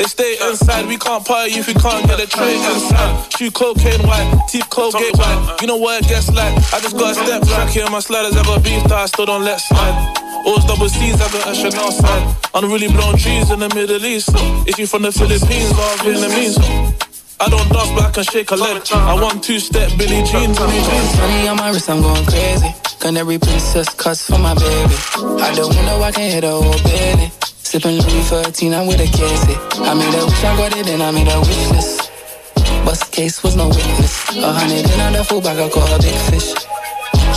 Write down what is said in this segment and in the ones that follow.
They stay inside, we can't party if we can't get a tray inside. Chew cocaine white, teeth Colgate white. You know what it gets like? I just got a step back here, my sliders I got beef that I still don't let slide. Always double C's, I got a Chanel side. Unruly blown trees in the Middle East. If you from the Philippines or Vietnamese. I don't dance, but I can shake a leg. I want two step Billy Jean, Money on my wrist, I'm going crazy. Can every princess cuss for my baby? I don't know I can hit a whole belly. Sipping Louis 13, I'm with a case. I made a wish, I got it, and I made a witness. Bust case was no witness. A hundred and a the bag, I caught a big fish.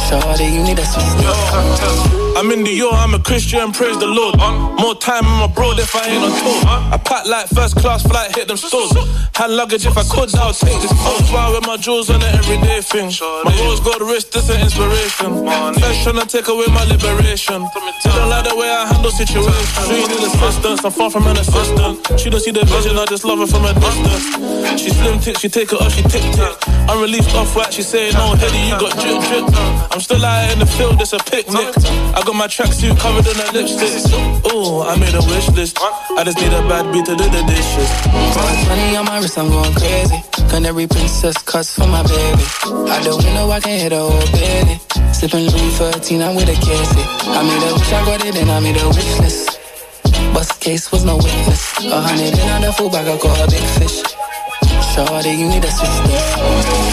Shorty, you need a sweet. I'm in New York, I'm a Christian, praise the Lord. Uh. More time I'm abroad if I ain't on tour. Uh. I pack like first class flight, hit them stores. Hand luggage if I could, I'll take this coach. Fly with my jewels on the everyday thing. My rose got wrist, This an inspiration. First trying to take away my liberation. She don't like the way I handle situations. She need assistance, I'm far from an assistant. She don't see the vision, I just love her from a distance. She slim tick, she take it off, she tick tick. I'm released off white, she say no, Heady, you got drip drip. I'm still out in the field, it's a picnic. I I got my tracksuit covered in her lipstick. Oh, I made a wish list. I just need a bad beat to do the dishes. Money on my wrist, I'm going crazy. Gun every princess cuss for my baby. Out the window, I can hit a whole baby. Sipping Louis 13, I'm with a Casey. I made a wish, I got it, and I made a wish list. Bust case was no witness. A hundred in on the full bag, I got a big fish. Shorty, you need a sister.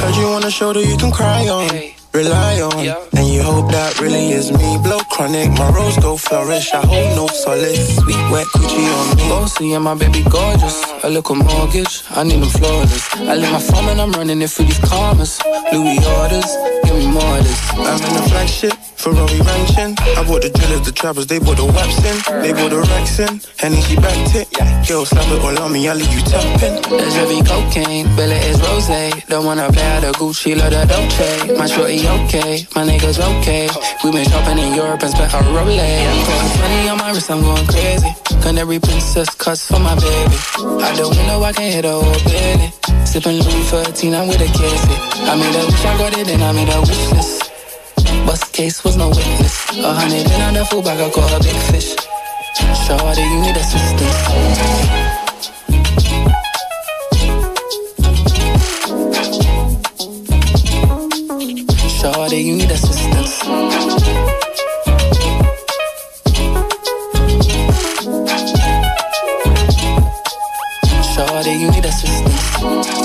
Heard you on the shoulder, you can cry on. Hey rely on. Yeah. And you hope that really is me. Blow chronic, my rose go flourish. I hold no solace. Sweet wet coochie on me. Bossy and my baby gorgeous. I look a mortgage, I need them flawless. I leave my phone and I'm running it for these commas. Louis orders, give me more of this. I'm in a flagship. Ferrari ranching. I bought the drillers, the trappers, they bought the waps in. They bought the racks in, Hennessy backed it. Girl, slap it all on me, I leave you tapping. There's heavy cocaine, Bella is rose. Don't wanna play out the Gucci, love the Dolce. My shorty okay, my niggas okay. We been shopping in Europe and spent a roble. Got money on my wrist, I'm going crazy. Canary princess cuss for my baby. do the window, I can hit a whole baby. Sipping Louis 13, I'm with a casey. I made a wish, I got it, and I made a wish list. Bust case was no witness. A hundred in on the food bag, I caught a big fish. Shawty, you need assistance. Shorty, you need assistance. Shorty, you need assistance.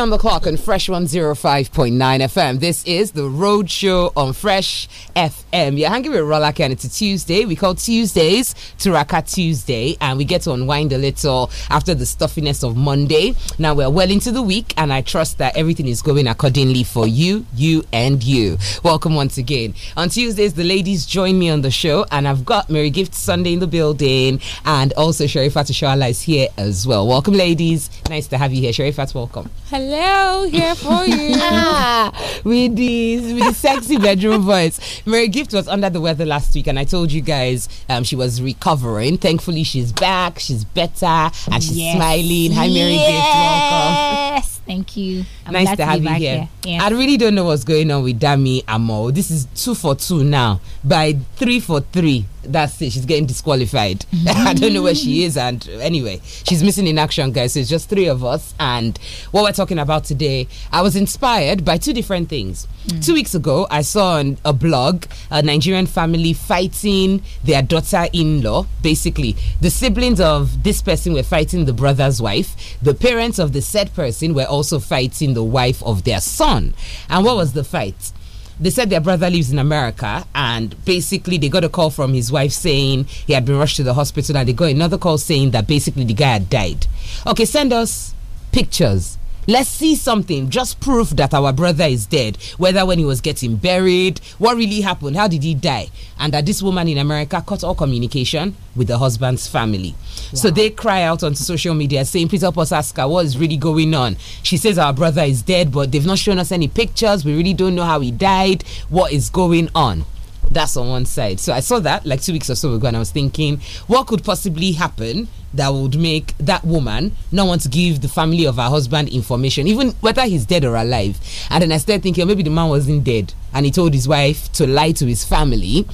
on the clock on Fresh 105.9 FM. This is the Road Show on Fresh FM. You're hanging with Rolake and it's a Tuesday. We call Tuesdays Turaka Tuesday and we get to unwind a little after the stuffiness of Monday. Now we're well into the week and I trust that everything is going accordingly for you, you and you. Welcome once again. On Tuesdays, the ladies join me on the show and I've got Mary Gift Sunday in the building and also Sherry Fatushala is here as well. Welcome ladies. Nice to have you here. Sherry Fat, welcome. Hello hello here for you ah. with this with the sexy bedroom voice. Mary Gift was under the weather last week, and I told you guys um, she was recovering. Thankfully, she's back, she's better, and she's yes. smiling. Hi, Mary yes. Gift, welcome. Thank you. I'm nice to have you here. here. Yeah. I really don't know what's going on with Dami Amol. This is two for two now. By three for three, that's it. She's getting disqualified. I don't know where she is. And anyway, she's missing in action, guys. So it's just three of us. And what we're talking about today, I was inspired by two different things. Mm. Two weeks ago, I saw on a blog a Nigerian family fighting their daughter in law. Basically, the siblings of this person were fighting the brother's wife. The parents of the said person were also also fighting the wife of their son. And what was the fight? they said their brother lives in America, and basically they got a call from his wife saying he had been rushed to the hospital, and they got another call saying that basically the guy had died. Okay, send us pictures Let's see something, just proof that our brother is dead. Whether when he was getting buried, what really happened, how did he die, and that this woman in America cut all communication with the husband's family. Wow. So they cry out onto social media saying, Please help us ask her what is really going on. She says our brother is dead, but they've not shown us any pictures. We really don't know how he died, what is going on. That's on one side. So I saw that like two weeks or so ago, and I was thinking, what could possibly happen that would make that woman not want to give the family of her husband information, even whether he's dead or alive? And then I started thinking, oh, maybe the man wasn't dead, and he told his wife to lie to his family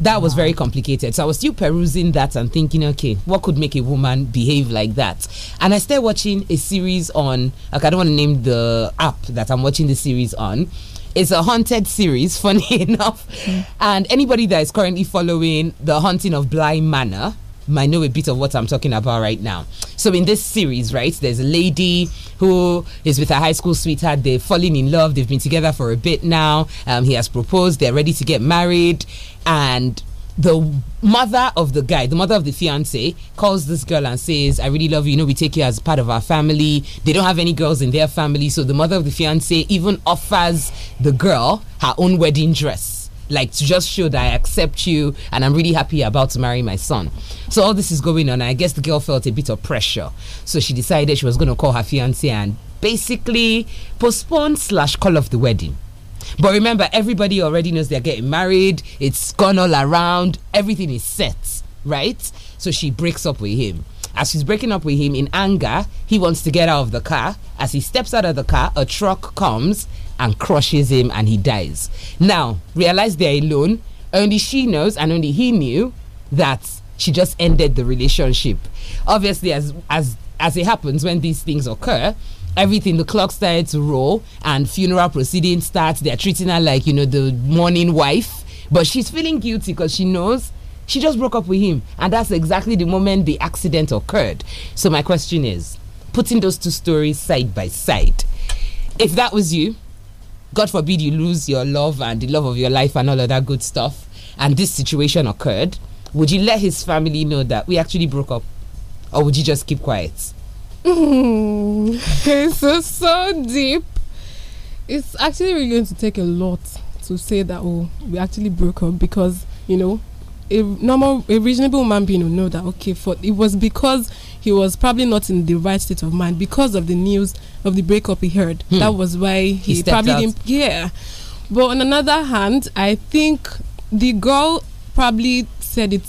that was very complicated. So I was still perusing that and thinking, okay, what could make a woman behave like that? And I started watching a series on, like, I don't want to name the app that I'm watching the series on, it's a haunted series, funny enough. Mm. And anybody that is currently following The Haunting of Blind Manor might know a bit of what I'm talking about right now. So in this series, right, there's a lady who is with her high school sweetheart. They've fallen in love. They've been together for a bit now. Um, he has proposed. They're ready to get married, and the mother of the guy, the mother of the fiance, calls this girl and says, I really love you. You know, we take you as part of our family. They don't have any girls in their family. So the mother of the fiance even offers the girl her own wedding dress, like to just show that I accept you and I'm really happy about to marry my son. So all this is going on. I guess the girl felt a bit of pressure. So she decided she was going to call her fiance and basically postpone slash call off the wedding. But remember, everybody already knows they're getting married. It's gone all around. Everything is set, right? So she breaks up with him. As she's breaking up with him in anger, he wants to get out of the car. As he steps out of the car, a truck comes and crushes him and he dies. Now, realize they're alone. Only she knows and only he knew that she just ended the relationship. Obviously, as as as it happens when these things occur, everything the clock starts to roll and funeral proceedings start. they're treating her like you know the mourning wife but she's feeling guilty because she knows she just broke up with him and that's exactly the moment the accident occurred so my question is putting those two stories side by side if that was you god forbid you lose your love and the love of your life and all of that good stuff and this situation occurred would you let his family know that we actually broke up or would you just keep quiet Mm, it's so, so deep. It's actually really going to take a lot to say that oh we actually broke up because you know a normal a reasonable man being will know that okay for it was because he was probably not in the right state of mind because of the news of the breakup he heard hmm. that was why he, he probably out. didn't yeah but on another hand i think the girl probably said it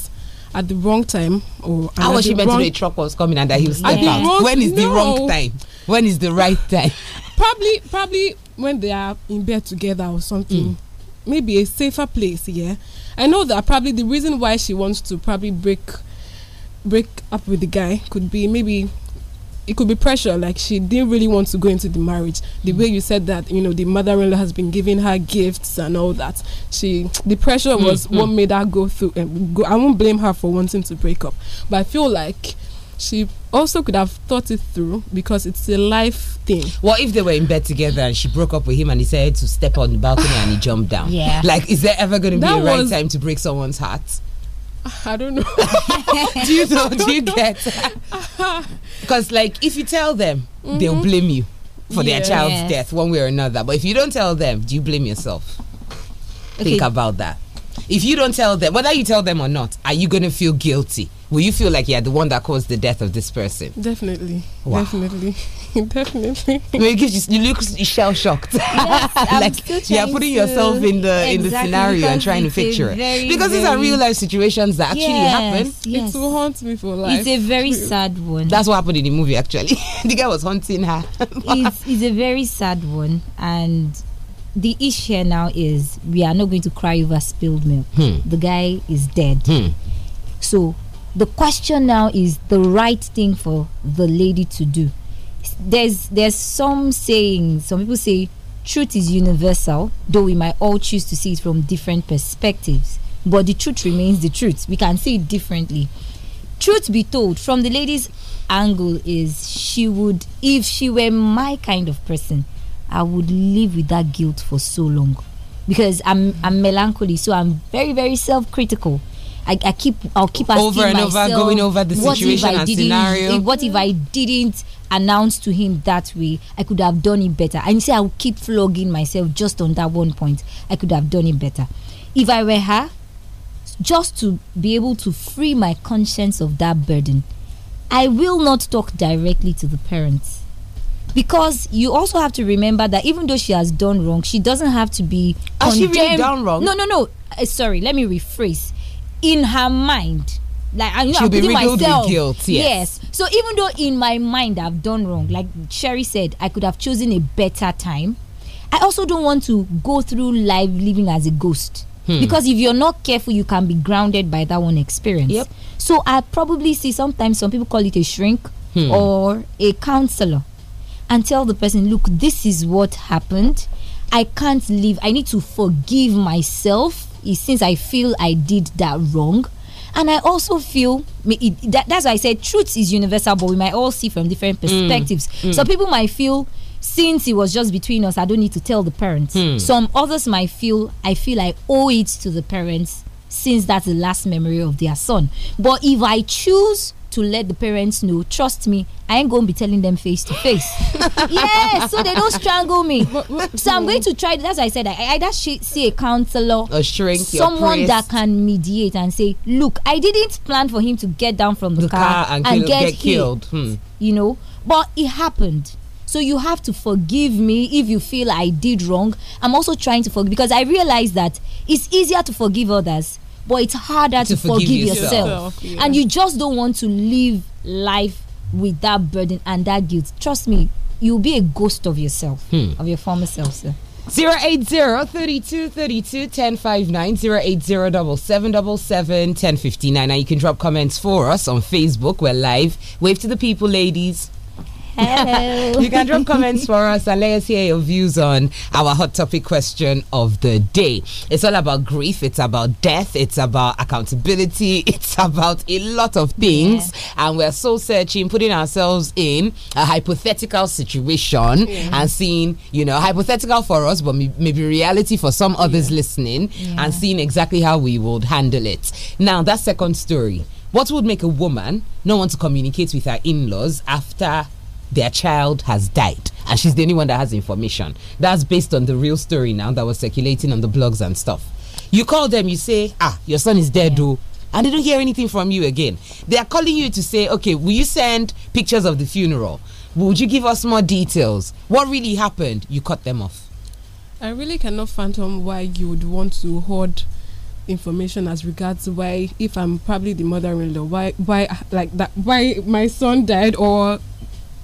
at the wrong time or how was she meant to know a truck was coming and that he was step out? Wrong, when is no. the wrong time? When is the right time? probably, probably when they are in bed together or something. Mm. Maybe a safer place. Yeah, I know that probably the reason why she wants to probably break break up with the guy could be maybe it could be pressure like she didn't really want to go into the marriage the way you said that you know the mother-in-law has been giving her gifts and all that she the pressure was mm -hmm. what made her go through and um, go, i won't blame her for wanting to break up but i feel like she also could have thought it through because it's a life thing. What if they were in bed together and she broke up with him and he said to step on the balcony and he jumped down? Yeah. Like, is there ever going to be a right time to break someone's heart? I don't know. do you know? Do you get? Because like if you tell them, mm -hmm. they'll mm-hmm. blame you for yeah. their child's yeah. death one way or another. But if you don't tell them, do you blame yourself? Okay. Think about that if you don't tell them, whether you tell them or not, are you going to feel guilty? Will you feel like you're yeah, the one that caused the death of this person? Definitely. Wow. Definitely. Definitely. Well, you, you look shell shocked. Yes, like you're putting yourself in the exactly, in the scenario and trying to picture it. Very, because these are real life situations that actually happen. Yes. It will haunt me for life. It's a very sad one. That's what happened in the movie actually. the guy was haunting her. it's, it's a very sad one and the issue now is we are not going to cry over spilled milk. Hmm. The guy is dead. Hmm. So the question now is the right thing for the lady to do. There's there's some saying, some people say truth is universal, though we might all choose to see it from different perspectives. But the truth remains the truth. We can see it differently. Truth be told, from the lady's angle is she would if she were my kind of person, I would live with that guilt for so long because I'm I'm melancholy, so I'm very very self critical. I, I, keep I'll keep asking over and myself, over going over the situation and scenario. Eh, what if I didn't announce to him that way? I could have done it better. And you see, I'll keep flogging myself just on that one point. I could have done it better. If I were her, just to be able to free my conscience of that burden, I will not talk directly to the parents because you also have to remember that even though she has done wrong, she doesn't have to be. Has condemned. she really done wrong? No, no, no. Uh, sorry, let me rephrase. In her mind, like I, you She'll I'm be myself. With guilt, yes. yes. So even though in my mind I've done wrong, like Sherry said, I could have chosen a better time. I also don't want to go through life living as a ghost. Hmm. Because if you're not careful, you can be grounded by that one experience. Yep. So I probably see sometimes some people call it a shrink hmm. or a counselor and tell the person, look, this is what happened. I can't live. I need to forgive myself since I feel I did that wrong. And I also feel that, that's why I said truth is universal, but we might all see from different mm. perspectives. Mm, mm. So people might feel since it was just between us, I don't need to tell the parents. Mm. Some others might feel I feel I owe it to the parents since that's the last memory of their son. But if I choose to let the parents know trust me i ain't gonna be telling them face to face yes so they don't strangle me so i'm going to try that's why i said i either see a counselor a shrink someone that can mediate and say look i didn't plan for him to get down from the, the car, car, and, and kill, get, get, killed hmm. you know but it happened so you have to forgive me if you feel I did wrong. I'm also trying to forgive because I realize that it's easier to forgive others but it's harder to, to forgive, forgive, yourself, yourself. Yeah. and you just don't want to live life with that burden and that guilt trust me you'll be a ghost of yourself hmm. of your former self sir. 080-3232-1059, Now you can drop comments for us on Facebook. We're live. Wave to the people, ladies. Hello. you can drop comments for us and let us hear your views on our hot topic question of the day. It's all about grief, it's about death, it's about accountability, it's about a lot of things. Yeah. And we're so searching, putting ourselves in a hypothetical situation yeah. and seeing, you know, hypothetical for us, but maybe reality for some others yeah. listening and seeing exactly how we would handle it. Now, that second story. What would make a woman not want to communicate with her in laws after their child has died and she's the only one that has information. That's based on the real story now that was circulating on the blogs and stuff. You call them, you say, ah, your son is dead, do." Oh, and they don't hear anything from you again. They are calling you to say, okay, will you send pictures of the funeral? Would you give us more details? What really happened? You cut them off. I really cannot fathom why you would want to hoard information as regards why if I'm probably the mother-in-law why why like that why my son died or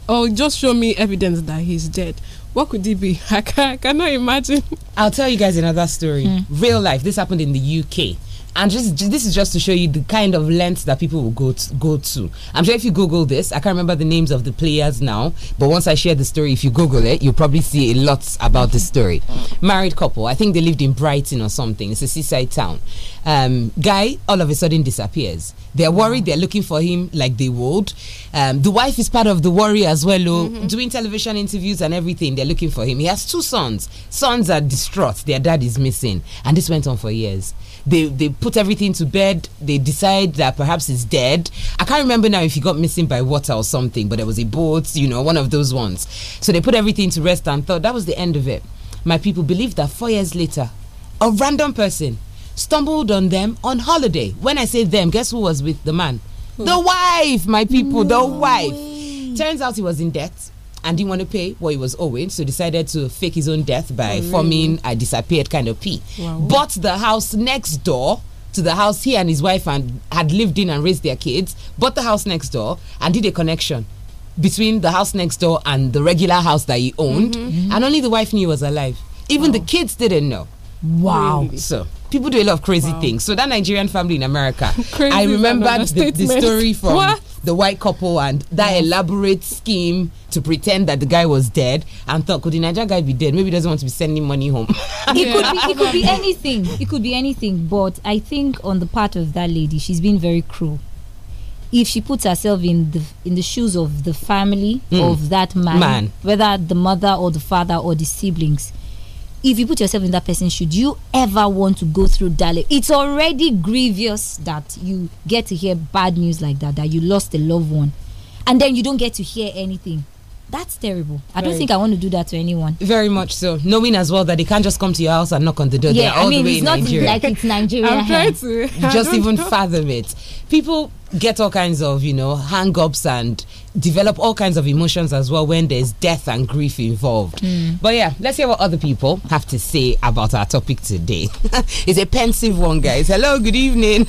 or oh, just show me evidence that he's dead. What could it be? I, can, I cannot imagine. I'll tell you guys another story. Mm. Real life. This happened in the UK and just this is just to show you the kind of lengths that people will go to, go to. I'm sure if you Google this, I can't remember the names of the players now, but once I share the story, if you Google it, you'll probably see a lot about the story. Married couple, I think they lived in Brighton or something. It's a seaside town. Um, guy all of a sudden disappears. They're worried. They're looking for him like they would. Um, the wife is part of the worry as well. Oh, mm -hmm. doing television interviews and everything. They're looking for him. He has two sons. Sons are distraught. Their dad is missing, and this went on for years they they put everything to bed. They decide that perhaps it's dead. I can't remember now if he got missing by water or something, but there was a boat, you know, one of those ones. So they put everything to rest and thought that was the end of it. My people believe that four years later, a random person stumbled on them on holiday. When I say them, guess who was with the man? The wife, my people, no the wife. Way. Turns out he was in debt and didn't want to pay what he was owing, so decided to fake his own death by oh, really? forming a disappeared kind of pee. Wow. Bought the house next door to the house he and his wife and had lived in and raised their kids. Bought the house next door and did a connection between the house next door and the regular house that he owned, mm -hmm. and only the wife knew he was alive. Even wow. the kids didn't know. Wow. Really? So people do a lot of crazy wow. things. So that Nigerian family in America, I remembered the, the, story from what? the white couple and that elaborate scheme to pretend that the guy was dead and thought, could the Nigerian guy be dead? Maybe he doesn't want to be sending money home. it, could be, it could be anything. It could be anything. But I think on the part of that lady, she's been very cruel. If she puts herself in the in the shoes of the family mm. of that man, man, whether the mother or the father or the siblings, if you put yourself in that person should you ever want to go through that it's already grievous that you get to hear bad news like that that you lost a loved one and then you don't get to hear anything that's terrible. I don't think I want to do that to anyone. Very much so. Knowing as well that they can't just come to your house and knock on the door. Yeah, I mean, it's not Nigeria. like it's Nigeria. I'm trying to. just even know. fathom it. People get all kinds of, you know, hang ups and develop all kinds of emotions as well when there's death and grief involved. Mm. But yeah, let's hear what other people have to say about our topic today. it's a pensive one, guys. Hello, good evening.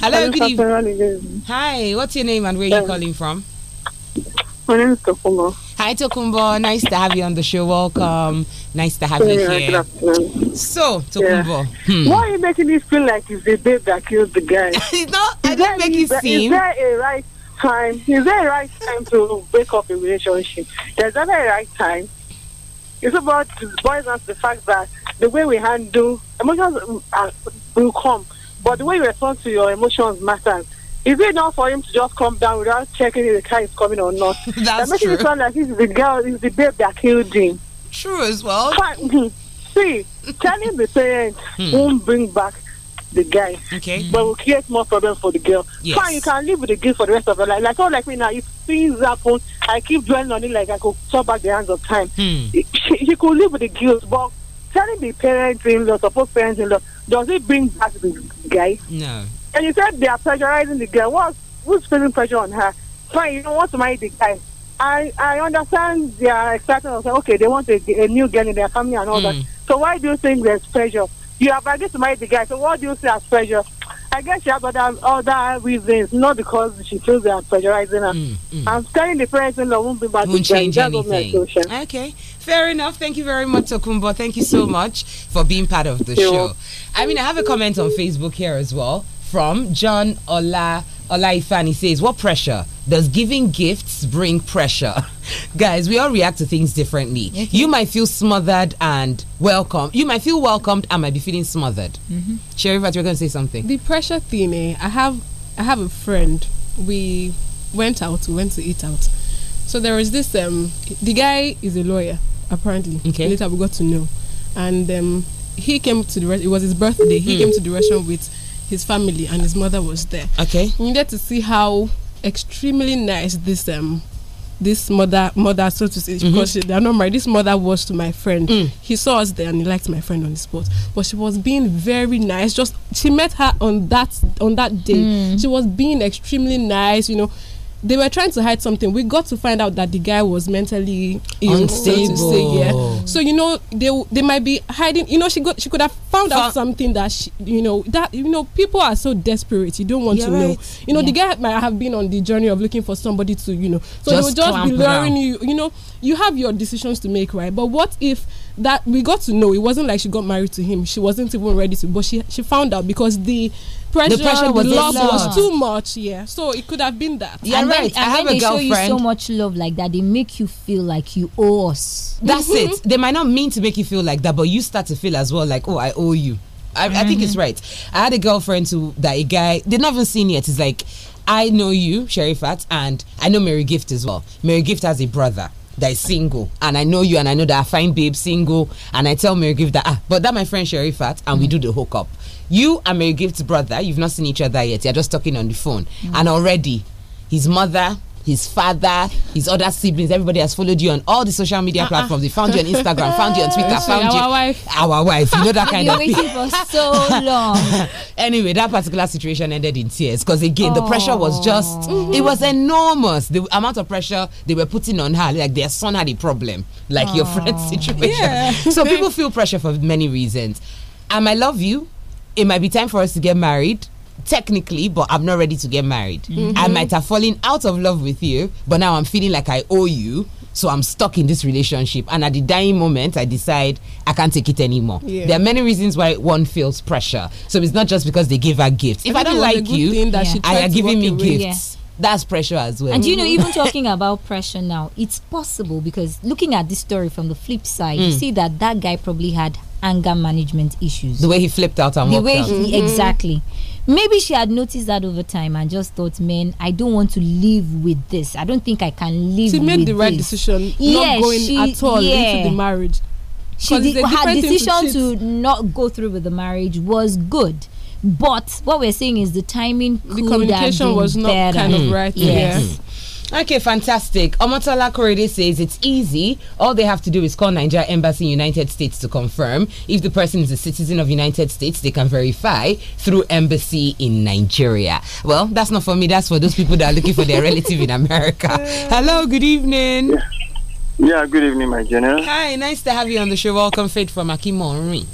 Hello, good evening. Hi, what's your name and where are you um, calling from? My name is Tokumbo. Hi, Tokumbo. Nice to have you on the show. Welcome. Nice to have yeah, you here. So, Tokumbo. Yeah. Hmm. Why are you making me feel like it's the babe that killed the guy? no, is I don't make it seem. Is there a right time? Is there a right time to break up a relationship? There's never a right time. It's about boys and to the fact that the way we handle emotions uh, will come, but the way you respond to your emotions matters is it not for him to just come down without checking if the car is coming or not? That's that makes true. it sound like he's the girl, he's the babe that killed him. True as well. But, hmm, see, telling the parents hmm. won't bring back the guy. Okay. But will create more problems for the girl. Yes. Fine, you can live with the girl for the rest of your life. Like all like me now, if things happen, I keep dwelling on it like I could turn back the hands of time. Hmm. She, she could live with the guilt, but telling the parents in law, support parents in law, does it bring back the guy? No. And you said they are pressurizing the girl. What, who's putting pressure on her? Fine, you don't want to marry the guy. I, I understand they are excited. Okay, they want a, a, new girl in their family and all mm. that. Hmm. So why do you think there's pressure? You have about to marry the guy. So what do you see as pressure? I guess she has other, other reasons, not because she feels they are pressurizing her. Mm, mm. I'm telling the parents in won't be back won't change anything. Okay, fair enough. Thank you very much, Okumbo. Thank you so much for being part of the show. I mean, I have a comment on Facebook here as well from John Ola Olaifani says, "What pressure does giving gifts bring pressure?" Guys, we all react to things differently. Okay. You might feel smothered and welcome. You might feel welcomed. I might be feeling smothered. Mm-hmm. Sherry, you're going to say something. The pressure thing. Eh? I have I have a friend. We went out. We went to eat out. So there was this. Um, the guy is a lawyer apparently. Okay. Later we got to know, and um, he came to the. It was his birthday. He mm. came to the restaurant with his family and his mother was there. Okay. you get to see how extremely nice this um this mother mother so to say mm -hmm. because mm-hmm. she, they are not married this mother was to my friend mm. he saw us there and he liked my friend on the spot but she was being very nice just she met her on that on that day mm. she was being extremely nice you know they were trying to hide something. We got to find out that the guy was mentally unstable. So, say, yeah. so you know, they they might be hiding. You know, she got she could have found out something that she, you know that you know people are so desperate. You don't want to right. know. You know, yeah. the guy might have been on the journey of looking for somebody to you know. So just would just be luring you. You know, you have your decisions to make, right? But what if that we got to know it wasn't like she got married to him. She wasn't even ready to, but she she found out because the pressure, the pressure was love, love, was too much. Yeah, so it could have been that. Yeah, and right. Then, I have a girlfriend. Show you so much love like that, they make you feel like you owe us. That's mm -hmm. it. They might not mean to make you feel like that, but you start to feel as well like, oh, I owe you. I, mm -hmm. I think it's mm-hmm. right. I had a girlfriend who that a guy they've not even seen yet. It's like I know you, Fat, and I know Mary Gift as well. Mary Gift has a brother that is single and I know you and I know that I find babe single and I tell Mary Give that ah but that my friend Sherry Fat and mm. we mm-hmm. do the hook up. You are my gift brother. You've not seen each other yet. You're just talking on the phone. Mm And already, his mother, his father, his other siblings, everybody has followed you on all the social media uh -uh. platforms. They found you on Instagram, found you on Twitter, Sorry, found our you. Our wife. Our wife. You know that kind of thing. for so long. anyway, that particular situation ended in tears because, again, oh. the pressure was just, mm -hmm. it was enormous. The amount of pressure they were putting on her, like their son had a problem, like oh. your friend's situation. Yeah. so people feel pressure for many reasons. And I love you it might be time for us to get married technically, but I'm not ready to get married. Mm -hmm. I might have fallen out of love with you, but now I'm feeling like I owe you. So I'm stuck in this relationship. And at the dying moment, I decide I can't take it anymore. Yeah. There are many reasons why one feels pressure. So it's not just because they give her gifts. If I, I don't like you, yeah. I are giving me gifts. Yeah. That's pressure as well. And you know, even talking about pressure now, it's possible because looking at this story from the flip side, mm. you see that that guy probably had anger management issues. The way he flipped out and the way out. he mm -hmm. exactly. Maybe she had noticed that over time and just thought, man, I don't want to live with this. I don't think I can live. She made the right this. decision, yeah, not going she, at all yeah. into the marriage. She did, her decision to, to, not go through with the marriage was good. But what we're saying is the timing the communication was not better. kind mm. of right. Yes. Yeah. Mm. Okay, fantastic. Omotola Korede says it's easy. All they have to do is call Nigeria Embassy in United States to confirm. If the person is a citizen of United States, they can verify through embassy in Nigeria. Well, that's not for me. That's for those people that are looking for their relative in America. Hello, good evening. Yeah. yeah, good evening, my general. Hi, nice to have you on the show. Welcome, Faith from Akimori.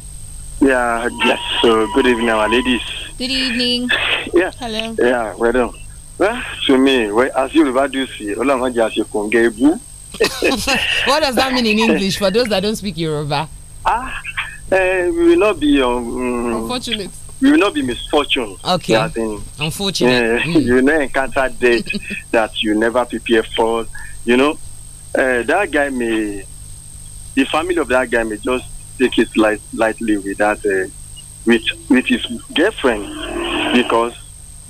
Yeah, yes. So, good evening, our ladies. Good evening. Yeah. Hello. Yeah, well done. Well, to me, well, as you ever do see, What does that mean in English for those that don't speak Yoruba? Ah, uh, we will not be um, mm, unfortunate. We will not be misfortune. Okay. in, Unfortunate. Uh, mm. You know, encounter death that you never prepare for. You know, uh, that guy may, the family of that guy may just take it light, lightly with that, uh, with with his girlfriend, because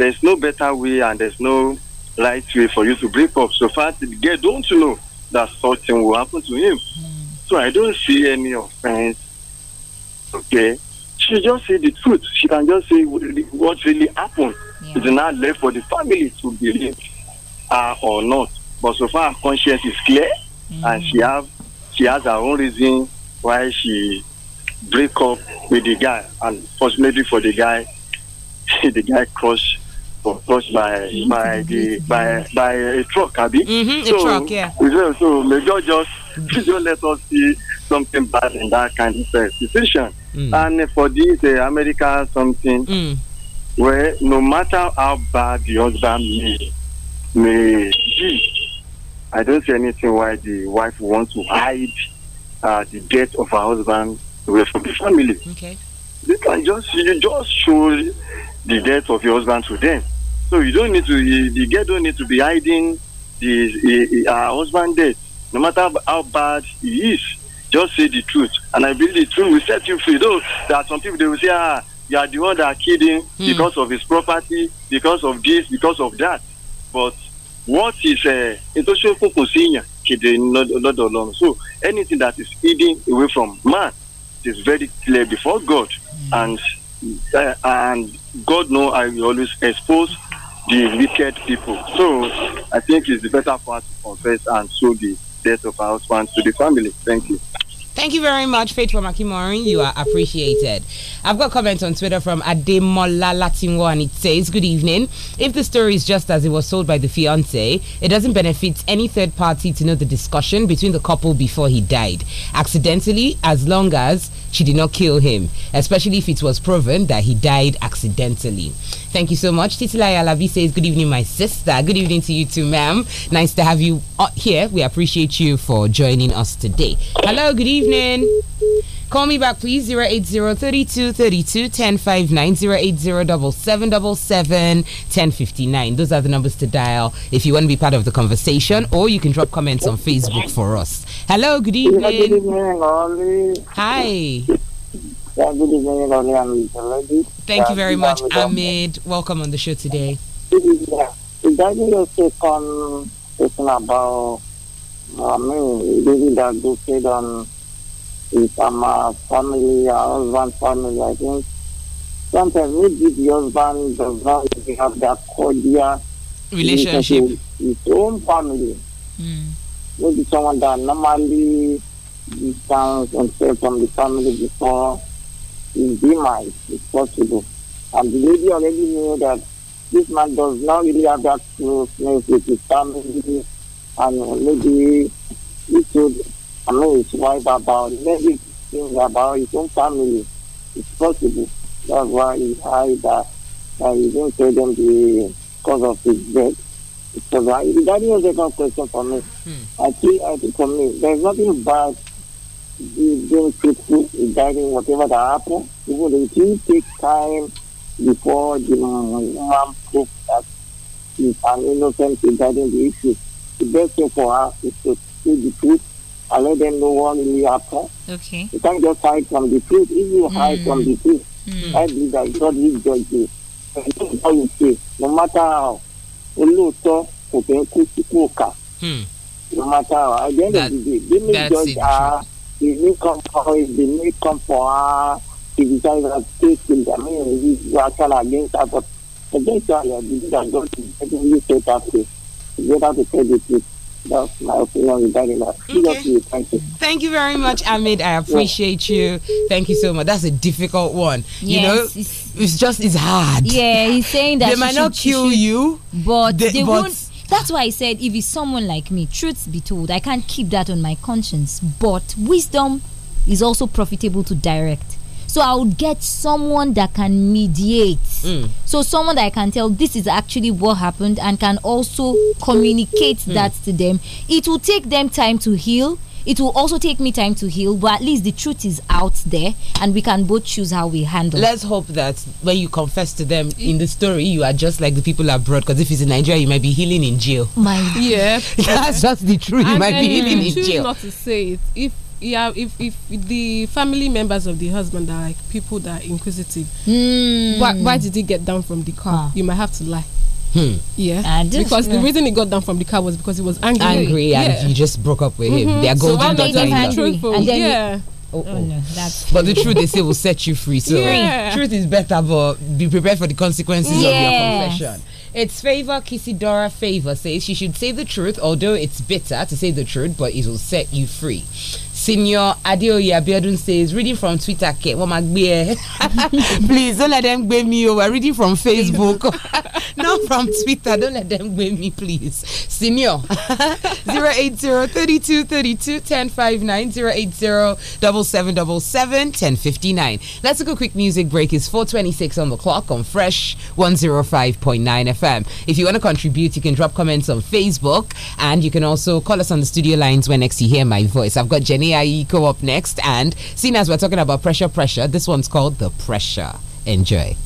there's no better way and there's no right way for you to break up. So far, the guy, don't you know that something will happen to him. Mm. So I don't see any offense. Okay, she just say the truth. She can just say what really happened. Yeah. It's not left for the family to believe her or not. But so far, her conscience is clear, mm. and she have she has her own reason why she break up with the guy. And fortunately for the guy, the guy crushed touched by by the by by a truck, Abby. Mm-hmm, so, a truck, yeah. So, may God just please don't let us see something bad in that kind of uh, situation. Mm. And for this uh, America something mm. where no matter how bad the husband may may be, I don't see anything why the wife wants to hide uh, the death of her husband away from the family. Okay. You can just you just show the death of your husband to them. So you don't need to, the girl don't need to be hiding the her husband death. No matter how bad he is, just say the truth. And I believe the truth will set you free. Though there are some people they will say, ah, you are the one that are kidding mm. because of his property, because of this, because of that. But what is a eh, social focus in eh, not alone? So anything that is hidden away from man is very clear before God. Mm. And uh, and God knows I will always expose the wicked people. So I think it's the better part to confess and show the death of our husband to the family. Thank you. Thank you very much, Faithful Makimorin. You are appreciated. I've got comments on Twitter from Ademola Latinwo, and it says, Good evening. If the story is just as it was told by the fiance, it doesn't benefit any third party to know the discussion between the couple before he died. Accidentally, as long as she did not kill him, especially if it was proven that he died accidentally. Thank you so much. Titilai Alavi says, Good evening, my sister. Good evening to you too, ma'am. Nice to have you uh, here. We appreciate you for joining us today. Hello, good evening. Call me back, please. 080 32 32 1059. Those are the numbers to dial if you want to be part of the conversation, or you can drop comments on Facebook for us. Hello, good evening. Yeah, good evening, Hi. Yeah, good evening, Ollie. I'm Thank yeah, you very much, Ahmed. Welcome on the show today. Yeah. Regarding your take on about, I mean, really that you said on if I'm a family, a uh, husband family, I think sometimes maybe the husband does not have that cordial relationship with his own family. Mm maybe someone that normally distance himself from the family before his demise if possible. And the lady already knew that this man does not really have that closeness with his family and maybe he should I know his wife about maybe things about his own family. It's possible. That's why he hide that and he didn't tell them the cause of his death survive. That was a tough question for me. Hmm. I think, I think for me, there's nothing bad being truthful regarding whatever that happened. Even it will take time before the man that that is an innocent regarding the issue. The best thing for her is to see the truth and let them know what really happened. Okay. You can't just hide from the truth. If you hide hmm. from the truth, mm. I believe that God will judge you. That's how you say, no matter how. olóòótọ́ kò fẹ́ kó sí kó kà. Hmm. no matter how at the end that, of the day they may judge her they may come for her they may come for her criticize her take the damage use rational against her but eventually i believe that God will definitely set her free. you don't have to tell the truth. that's my opinion regarding that. Okay. Thank you. Thank you very much, Ahmed. I appreciate yeah. you. Thank you so much. That's a difficult one. Yes, you know, it's, just it's hard. Yeah, he's saying that they might should, not kill should, you, but they, they won't. That's why I said if it's someone like me, truth be told, I can't keep that on my conscience. But wisdom is also profitable to direct. So I would get someone that can mediate Mm. mm. So someone that I can tell this is actually what happened and can also communicate mm. that to them. It will take them time to heal. It will also take me time to heal, but at least the truth is out there and we can both choose how we handle Let's hope that when you confess to them in the story, you are just like the people abroad. Because if it's in Nigeria, you might be healing in jail. My yeah, that's just the truth. You and might be healing in jail. Not to say it if yeah, if, if the family members of the husband are like people that are inquisitive, mm. why, why did he get down from the car? You might have to lie. Hmm. Yeah, because the reason he got down from the car was because he was angry. Angry, and you just broke up with mm -hmm. him. Mm-hmm. They are golden so daughters. Truthful. yeah. He, Oh, oh. oh, no, that's but the truth they say will set you free. So yeah. truth is better, but be prepared for the consequences yes. of your confession. It's favor Kisidora favor says she should say the truth, although it's bitter to say the truth, but it will set you free. Senior Adeoye Abiodun says, reading from Twitter, Ke, well, please don't let them blame me. Oh, we're reading from Facebook, not from Twitter. Don't let them blame me, please. Senior 080 32 32 1059 080 7777 1059. Let's take a quick music break. It's 426 on the clock on Fresh 105.9 FM. If you want to contribute, you can drop comments on Facebook and you can also call us on the studio lines when next you hear my voice. I've got Jenny co up next. And seeing as we're talking about pressure, pressure, this one's called The Pressure. Enjoy.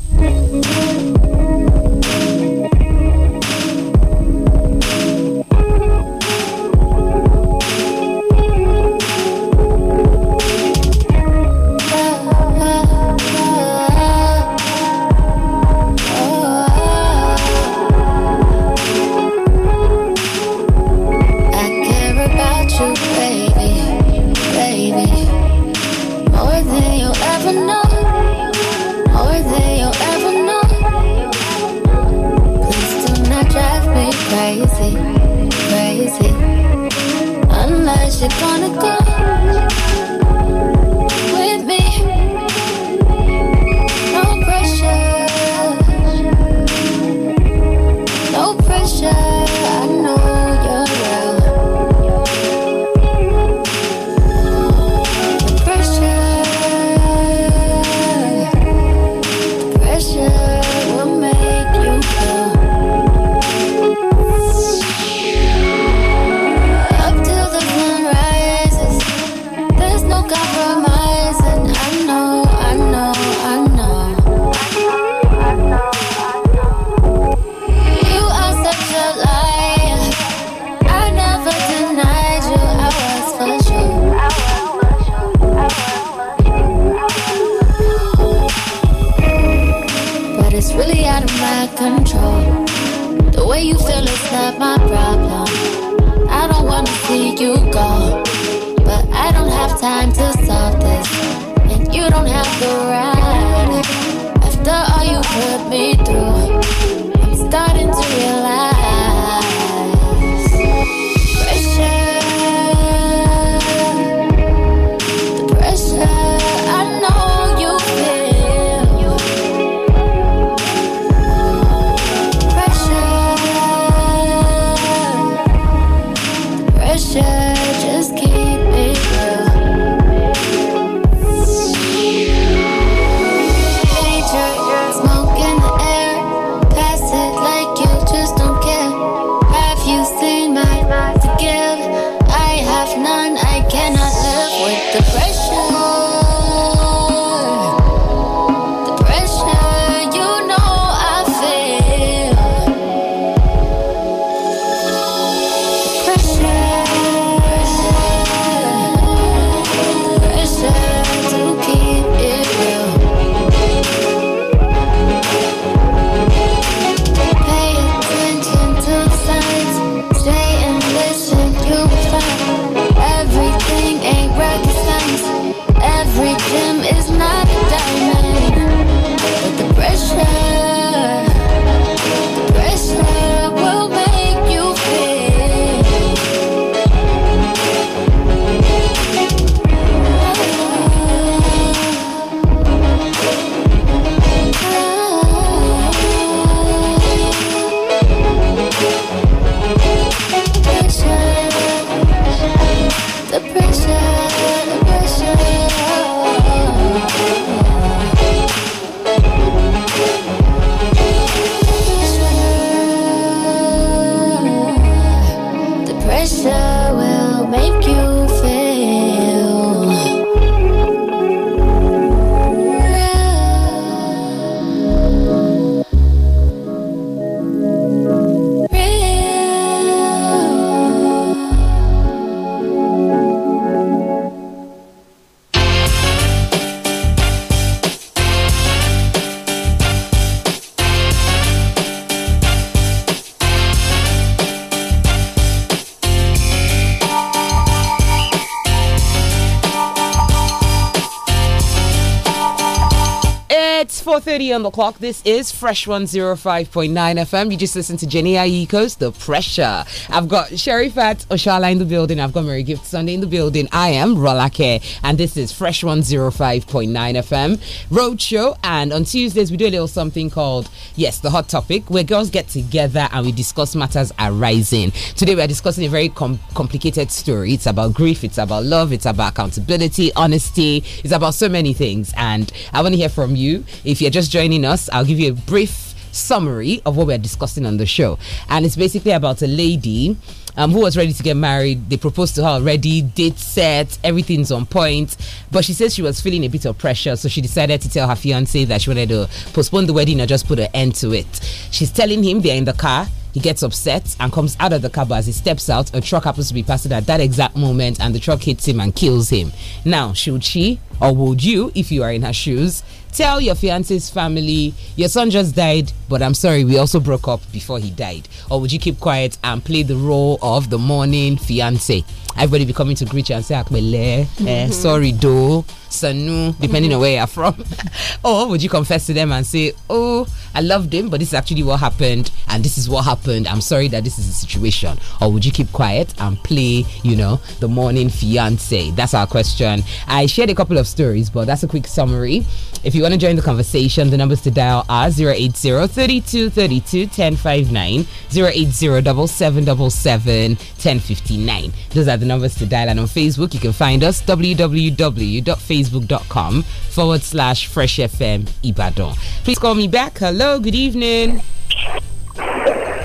on the clock. This is Fresh 105.9 FM. You just listened to Jenny Aiko's The Pressure. I've got Sherry Fat Oshala in the building. I've got Mary Gift Sunday in the building. I am Rolake, and this is Fresh 105.9 FM Roadshow. And on Tuesdays, we do a little something called Yes, the hot topic where girls get together and we discuss matters arising. Today we are discussing a very com complicated story. It's about grief, it's about love, it's about accountability, honesty, it's about so many things. And I want to hear from you. If you're just joining us, I'll give you a brief summary of what we're discussing on the show. And it's basically about a lady um, who was ready to get married. They proposed to her already, date set, everything's on point. But she says she was feeling a bit of pressure, so she decided to tell her fiance that she wanted to postpone the wedding or just put an end to it. She's telling him they're in the car. He gets upset and comes out of the car, but as he steps out, a truck happens to be passing at that exact moment, and the truck hits him and kills him. Now, should she or would you, if you are in her shoes, tell your fiance's family, your son just died, but I'm sorry, we also broke up before he died? Or would you keep quiet and play the role of the morning fiance? Everybody be coming to greet you and say, Akmele, mm -hmm. eh, mm-hmm. sorry, do, Sanu, mm-hmm. depending mm -hmm. on where you're from. or would you confess to them and say, Oh, I loved him, but this is actually what happened, and this is what happened. I'm sorry that this is the situation. Or would you keep quiet and play, you know, the morning fiance? That's our question. I shared a couple of of stories, but that's a quick summary. If you want to join the conversation, the numbers to dial are 080 32 32 1059, 080 7777 1059. Those are the numbers to dial. And on Facebook, you can find us www.facebook.com forward slash Fresh FM Ibadan. Please call me back. Hello, good evening.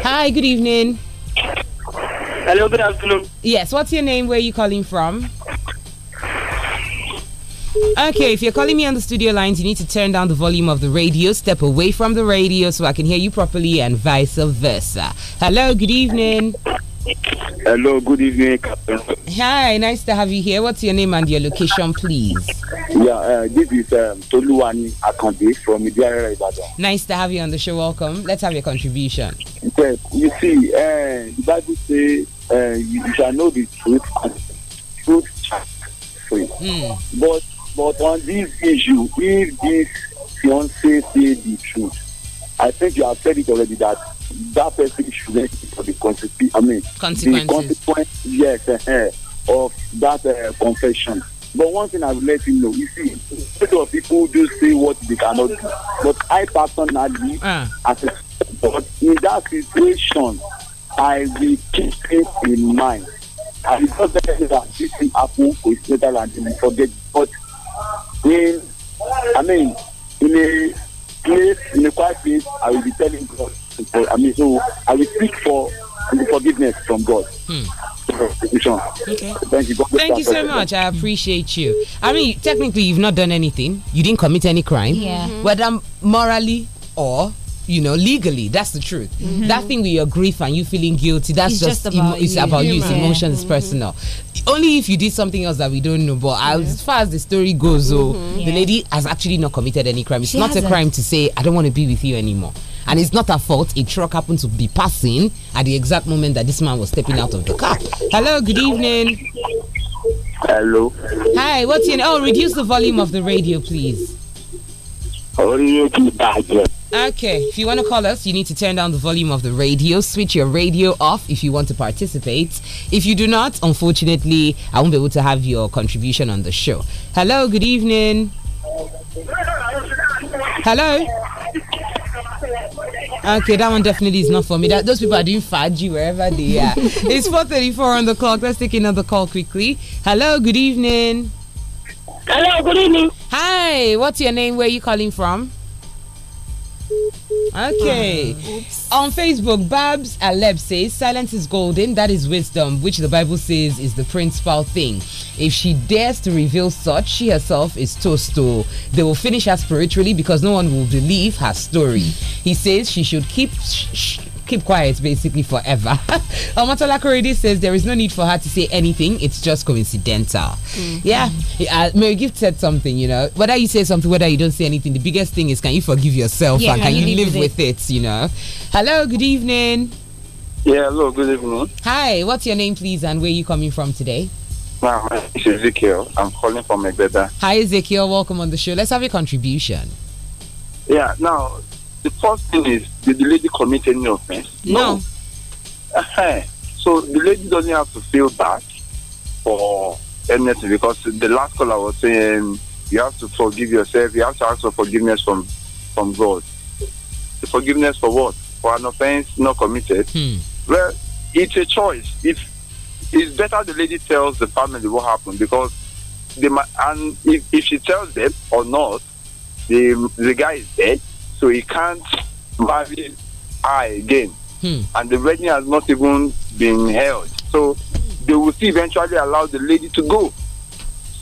Hi, good evening. Hello, good afternoon. Yes, what's your name? Where are you calling from? Okay, if you're calling me on the studio lines, you need to turn down the volume of the radio, step away from the radio so I can hear you properly, and vice versa. Hello, good evening. Hello, good evening, Captain. Hi, nice to have you here. What's your name and your location, please? Yeah, uh, this is um, Akande from Idiara Ibadan. Nice to have you on the show. Welcome. Let's have your contribution. Yes, you see, uh, the Bible says uh, you shall know the truth and truth shall free. Mm. But but on this issue, if this fiance say the truth, I think you have said it already that that person should be for the consequence. I mean, consequences. The consequence, yes, uh, of that uh, confession. But one thing I will let you know, you see, a lot of people do say what they cannot do. But I personally, uh. as a, but in that situation, I will keep it in mind. I will just tell you that this thing happened with and we forget. But in, I mean, in a place, in a quiet place, I will be telling God. I mean, so I will speak for the forgiveness from God. Hmm. Okay. Thank you. so much. I appreciate you. I mean, technically, you've not done anything. You didn't commit any crime. Yeah. Mm -hmm. Whether morally or you know, legally, that's the truth. Mm -hmm. That thing with your grief and you feeling guilty, that's it's just, just about it's you. about you. It's emotion, it's mm-hmm. personal. Only if you did something else that we don't know. But as far as the story goes, though, mm-hmm. the lady has actually not committed any crime. It's she not a crime to say I don't want to be with you anymore and it's not her fault. A truck happened to be passing at the exact moment that this man was stepping out of the car. Hello, good evening. Hello. Hi, what's your name? Oh, reduce the volume of the radio, please. Okay, if you want to call us, you need to turn down the volume of the radio, switch your radio off if you want to participate. If you do not, unfortunately, I won't be able to have your contribution on the show. Hello, good evening. Hello. Okay, that one definitely is not for me. That those people are doing faji wherever they are. it's four thirty-four on the clock. Let's take another call quickly. Hello, good evening. Hello, good evening. Hi, what's your name? Where are you calling from? Okay. on Facebook, Babs Aleb says, Silence is golden. That is wisdom, which the Bible says is the principal thing. If she dares to reveal such, she herself is toast to. They will finish her spiritually because no one will believe her story. He says she should keep. Sh sh keep quiet basically forever. Omatola Koredi says there is no need for her to say anything. It's just coincidental. Mm -hmm. Yeah. Uh, Mary Gift said something, you know, whether you say something, whether you don't say anything, the biggest thing is can you forgive yourself yeah, and can, you, live, with, it? with it, you know? Hello, good evening. Yeah, hello, good evening. Hi, what's your name, please, and where are you coming from today? Wow, it's Ezekiel. I'm calling from Egbeda. Hi, Ezekiel. Welcome on the show. Let's have a contribution. Yeah, now the first thing is did the lady commit any offense? No. no. Uh-huh. So the lady doesn't have to feel bad for anything because the last call I was saying you have to forgive yourself, you have to ask for forgiveness from from God. The forgiveness for what? For an offense not committed. Hmm. Well, it's a choice. If it's better the lady tells the family what happened because they might, and if, if she tells them or not, the the guy is dead so he can't value her again. Hmm. And the wedding has not even been held. So they will still eventually allow the lady to go.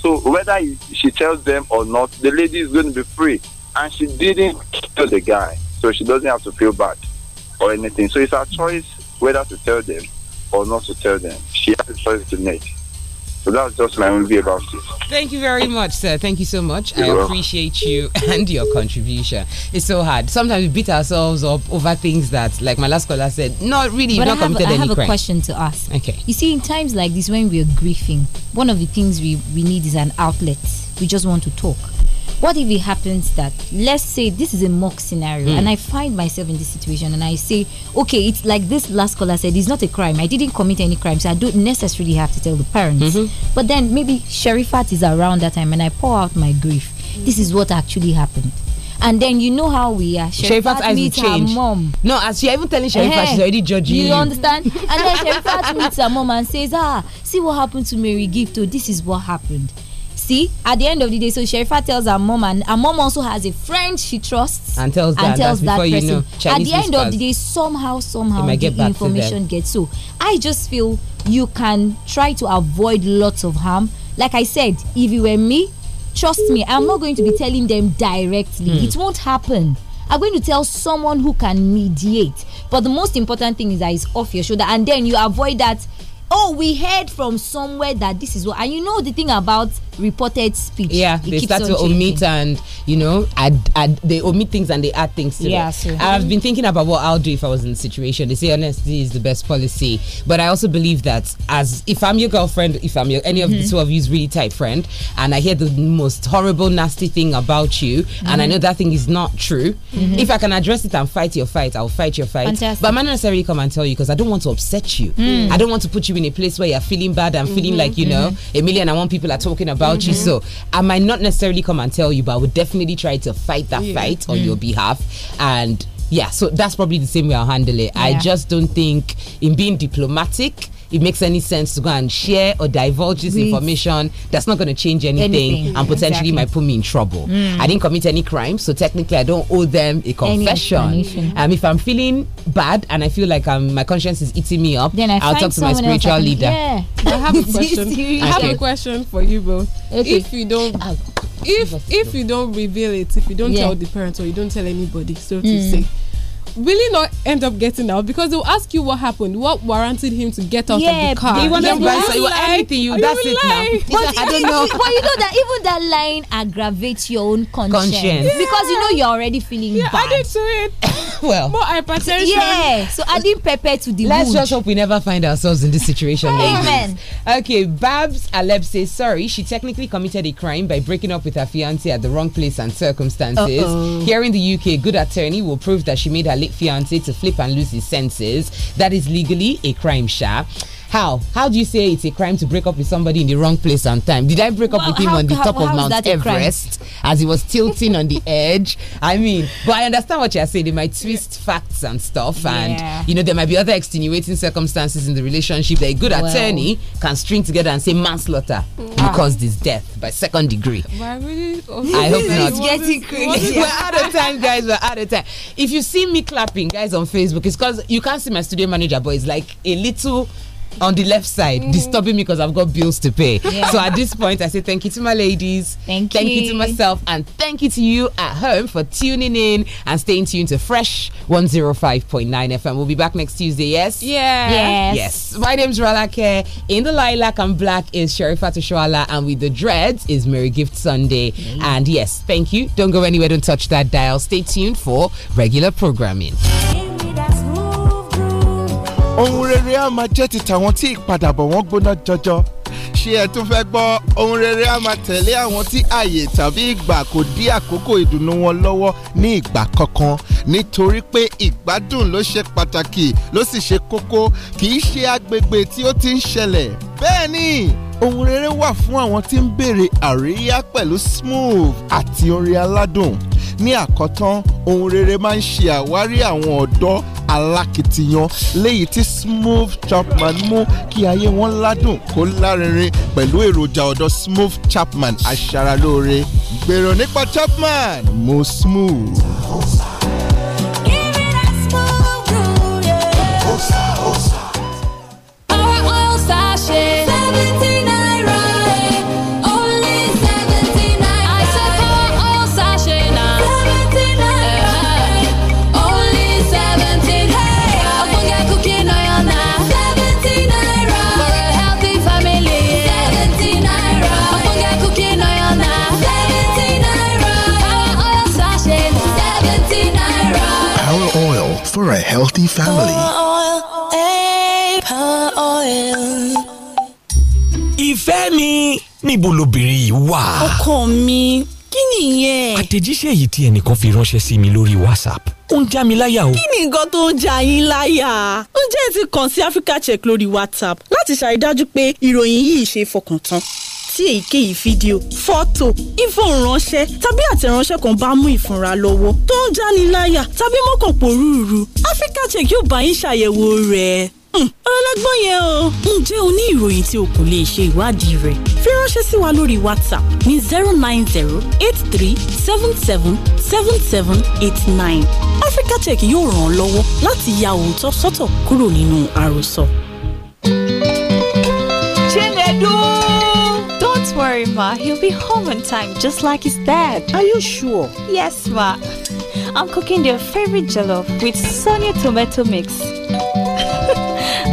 So whether he, she tells them or not, the lady is going to be free. And she didn't kill the guy, so she doesn't have to feel bad or anything. So it's her choice whether to tell them or not to tell them. She has a choice to make. So that's just my own view about it. Thank you very much, sir. Thank you so much. You're I appreciate welcome. you and your contribution. It's so hard. Sometimes we beat ourselves up over things that, like my last caller said, not really, but not I have, committed I have a question to ask. Okay. You see, in times like this, when we are grieving, one of the things we, we need is an outlet. We just want to talk. What if it happens that, let's say, this is a mock scenario, mm. and I find myself in this situation, and I say, okay, it's like this last caller said, it's not a crime. I didn't commit any crime, so I don't necessarily have to tell the parents. Mm -hmm. But then maybe Sherifat is around that time, and I pour out my grief. Mm. This is what actually happened and then you know how we are. Sherifat eyes meets her mom. No, as you're even telling Sherifat, uh -huh. she's already judging you. You understand? and then Sherifat meets her mom and says, Ah, see what happened to Mary Gift. Oh, this is what happened see at the end of the day so sherifa tells her mom and her mom also has a friend she trusts and tells, and tells that, person you know, at the end of the day somehow somehow the get information gets so i just feel you can try to avoid lots of harm like i said if you were me trust me i'm not going to be telling them directly hmm. it won't happen I'm going to tell someone who can mediate. But the most important thing is that it's off your shoulder, and then you avoid that oh we heard from somewhere that this is what and you know the thing about reported speech yeah they start to changing. omit and you know add, add they omit things and they add things to yeah, it so i've been thinking about what i'll do if i was in the situation they say honesty is the best policy but i also believe that as if i'm your girlfriend if i'm your any of mm -hmm. the mm-hmm. two of you's really tight friend and i hear the most horrible nasty thing about you mm -hmm. and i mm-hmm. know that thing is not true -hmm. if i can address it and fight your fight i'll fight your fight Fantastic. but i am not necessarily come and tell you because i don't want to upset you mm. i don't want to put you in a place where you're feeling bad and feeling mm -hmm, like, you know, mm-hmm. a million and one people are talking about you. Mm-hmm. So I might not necessarily come and tell you, but I would definitely try to fight that yeah. fight on mm. your behalf. And yeah, so that's probably the same way I'll handle it. Yeah. I just don't think in being diplomatic, it makes any sense to go and share or divulge this information that's not going to change anything, anything. and potentially exactly. might put me in trouble. Mm. I didn't commit any crime, so technically I don't owe them a confession. Um, if I'm feeling bad and I feel like um, my conscience is eating me up, then I will talk to my spiritual leader. Yeah. I have a question. I have okay. a question for you bro. Okay. If you don't if if you don't reveal it, if you don't yeah. tell the parents or you don't tell anybody, so mm. to hmm. say will he not end up getting out? Because they'll ask you what happened, what warranted him to get out yeah, of the car. They want to lie. anything you, you that's it lie. now. But, I don't know. but you know that even that line aggravates your own conscience. conscience. Yeah. Because you know you're already feeling yeah, bad. Added to it. well. More hypertension. Yeah. So adding pepper to the Let's just hope we never find ourselves in this situation. Amen. Okay, Babs Aleb says, sorry, she technically committed a crime by breaking up with her fiance at the wrong place and circumstances. Uh -oh. Here in the UK, good attorney will prove that she made her fiance to flip and lose his senses. That is legally a crime, Sha. How? How do you say it's a crime to break up with somebody in the wrong place and time? Did I break well, up with him how, on the top how of Mount Everest as he was tilting on the edge? I mean, but I understand what you're saying. They might twist facts and stuff, and yeah. you know, there might be other extenuating circumstances in the relationship that a good well. attorney can string together and say manslaughter. Ah. Wow. You caused this death by second degree. Oh, I hope not. It's getting crazy. We're out of time, guys. We're out of time. If you see me clapping, guys, on Facebook, it's because you can't see my studio manager, but it's like a little on the left side mm. disturbing me because I've got bills to pay. Yeah. So at this point, I say thank you to my ladies. Thank, thank you. you. to myself. And thank you to you at home for tuning in and staying tuned to Fresh 105.9 FM. We'll be back next Tuesday, yes? Yeah. Yes. yes. My name's Ralake. In the lilac and black is Sherifat Oshwala. And with the dreads is Mary Gift Sunday. Mm. And yes, thank you. Don't go anywhere. Don't touch that dial. Stay tuned for regular programming. ohun rere á máa jẹ́ ti tàwọn tí ìpadàbọ̀ wọn gbóná jọjọ ṣé ẹ tún fẹ́ gbọ́ ohun rere á máa tẹ̀lé àwọn tí àyè tàbí ìgbà kò dí àkókò ìdùnnú wọn lọ́wọ́ ní ìgbà kankan nítorí pé ìgbádùn ló ṣe pàtàkì ló sì ṣe kókó kì í ṣe agbègbè tí ó ti ń ṣẹlẹ̀ bẹ́ẹ̀ ni ohun rere wà fún àwọn tí ń béèrè àríyá pẹ̀lú smooth àti orin aládùn ní àkọ́tán ohun rere máa ń ṣe àwárí àwọn ọ̀dọ́ alákìtiyan léyìí tí Smooth Chapman mú kí ayé wọn ládùn kó lárinrin pẹ̀lú èròjà ọ̀dọ̀ Smooth Chapman aṣaralóore gbèrò nípa Chapman mo smooth. for a healthy family. Oil, oil, Ìfẹ́ mi níbo lobìnrin yìí wà? Ọkọ mi, kí nìyẹn? Àtẹ̀jíṣẹ́ yìí tí ẹnìkan fi ránṣẹ́ sí mi lórí WhatsApp ó ń já mi láyà o. kí ni nǹkan tó ń já yín láyà. ǹjẹ́ ẹ ti kàn sí Africa Check lórí WhatsApp láti ṣàrídájú pé ìròyìn yìí ṣe fọkàn tán tí èyíkéyìí fídíò fọ́tò ìfọ̀ránṣẹ́ tàbí àtẹ̀ránṣẹ́ kan bá mú ìfúnra lọ́wọ́ tó ń jáni láyà tàbí mọ́kàn pòrúurú Africa Check yóò bá yín ṣàyẹ̀wò rẹ̀ hmm, ọlọ́gbọ́n yẹn o. ǹjẹ́ o ní ìròyìn tí o kò lè ṣe ìwádìí rẹ̀? fi ránṣẹ́ sí wa lórí whatsapp ní zero nine zero eight three seven seven seven seven eight nine. Africa Check yóò ràn ọ́ lọ́wọ́ láti ya òótọ́ sọ́tọ̀ kúrò nínú àròsọ. worry, Ma. He'll be home on time, just like his dad. Are you sure? Yes, Ma. I'm cooking their favorite jollof with Sonia tomato mix.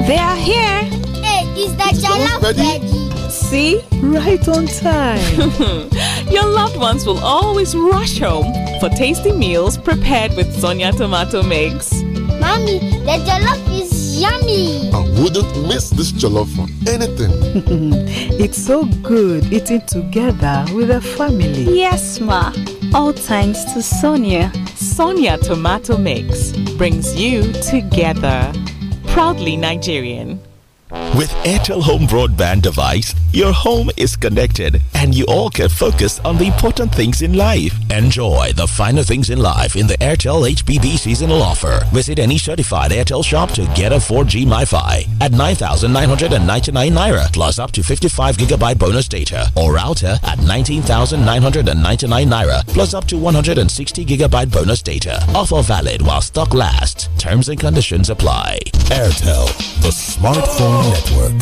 they are here. Hey, is the jollof ready? See? Right on time. Your loved ones will always rush home for tasty meals prepared with Sonia tomato mix. Mommy, the jollof is Yummy! I wouldn't miss this jollof for anything. it's so good eating together with a family. Yes, Ma. All thanks to Sonia. Sonia Tomato Mix brings you together. Proudly Nigerian. With Airtel Home Broadband device, your home is connected and you all can focus on the important things in life. Enjoy the finer things in life in the Airtel HBB seasonal offer. Visit any certified Airtel shop to get a 4G MiFi at 9,999 Naira plus up to 55 gigabyte bonus data or router at 19,999 Naira plus up to 160 gigabyte bonus data. Offer valid while stock lasts. Terms and conditions apply. Airtel, the smartphone Network.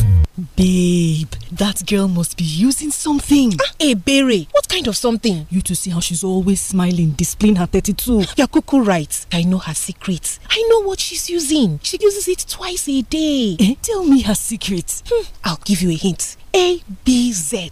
Babe, that girl must be using something. Ah, hey, Barry, what kind of something? You to see how she's always smiling, displaying her 32. Yakuku writes, I know her secret. I know what she's using. She uses it twice a day. Eh? Tell me her secret. Hmm, I'll give you a hint. A B Z.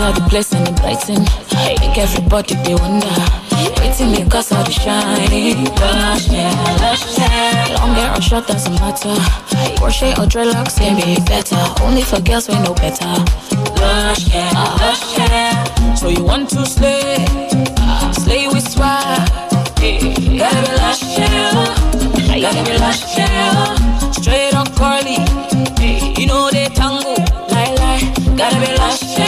all the place and brighten. Make everybody they wonder. Waiting me cause all the shining. Lush, yeah, lush, yeah. Long hair or short doesn't matter. Crochet or dreadlocks can be better. Only for girls we know better. Lush, yeah, lush, yeah. So you want to slay? Slay with swag. Gotta be lush, yeah. Gotta be lush, yeah. Straight or curly. You know they tango. Lie, lie. Gotta be lush, yeah.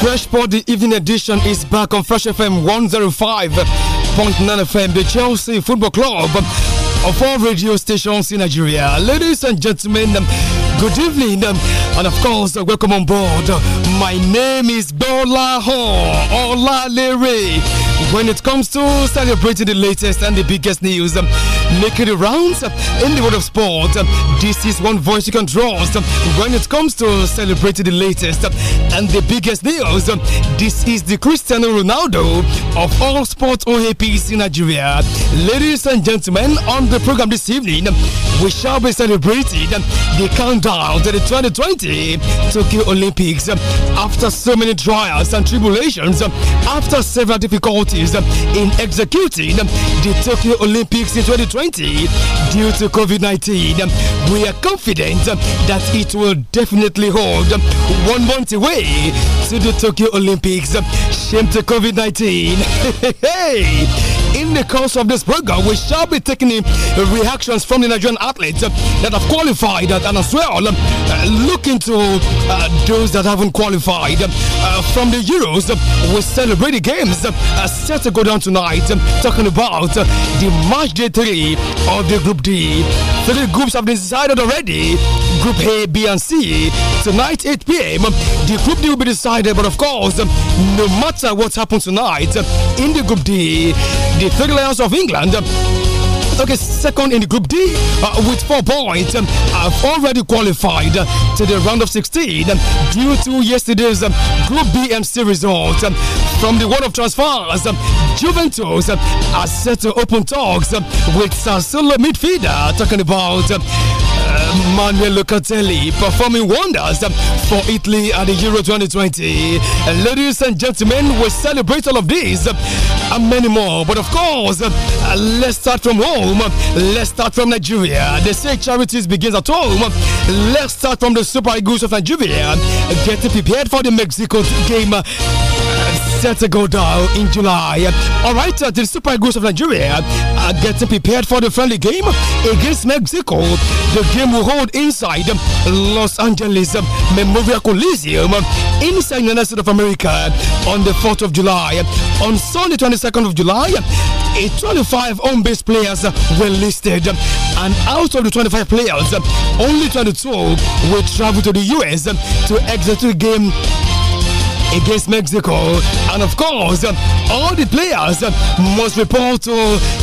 Freshport, Body evening edition is back on Fresh FM 105.9 FM, the Chelsea Football Club of all radio stations in Nigeria. Ladies and gentlemen, good evening, and of course, welcome on board. My name is Bola Ho, Ola Lere when it comes to celebrating the latest and the biggest news um, making the rounds um, in the world of sport. Um, this is one voice you can trust um, when it comes to celebrating the latest um, and the biggest news. Um, this is the Cristiano Ronaldo of all sports OAPs in Nigeria. Ladies and gentlemen, on the program this evening, we shall be celebrating the countdown to the 2020 Tokyo Olympics. After so many trials and tribulations, after several difficulties, difficulties in executing the Tokyo Olympics in 2020 due to COVID 19. We are confident that it will definitely hold one month away to the Tokyo Olympics. Shame to COVID 19. In the course of this program, we shall be taking in reactions from the Nigerian athletes that have qualified and as well uh, look into uh, those that haven't qualified. Uh, from the Euros, we celebrate the games set to go down tonight, um, talking about the match day three of the Group D. the groups have been decided already. Group A, B, and C. Tonight, 8 p.m., the Group D will be decided. But of course, no matter what happens tonight in the Group D, the Three Lions of England. Uh, okay, second in the Group D uh, with four points. Um, have already qualified uh, to the round of 16 um, due to yesterday's um, Group BMC result. Um, from the world of transfers, um, Juventus are set to open talks with Sassuolo midfielder talking about Manuel Locatelli performing wonders for Italy at the Euro 2020. And ladies and gentlemen, we celebrate all of these and many more. But of course, let's start from home. Let's start from Nigeria. They say charities begins at home. Let's start from the Super Eagles of Nigeria, getting prepared for the Mexico game set to go down in July. All right, uh, the Super Eagles of Nigeria are uh, getting prepared for the friendly game against Mexico. The game will hold inside Los Angeles Memorial Coliseum inside the United States of America on the 4th of July. On Sunday, 22nd of July, 25 home base players were listed, and out of the 25 players, only 22 will travel to the US to execute the game against Mexico. And of course, all the players must report to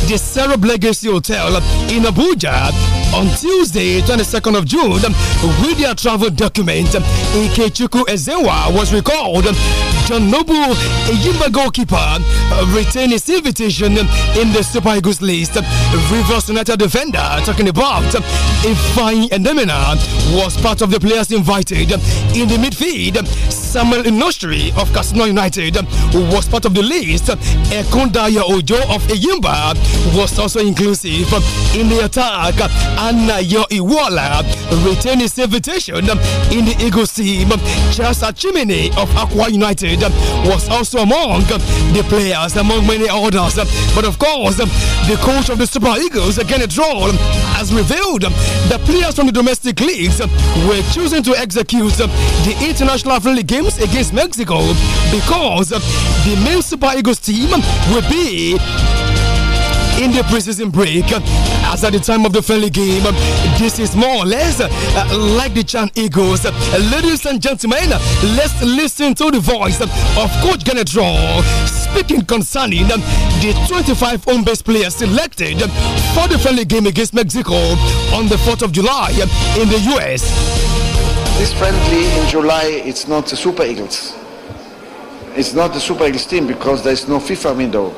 the Sarah Legacy Hotel in Abuja on Tuesday, 22nd of June, with their travel document, Ikechukwu Ezewa was recalled. John Noble, a Yimba goalkeeper, retained his invitation in the Super Eagles list. Rivers United defender, talking about Ifeanyi Endemina, was part of the players invited. In the midfield, Samuel Nostri of Casino United was part of the list. Ekundaya Ojo of Yimba, was also inclusive. In the attack, and Anayo Iwala return his invitation in the Eagles team. Charles Achimene of Aqua United was also among the players, among many others. But of course, the coach of the Super Eagles, Kenneth Drawl, has revealed that players from the domestic leagues were choosing to execute the international friendly games against Mexico because the main Super Eagles team will be in the preseason break as at the time of the friendly game. Um, this is more or less uh, like the Chan Eagles. Uh, ladies and gentlemen, uh, let's listen to the voice um, of Coach Kenneth speaking concerning um, the 25 home base players selected for the friendly game against Mexico on the 4th of July in the US this friendly in July, it's not the Super Eagles. It's not the Super Eagles team because there's no FIFA window.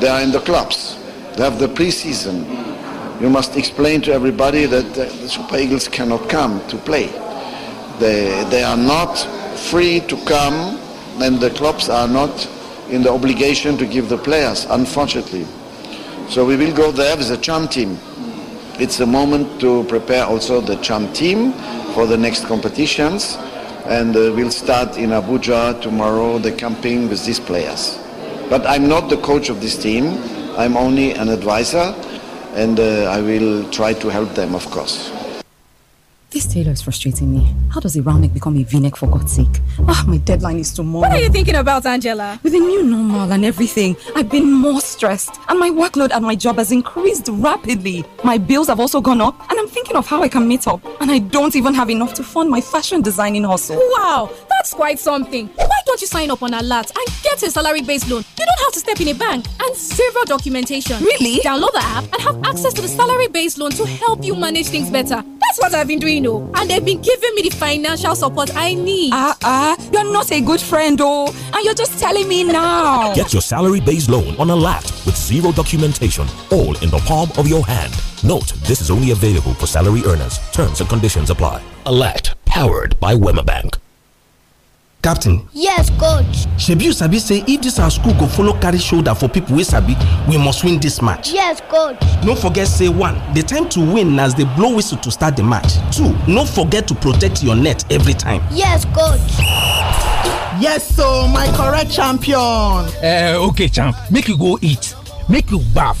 They are in the clubs. They have the preseason you must explain to everybody that the Super Eagles cannot come to play. They, they are not free to come and the clubs are not in the obligation to give the players, unfortunately. So we will go there with a CHAM team. It's a moment to prepare also the CHAM team for the next competitions and uh, we'll start in Abuja tomorrow the campaign with these players. But I'm not the coach of this team, I'm only an advisor and uh, I will try to help them, of course. This tailor is frustrating me. How does a round neck become a v-neck for God's sake? Ah, oh, my deadline is tomorrow. What are you thinking about, Angela? With the new normal and everything, I've been more stressed, and my workload at my job has increased rapidly. My bills have also gone up, and I'm thinking of how I can meet up. And I don't even have enough to fund my fashion designing hustle. Wow, that's quite something. Why don't you sign up on Alert and get a salary-based loan? You don't have to step in a bank and zero documentation. Really? Download the app and have access to the salary-based loan to help you manage things better. That's what I've been doing, though, And they've been giving me the financial support I need. Ah, uh, ah, uh, you're not a good friend, oh. And you're just telling me now. Get your salary-based loan on Alert with zero documentation, all in the palm of your hand. Note, this is only available for salary earners. Terms and conditions apply. Alert, powered by Wemabank. captain yes coach shebi you sabi say if dis our school go follow carry shoulder for pipo wey sabi we must win dis match yes coach no forget say one di time to win na as dey blow whistle to start di match two no forget to protect your net every time yes coach yes so my correct champion eh okay champ make you go eat make you baff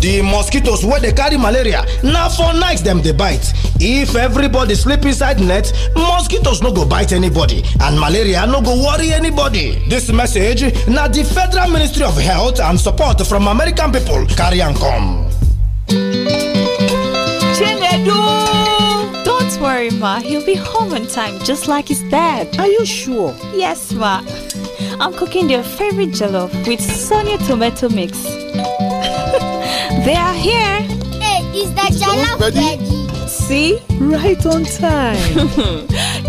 the mosquitoes wey dey carry malaria na for night dem dey bite if everybody sleep inside net mosquitoes no go bite anybody and malaria no go worry anybody dis message na di federal ministry of health and support from american pipo carry am come. Chinedu! Don't worry, Ma. He'll be home on time, just like his dad. Are you sure? Yes, Ma. I'm cooking their favorite jollof with Sonia tomato mix they are here. Hey, is that your love ready? See? Right on time.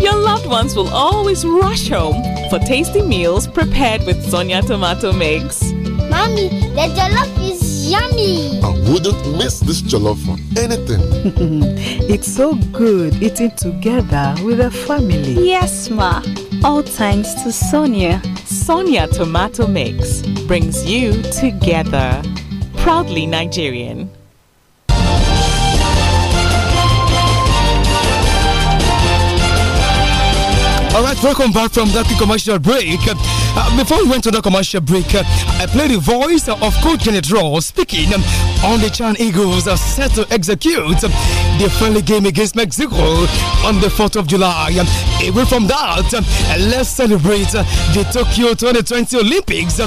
your loved ones will always rush home for tasty meals prepared with Sonia tomato mix. Mommy, the jollof is yummy. I wouldn't miss this jollof for anything. it's so good eating together with a family. Yes, ma. All thanks to Sonia. Sonia Tomato Mix brings you together. Proudly Nigerian. All right, welcome back from that commercial break. Uh, before we went to the commercial break, uh, I played the voice of Coach Kenneth Raw speaking on the Chan Eagles are set to execute the friendly game against Mexico on the 4th of July. Away from that, let's celebrate the Tokyo 2020 Olympics.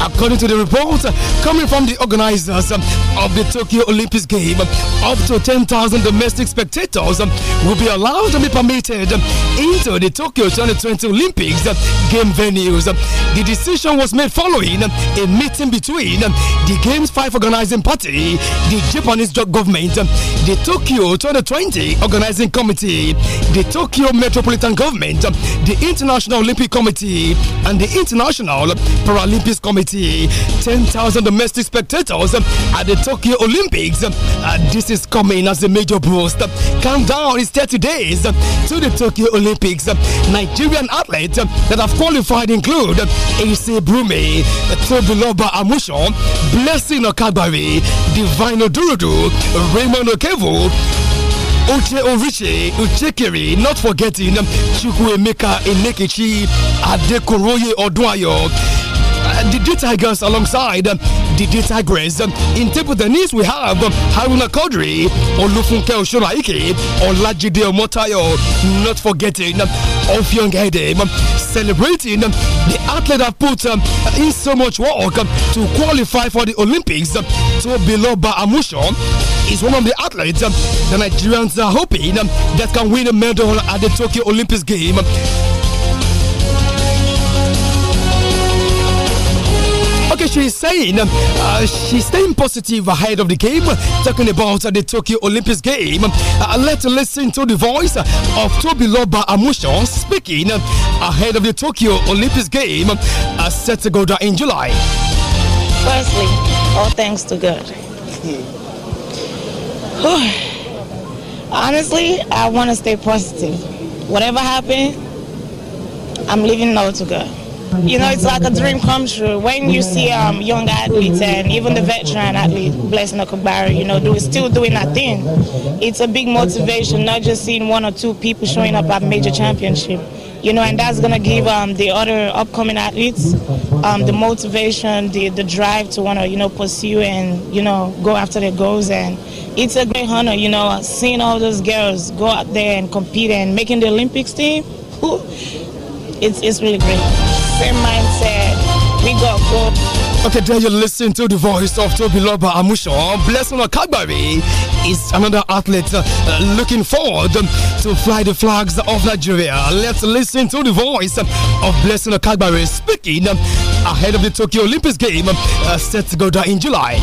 According to the report coming from the organizers of the Tokyo Olympics game, up to 10,000 domestic spectators will be allowed to be permitted into the Tokyo 2020 Olympics game venues. The decision was made following a meeting between the Games 5 organizing party, the Japanese government, the Tokyo 2020 Organizing Committee, the Tokyo Metropolitan Government, the International Olympic Committee, and the International Paralympics Committee. 10,000 domestic spectators at the Tokyo Olympics. Uh, this is coming as a major boost. Countdown is 30 days to the Tokyo Olympics. Nigerian athletes that have qualified include AC Brume, Tobiloba Amusho, Blessing Okagbari, Divine Odurudu, Raymond Okevo, Uche Oriche, Uchekiri, not forgetting Chukwemeka Inekichi Adekoroye Odwayo. Uh, the Tigers alongside um, the D Tigress. Um, in table tennis, we have um, Haruna Kodri, Olufunke Oshoraike, Olajide Omotayo, not forgetting of Young Edim, eh, celebrating eh, the athlete that put eh, in so much work to qualify for the Olympics. To Biloba Amusho is one of the athletes the Nigerians are hoping that can win a medal at the Tokyo Olympics game. she's saying uh, she's staying positive ahead of the game, talking about uh, the Tokyo Olympics game. Uh, let's listen to the voice of Toby Loba Amusho speaking ahead of the Tokyo Olympics game uh, set to go down in July. Firstly, all thanks to God. Honestly, I want to stay positive. Whatever happened, I'm leaving now to God you know, it's like a dream come true. When you see um, young athletes and even the veteran athlete, Blessing Okubari, you know, do, still doing that thing, it's a big motivation, not just seeing one or two people showing up at major championship. You know, and that's going to give um, the other upcoming athletes um, the motivation, the, the drive to want to, you know, pursue and, you know, go after their goals. And it's a great honor, you know, seeing all those girls go out there and compete and making the Olympics team. It's, it's really great same mindset. We got Okay, there you listen to the voice of Toby Loba Amusho. Blessing Okagbari is another athlete uh, looking forward to fly the flags of Nigeria. Let's listen to the voice of Blessing Okagbari speaking ahead of the Tokyo Olympics game uh, set to go down in July.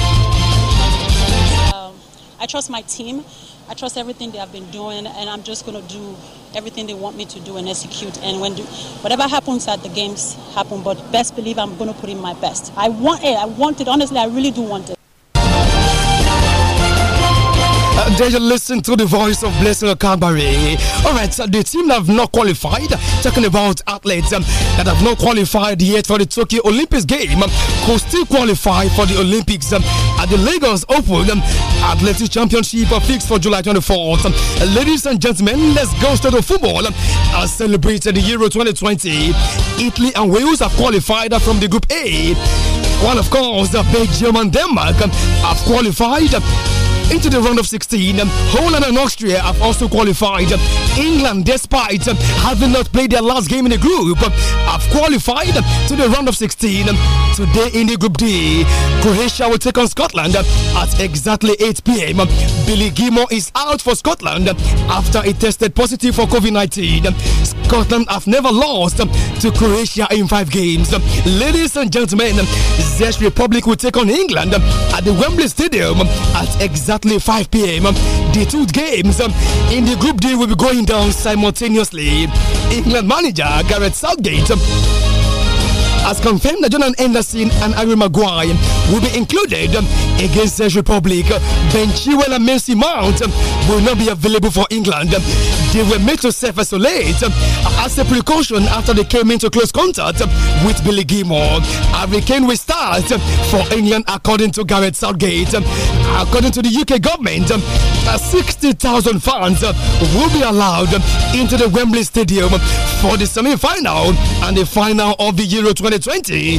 Um, I trust my team. I trust everything they have been doing, and I'm just going to do everything they want me to do and execute. And when do, whatever happens at the games, happen. But best believe I'm going to put in my best. I want it. I want it. Honestly, I really do want it. There you listen to the voice of Blessing Okabari. All right, so the team that have not qualified, talking about athletes um, that have not qualified yet for the Tokyo Olympics game, um, could still qualify for the Olympics um, at the Lagos Open um, Athletics Championship fixed for July 24th. Um, ladies and gentlemen, let's go straight to football. Um, as celebrated the Euro 2020, Italy and Wales have qualified from the Group A. While, of course, Belgium and Denmark um, have qualified into the round of 16. Holland and Austria have also qualified. England, despite having not played their last game in the group, have qualified to the round of 16. Today in the Group D, Croatia will take on Scotland at exactly 8 p.m. Billy Gilmore is out for Scotland after he tested positive for COVID 19. Scotland have never lost to Croatia in five games. Ladies and gentlemen, Czech Republic will take on England at the Wembley Stadium at exactly exactly 5 p.m. The two games in the Group D will be going down simultaneously. England manager Gareth Southgate has confirmed that Jonathan Anderson and Harry Maguire will be included against Czech Republic. Ben Chilwell and Mercy Mount will not be available for England they were made to self isolate as a precaution after they came into close contact with Billy Gilmore. Kane will start for England, according to Gareth Southgate. According to the UK government, 60,000 fans will be allowed into the Wembley Stadium for the semi final and the final of the Euro 2020.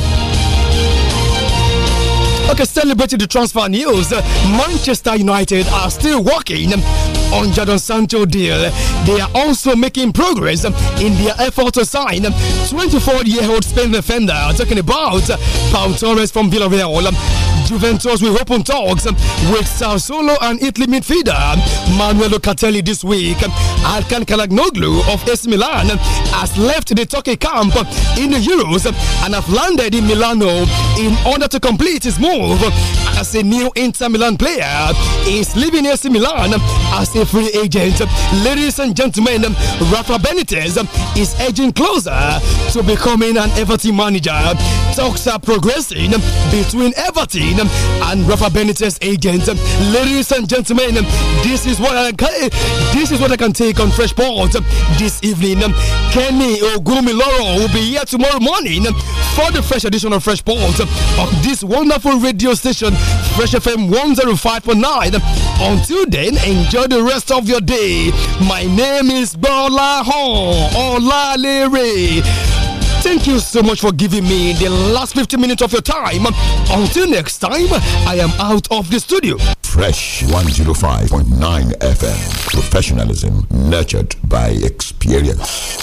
Okay, celebrating the transfer news, Manchester United are still working on Jadon Sancho deal. They are also making progress in their effort to sign 24-year-old Spain defender. Talking about Paul Torres from Villarreal. Juventus will open talks with Sassuolo and Italy midfielder Manuel Locatelli this week. Alkan Kalagnoglu of AC Milan has left the Turkey camp in the Euros and have landed in Milano in order to complete his move as a new Inter Milan player. He's leaving AC Milan as free agent. Ladies and gentlemen, Rafa Benitez is edging closer to becoming an Everton manager. Talks are progressing between Everton and Rafa Benitez agent. Ladies and gentlemen, this is what I can, this is what I can take on Fresh Port this evening. Kenny Ogumiloro will be here tomorrow morning for the fresh edition of Fresh Port of this wonderful radio station, Fresh FM 105.9. Until then, enjoy the rest of your day. My name is Bola Hon Olalere. Thank you so much for giving me the last 15 minutes of your time. Until next time, I am out of the studio. Fresh 105.9 FM. Professionalism nurtured by experience.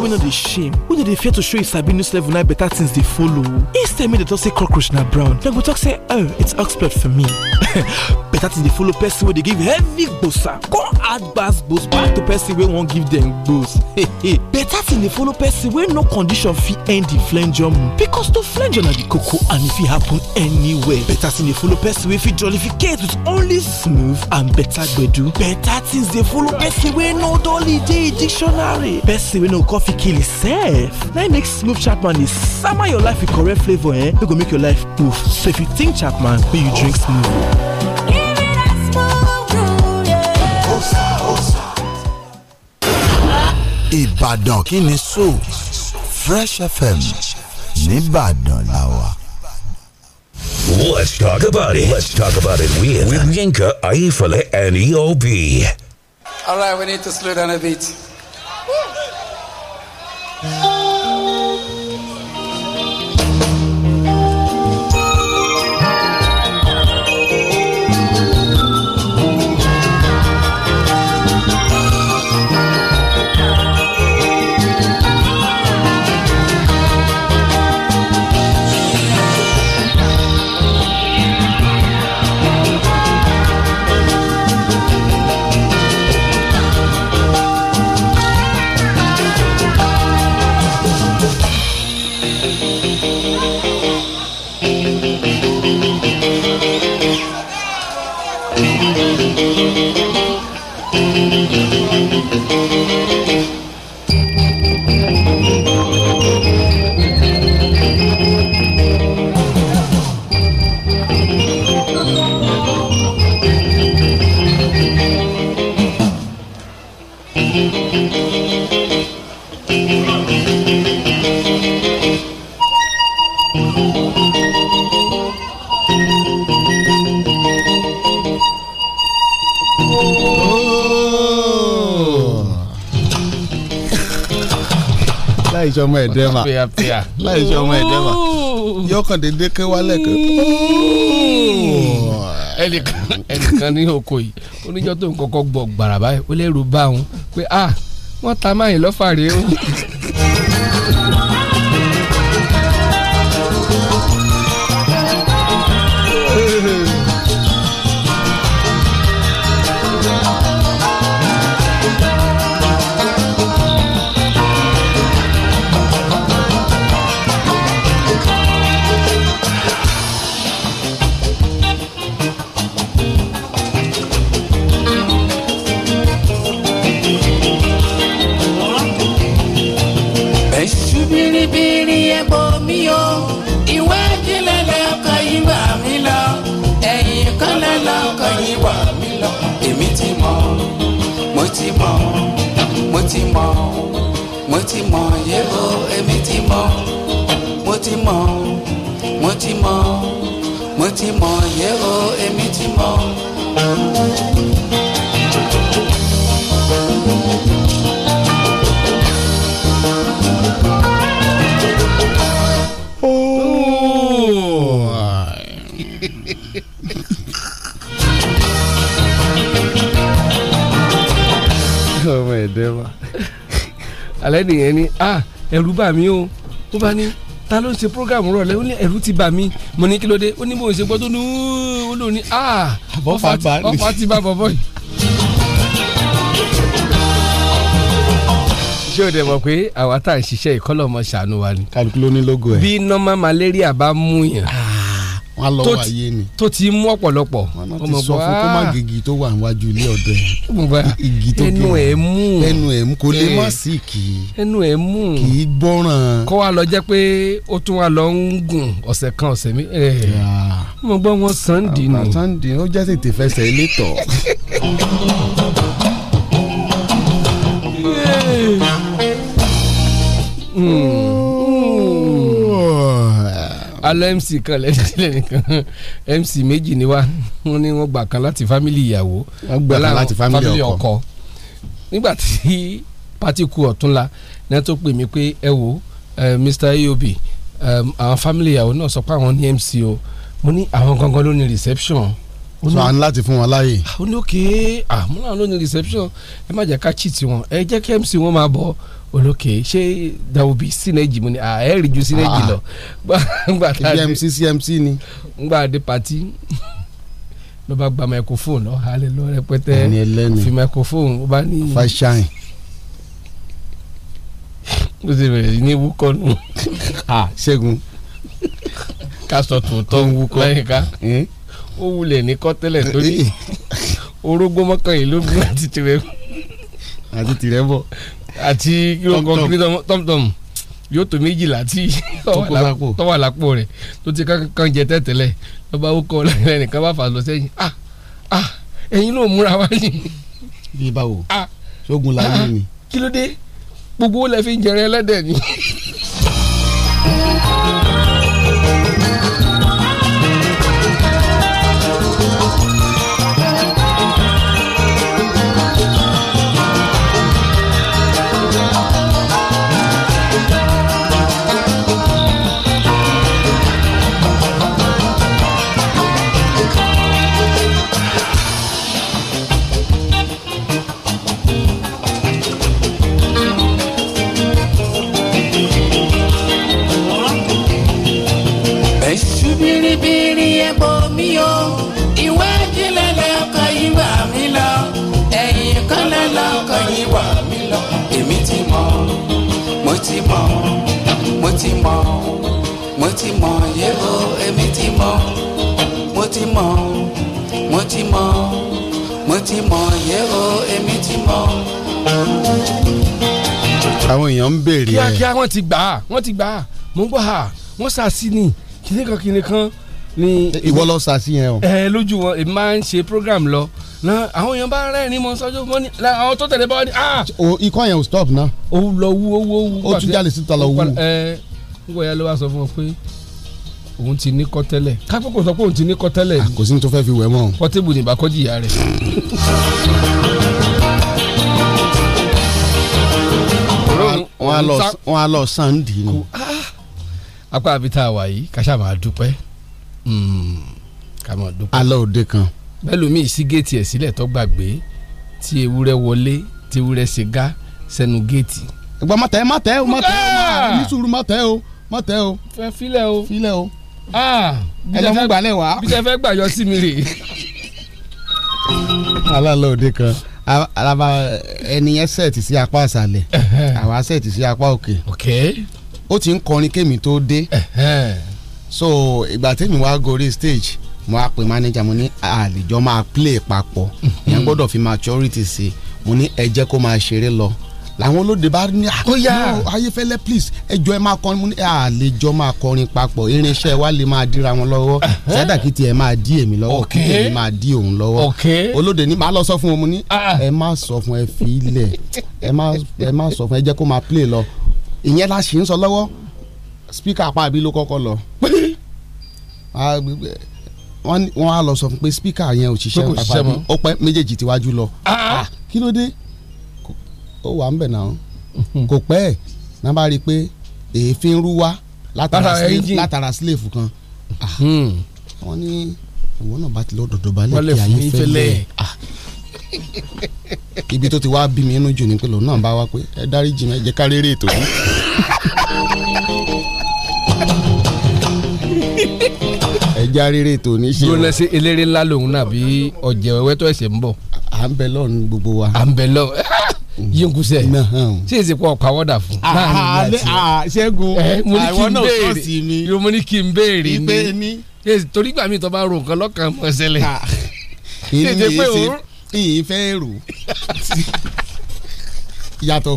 but we no dey shame we no dey fear to show you sabi news level na better things dey follow Instead, tell me dey talk say cockroach na brown dem go talk say oh it's expert for me better things dey follow person wey dey give heavy gbosa ah. come add bass boost back to person wey wan give dem boost. better things dey follow person wey no condition fit end the flenjor because to flenjor na the koko and e fit happen anywhere better things dey follow person wey fit jollificate with only smooth and better gbedu better things dey follow person wey no dolly dey dictionary person wey no coffee. fit kill yourself, now make smooth chapman is summer your life with correct flavour eh You go make your life poof so if you think chapman make you drink smooth. Ìbàdàn kí ni so Fresh FM nìbàdàn la wà. Let's talk about it. Let's talk about it with, with Yinka Ayifale and EOB. All right, we need to slow down a bit. Oh. Oh. láì sọ ọmọ ẹ̀dẹ́ mà láì sọ ọmọ ẹ̀dẹ́ mà oh. yọkàn dédé ké wálẹ̀ ké. Oh. ẹnìkan ẹnìkan ní oko yìí oníjọ́ tó ń kọ́kọ́ gbọ́ gbàrà báyìí ó lè rú bá pé ah wọ́n ta máyìn lọ́fà rèé o. alẹ́ nìyẹn ni ah ẹ̀rù bà mí o ó bá ní ta ló ń ṣe programu rọ̀lẹ́ ó ní ẹ̀rù ti bà mí mo ní kí ló dé ó ní bóun ṣe gbọ́ tó ní ó lóun ní ah ọ̀fà ti bá bọ̀bọ̀ yìí. ṣé o dẹ̀ mọ̀ pé àwa tá à ń ṣiṣẹ́ ìkọlọ́mọ wa ni. kálukú ló ní lógo ẹ̀. bí normal malaria bá mú yàn. ah wọn lọ wá yé ni tó ti mú ọ̀pọ̀lọpọ̀ wọn ti sọ fún kó má gègì tó wà níwájú ilé ọ̀dọ̀ ẹ igi tó kí wọn ẹnu ẹ mú kò lè má sí kì í ẹnu ẹ mú kì í gbọ́ràn. kó wa lọ jẹ́ pé ó tún wa lọ ń gùn ọ̀sẹ̀ kan ọ̀sẹ̀ mi mo gbọ́ wọn sànńdì nù. sànńdì ó jẹ́ tètè fẹsẹ̀ ilé tọ̀. Mm alọ́ mc kan lẹ́dílẹ̀ nìkan mc méjì ni wá wọ́n ní wọ́n gbà kan láti fámìlì ìyàwó wọ́n gbà kan láti fámìlì ọkọ nígbà tí pati ku ọ̀túnla náà tó pè mí pé ẹ wo eh, mr aob eh, àwọn fámìlì ìyàwó náà sọ pé àwọn ní mc o mo ní àwọn gangan ló ní reception so a ní láti fún wọn láàyè. Ah, ó ní òkè àmúlò ah, àwọn ló ní reception ẹ má jẹ́ ká cheat wọn ẹ jẹ́ kí mc wọn máa bọ̀ olókè ṣé there will be synergy mo ni à ah, ẹ rí ju synergy lọ. cmc cmc ni. ngbà dé pati ló bá gba microphone lọ halẹ lọ rẹpẹtẹ fi microphone ó bá ní. fashion. ó ti bẹ̀rẹ̀ ní wúkọ́ nù. Ah, ṣẹ́gun ká sọ tòótọ́ ń wúkọ́ lẹ́yìn ká ó wulẹ̀ ní kọ́tẹ́lẹ̀ tó ní orógbó mọ́kànlélógún àti tirẹ̀ àti tirẹ̀ bọ̀ àti kílógọ́n tọ́mtọ́m yóò tó méjìlá tí tọ́wà lápò rẹ̀ tó ti kankan jẹ tẹ́tẹ́lẹ̀ lọ́ba ó kọ́ lẹ́nìkan bá fà lọ sẹ́yìn ah ah ẹ̀yin ló múra wá yìí. bí báwo sógun ah. làwọn ah, ni. kí ló dé gbogbo lẹ fi jẹrẹ ẹlẹ́dẹ̀ ni. wọ́n ti gbà á wọ́n ti gbà á mo gbà á wọ́n sàṣì ni kìnìún kan kìnìún kan ni. ìwọ lọ sàṣì yẹn o. ẹ lójú wọn èmi máa ń ṣe program lọ na àwọn èèyàn bá rẹ́rìn mọ sọ́jọ́ mọ́ ni àwọn tó tẹ̀lé bá wà ní. ikọ́ yẹn ò stop ná. ó lọ wú owó wú. ó tún jáde síta lọ wú. ẹ ń ya ló wá sọ fún ọ pé òun ti ní kọ́ tẹ́lẹ̀ kápẹ́kọ̀ sọ pé òun ti ní kọ́ tẹ́lẹ̀. kò sí ní tó fẹ́ fi wẹ̀ mọ́. pọ́tébù ní ìbákọ́jì ìyá rẹ̀. wọ́n á lọ sànńdì ni. Ah! apá àbí tá a wà yìí kàṣà máa dúpẹ́ hmm, ká máa dúpẹ́. alẹ́ òde kan. bẹ́ẹ̀ lómi ìsí géètì ẹ̀ sílẹ̀ tó gbàgbé tí ewúrẹ́ wọlé tí ewúrẹ́ ṣe gá sẹ́nu géètì. ìgbà má tẹ́ má tẹ́ o má tẹ́ o ní sùúrù má tẹ́ o má tẹ́ o. fẹ́ filẹ̀ o. filẹ̀ o. Ah! ẹ mú gbalẹ̀ wá. bí sẹ gbàyọ sí mi rè. alálẹ̀ òde kan alaba ẹni yẹn sẹ́ẹ̀tì sí apá àṣàlẹ̀ àwa sẹ́ẹ̀tì sí apá òkè ó ti ń kọrin kémi tó dé so ìgbà tèmi wá gorí stage mo á pe manager mo ní àlejò máa play papọ̀ mhm. ìyẹn gbọ́dọ̀ fi maturity sí mo ní ẹ jẹ́ kó máa ṣeré lọ làwọn olóde bá ní àkóyá ah, ayéfẹ́lẹ́ please ẹjọ́ ẹ máa kọrin à ah, lè máa kọrin papọ̀ irinṣẹ́ wa lè máa dira wọn lọ́wọ́ sádàkì tiẹ̀ máa dí èmi lọ́wọ́ kíkẹ́ èmi máa dí òun lọ́wọ́ olóde ní màá lọ sọ fún òun ní ah, ẹ má sọ fún ẹ fi ilẹ̀ ẹ má sọ fún ẹ jẹ́ kó máa play lọ ìyẹn la sì ń sọ lọ́wọ́ spíkà apáàbí ló kọ́kọ́ lọ wọ́n á lọ sọ fún pé spíkà yẹn ò ṣiṣẹ́ ó pẹ́ méjèèjì tíwájú lọ kí ló dé ó wà ń bẹ̀ náà kò pẹ́ ẹ̀ náà bá rí i pé èéfín rú látara sílèfù kan ah, hmm. wọ́n ní ìwọ náà bá ti lọ dọ̀dọ̀ balẹ̀ kí ayé fẹ́lẹ́ ah. ibi tó ti wá bí mi inú jù ní pé náà bá wá pé ẹ ẹ ká rere ètò yìí. ẹja rere eléré ńlá lòun náà bí ọ̀jẹ̀ wẹ́wẹ́ gbogbo wa. à yínkù sẹ ṣé èsì pọ pàwọ́dà fún. ṣẹ́gun àwọn náà mi yóò mú ní kí n béèrè ni torí gbà mí ro nǹkan lọ́kàn mọ̀ ṣẹlẹ̀ ah. ṣèṣe pé òun. ìyìn fẹ́ rò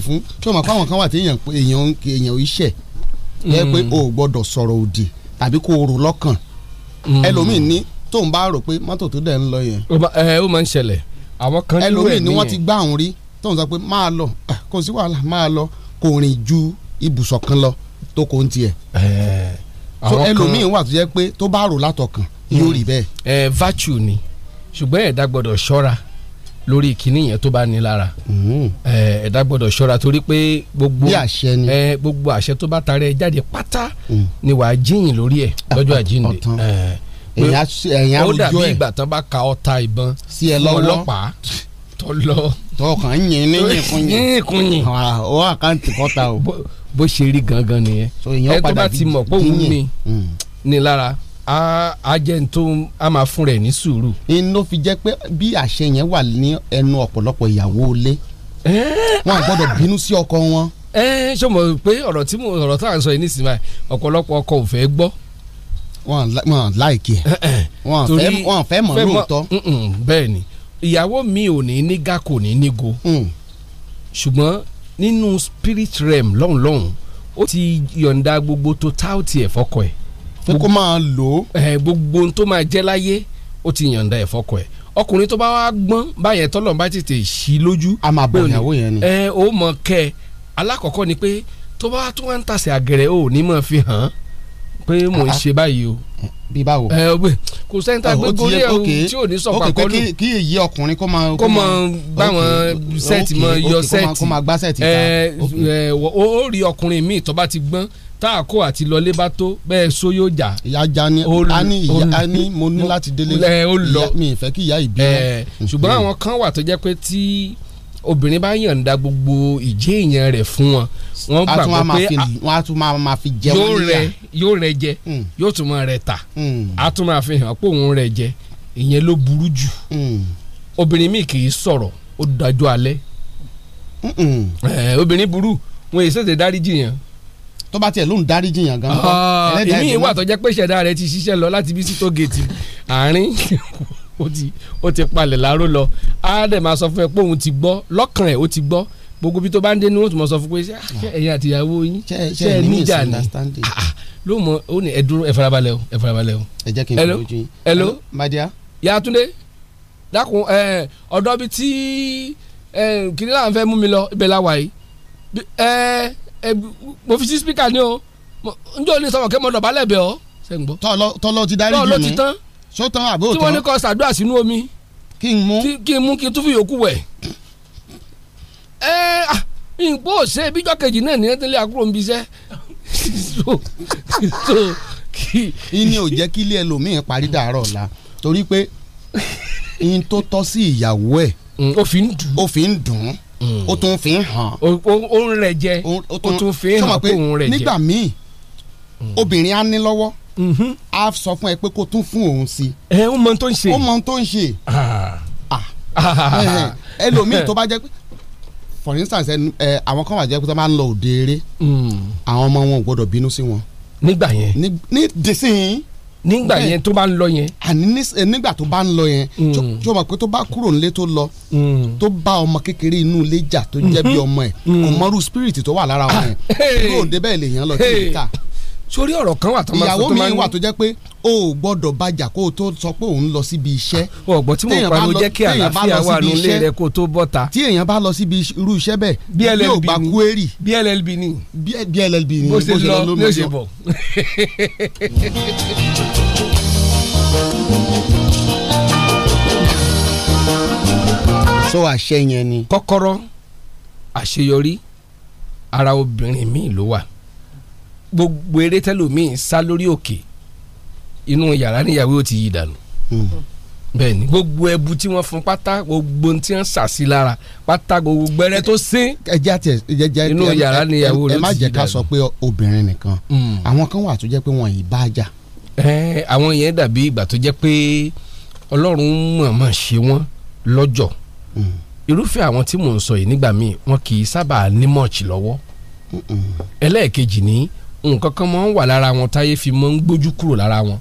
fún tí o kan wà tí èèyàn iṣẹ́ yẹ pé hmm. o gbọ́dọ̀ sọ̀rọ̀ òdì tàbí kó o rò lọ́kàn hmm. ẹlòmíín ní tóun bá rò pé mọ́tò tó dẹ̀ ń lọ yẹn. ẹ ó máa ń ṣẹlẹ̀ àwọn kan nínú ẹ̀ nìyẹn ẹlòmíín ni wọ́n ti gbá àwọn rí tóun sọ pé máa lọ ah, kò sí wàhálà máa lọ kò rìn ju ibùsọ̀ kan lọ tó kò ń tiẹ̀. Eh, so ẹlòmíín wà tó jẹ́ pé tó bá rò látọkàn yóò hmm. rí bẹ́ẹ̀. ẹ eh, virtue ni ṣùgbọ́n ẹ̀dá gbọ́dọ̀ ṣọ́ra lórí ìkíní yẹn tó bá ní lára hmm. eh, ẹ̀dá gbọ́dọ̀ ṣọ́ra torí pé gbogbo gbogbo àṣẹ tó bá tarẹ̀ jáde pátá hmm. ni wàá jíyìn lórí ẹ̀ ah, lọ́jọ́ àjíǹde ẹ̀yìn àròjọ ẹ̀ ó dàbí ìgbà tán bá ka ọta ìbọn sí ọlọ́pàá tó lọ. tọkàn yín ní yìnkúnyìn o àkáǹtì kọta o. bó ṣe rí gangan nìyẹn ẹ tó bá ti mọ̀ pé òun ni hmm. ni lára a jẹ́ n tó a máa fún rẹ̀ ní sùúrù. inú fi jẹ́ pé bí àṣẹ yẹn wà ní ẹnu ọ̀pọ̀lọpọ̀ ìyàwó ilé wọn à gbọ́dọ̀ bínú sí ọkọ wọn. ẹ ẹ ṣé mo pé ọ̀rọ̀ tí mo ọ̀rọ̀ tá à sọ yìí nísìnyí ọ̀pọ̀lọpọ̀ ọkọ ò fẹ́ gbọ́ wọn láìkí ẹ wọn fẹ́ mọ̀ lóòótọ́. bẹ́ẹ̀ ìyàwó mi ò ní nígà kò ní nígo hmm. ṣùgbọ́n nínú spirit realm lọ́hùn lọ́hùn ó ti yọ̀ǹda gbogbo totality ẹ̀ fọ́kọ ẹ̀. fún kó máa lò ó. ẹ eh, gbogbo ohun tó máa jẹ́ láyé ó ti yọ̀ǹda ẹ̀ fọ́kọ ẹ̀ ọkùnrin tó bá wá gbọ́n báyẹn tọ́lọ̀ bá tètè sí lójú. a máa bọ̀ ìyàwó yẹn ni. ẹ eh, ó mọ kẹ alákọ̀ọ́kọ́ ni pé tó bá tún wá ń tàsé àgẹ̀rẹ̀ ò ní mọ̀ fi hàn án pé mò ń ah, ah. ṣe báyìí o. bí báwo. ẹ ọ pé kò sẹ́ńtà ah, gbé gorí tí ò ní sọ pàkọ́ lù. kí èyí ọkùnrin kó máa. kó máa bá wọn sẹ́ẹ̀tì mọ yọ sẹ́ẹ̀tì. kó máa gbá sẹ́ẹ̀tì ká. ẹ ẹ ó rí ọkùnrin míì tó bá ti gbọ́n táàkó àti lọlé bá tó bẹ́ẹ̀ só yóò jà. ìyá ja ni a ní ìyá a ní mo ní láti délé. ó lọ mi ìfẹ́ kí ìyá ìbí. ṣùgbọ́n hmm. àwọn kan wà tó jẹ́ pé tí obìnrin bá yànda gbogbo ìjẹ́ èèyàn rẹ̀ fún wọn wọ́n gbàgbọ́ pé wọ́n á tún máa fi jẹ wọ́n níyà yóò rẹ jẹ hmm. yóò tún máa rẹ ta hmm. á tún máa fi hàn pé òun rẹ jẹ ìyẹn ló burú jù hmm. obìnrin míì kì í sọ̀rọ̀ ó dájú alẹ́ obìnrin burú wọn èsì tètè dáríjì yẹn tó bá tiẹ̀ lóun dáríjì yàn gan. èmi ìwà tó jẹ́ pé ìṣẹ̀dá ti ṣiṣẹ́ lọ láti bí sí tó géètì ó ti palẹ̀ láró lọ á dẹ̀ máa sọ fún ẹ pé òun ti gbọ́ lọ́kàn ẹ̀ ó ti gbọ́ gbogbo bí tó bá ń dé ni wọ́n tún mọ̀ sọ fún pé ah, ẹ̀yin àtìyàwó yín ṣe é níjà ni ah, ah, ló mọ ó ní ẹ dúró ẹ farabalẹ̀ o ẹ farabalẹ̀ o. ẹ jẹ́ kí n fi ojú yín. hello madia. Yàtúndé dákun ọ̀dọ́ bíi tí kìnìún náà fẹ́ mú mi lọ ibẹ̀ la wà yìí mo fi sí spíkà ni o njó ní sọ̀rọ̀ kẹ́ mo dọ̀bálẹ̀ bẹ̀ ọ́. tọ́lọ́ ti darí jù mí tọ́lọ́ ti tán sótán àbótán. tí wọ́n ní kọ́ sàdúrà sínú omi. kí n mú kí n mú kí n tún fi yòókù wẹ̀. ẹ ẹ nǹkó ṣe bíjọ́ kejì náà ní ẹtẹ́lẹ́ àkúrò ń bí iṣẹ́. ìní ò jẹ́ kí ilé ẹlòmíín parí dàárọ̀ la torí pé in tó tọ́ sí ìyàwó ẹ̀ mm, ó fi ń dùn ó mm. ó tún fi ń hàn. ó ń rẹ̀ jẹ ó tún fi ń hàn kó ń rẹ̀ jẹ. nígbà míì mm. obìnrin á ní lọ́wọ́ á mm-hmm. sọ fún ẹ pé kó tún fún òun sí. ẹ ó mọ ohun tó ń ṣe. ó mọ ohun tó ń ṣe. Ah. Ah. ẹlòmíì tó bá jẹ́ pé for instance ẹ àwọn kan wà jẹ́ pé tó máa ń lọ òde eré mm. àwọn ọmọ wọn ò gbọ́dọ̀ bínú sí wọn. nígbà yẹn. ní dísìn nígbà yẹn tó bá ń lọ yẹn. àní nígbà tó bá ń lọ yẹn tí mm. o mọ̀ pé tó bá kúrò nílé tó lọ mm. tó bá ọmọ kékeré inú ilé jà tó jẹ́ bí mm-hmm. ọmọ ẹ̀ kò mọ̀rú spirit tó wà lára wọn yẹn kúrò sórí ọ̀rọ̀ kan wà tó máa tó máa ní. ìyàwó mi wà tó jẹ́ pé o ò gbọ́dọ̀ bàjà kó o tó sọ pé òun lọ síbi iṣẹ́. Ah, ọ̀gbọ́n tí mo pariwo jẹ́ kí àlàáfíà wà nílé rẹ kó o tó bọ́ta. tí èèyàn bá lọ síbi irú iṣẹ́ bẹ́ẹ̀ bí o gba kúérì. bllb ni bllb ni bó ṣe lọ bó ṣe bọ̀. so àṣẹ yẹn ni. kọ́kọ́rọ́ àṣeyọrí ara obìnrin mi ló wà gbogbo eré tẹlómiì sá lórí òkè inú yàrá níyàwó ò ti yí dànù hmm. bẹ́ẹ̀ ni gbogbo ẹbu tí wọ́n fún pátá gbogbo tí wọ́n sà sí lára pátá gbogbo gbẹrẹ tó sín inú yàrá níyàwó rẹ ti yí dànù. ẹ má jẹ́ ká sọ pé obìnrin nìkan hmm. àwọn kan wà tó jẹ́ pé wọ́n yìí bá jà. àwọn yẹn dàbí ìgbà tó jẹ́ pé ọlọ́run mọ̀ọ́mọ̀ ṣe wọ́n lọ́jọ́ hmm. irúfẹ́ àwọn tí mò ń sọ yìí nígbà míì wọn kì í sábà ní mọ̀ọ̀chì lọ́wọ́ ẹlẹ́ẹ̀kejì ni. Mm -mm nǹkan kan máa ń wà lára wọn táyé fi máa ń gbójú kúrò lára wọn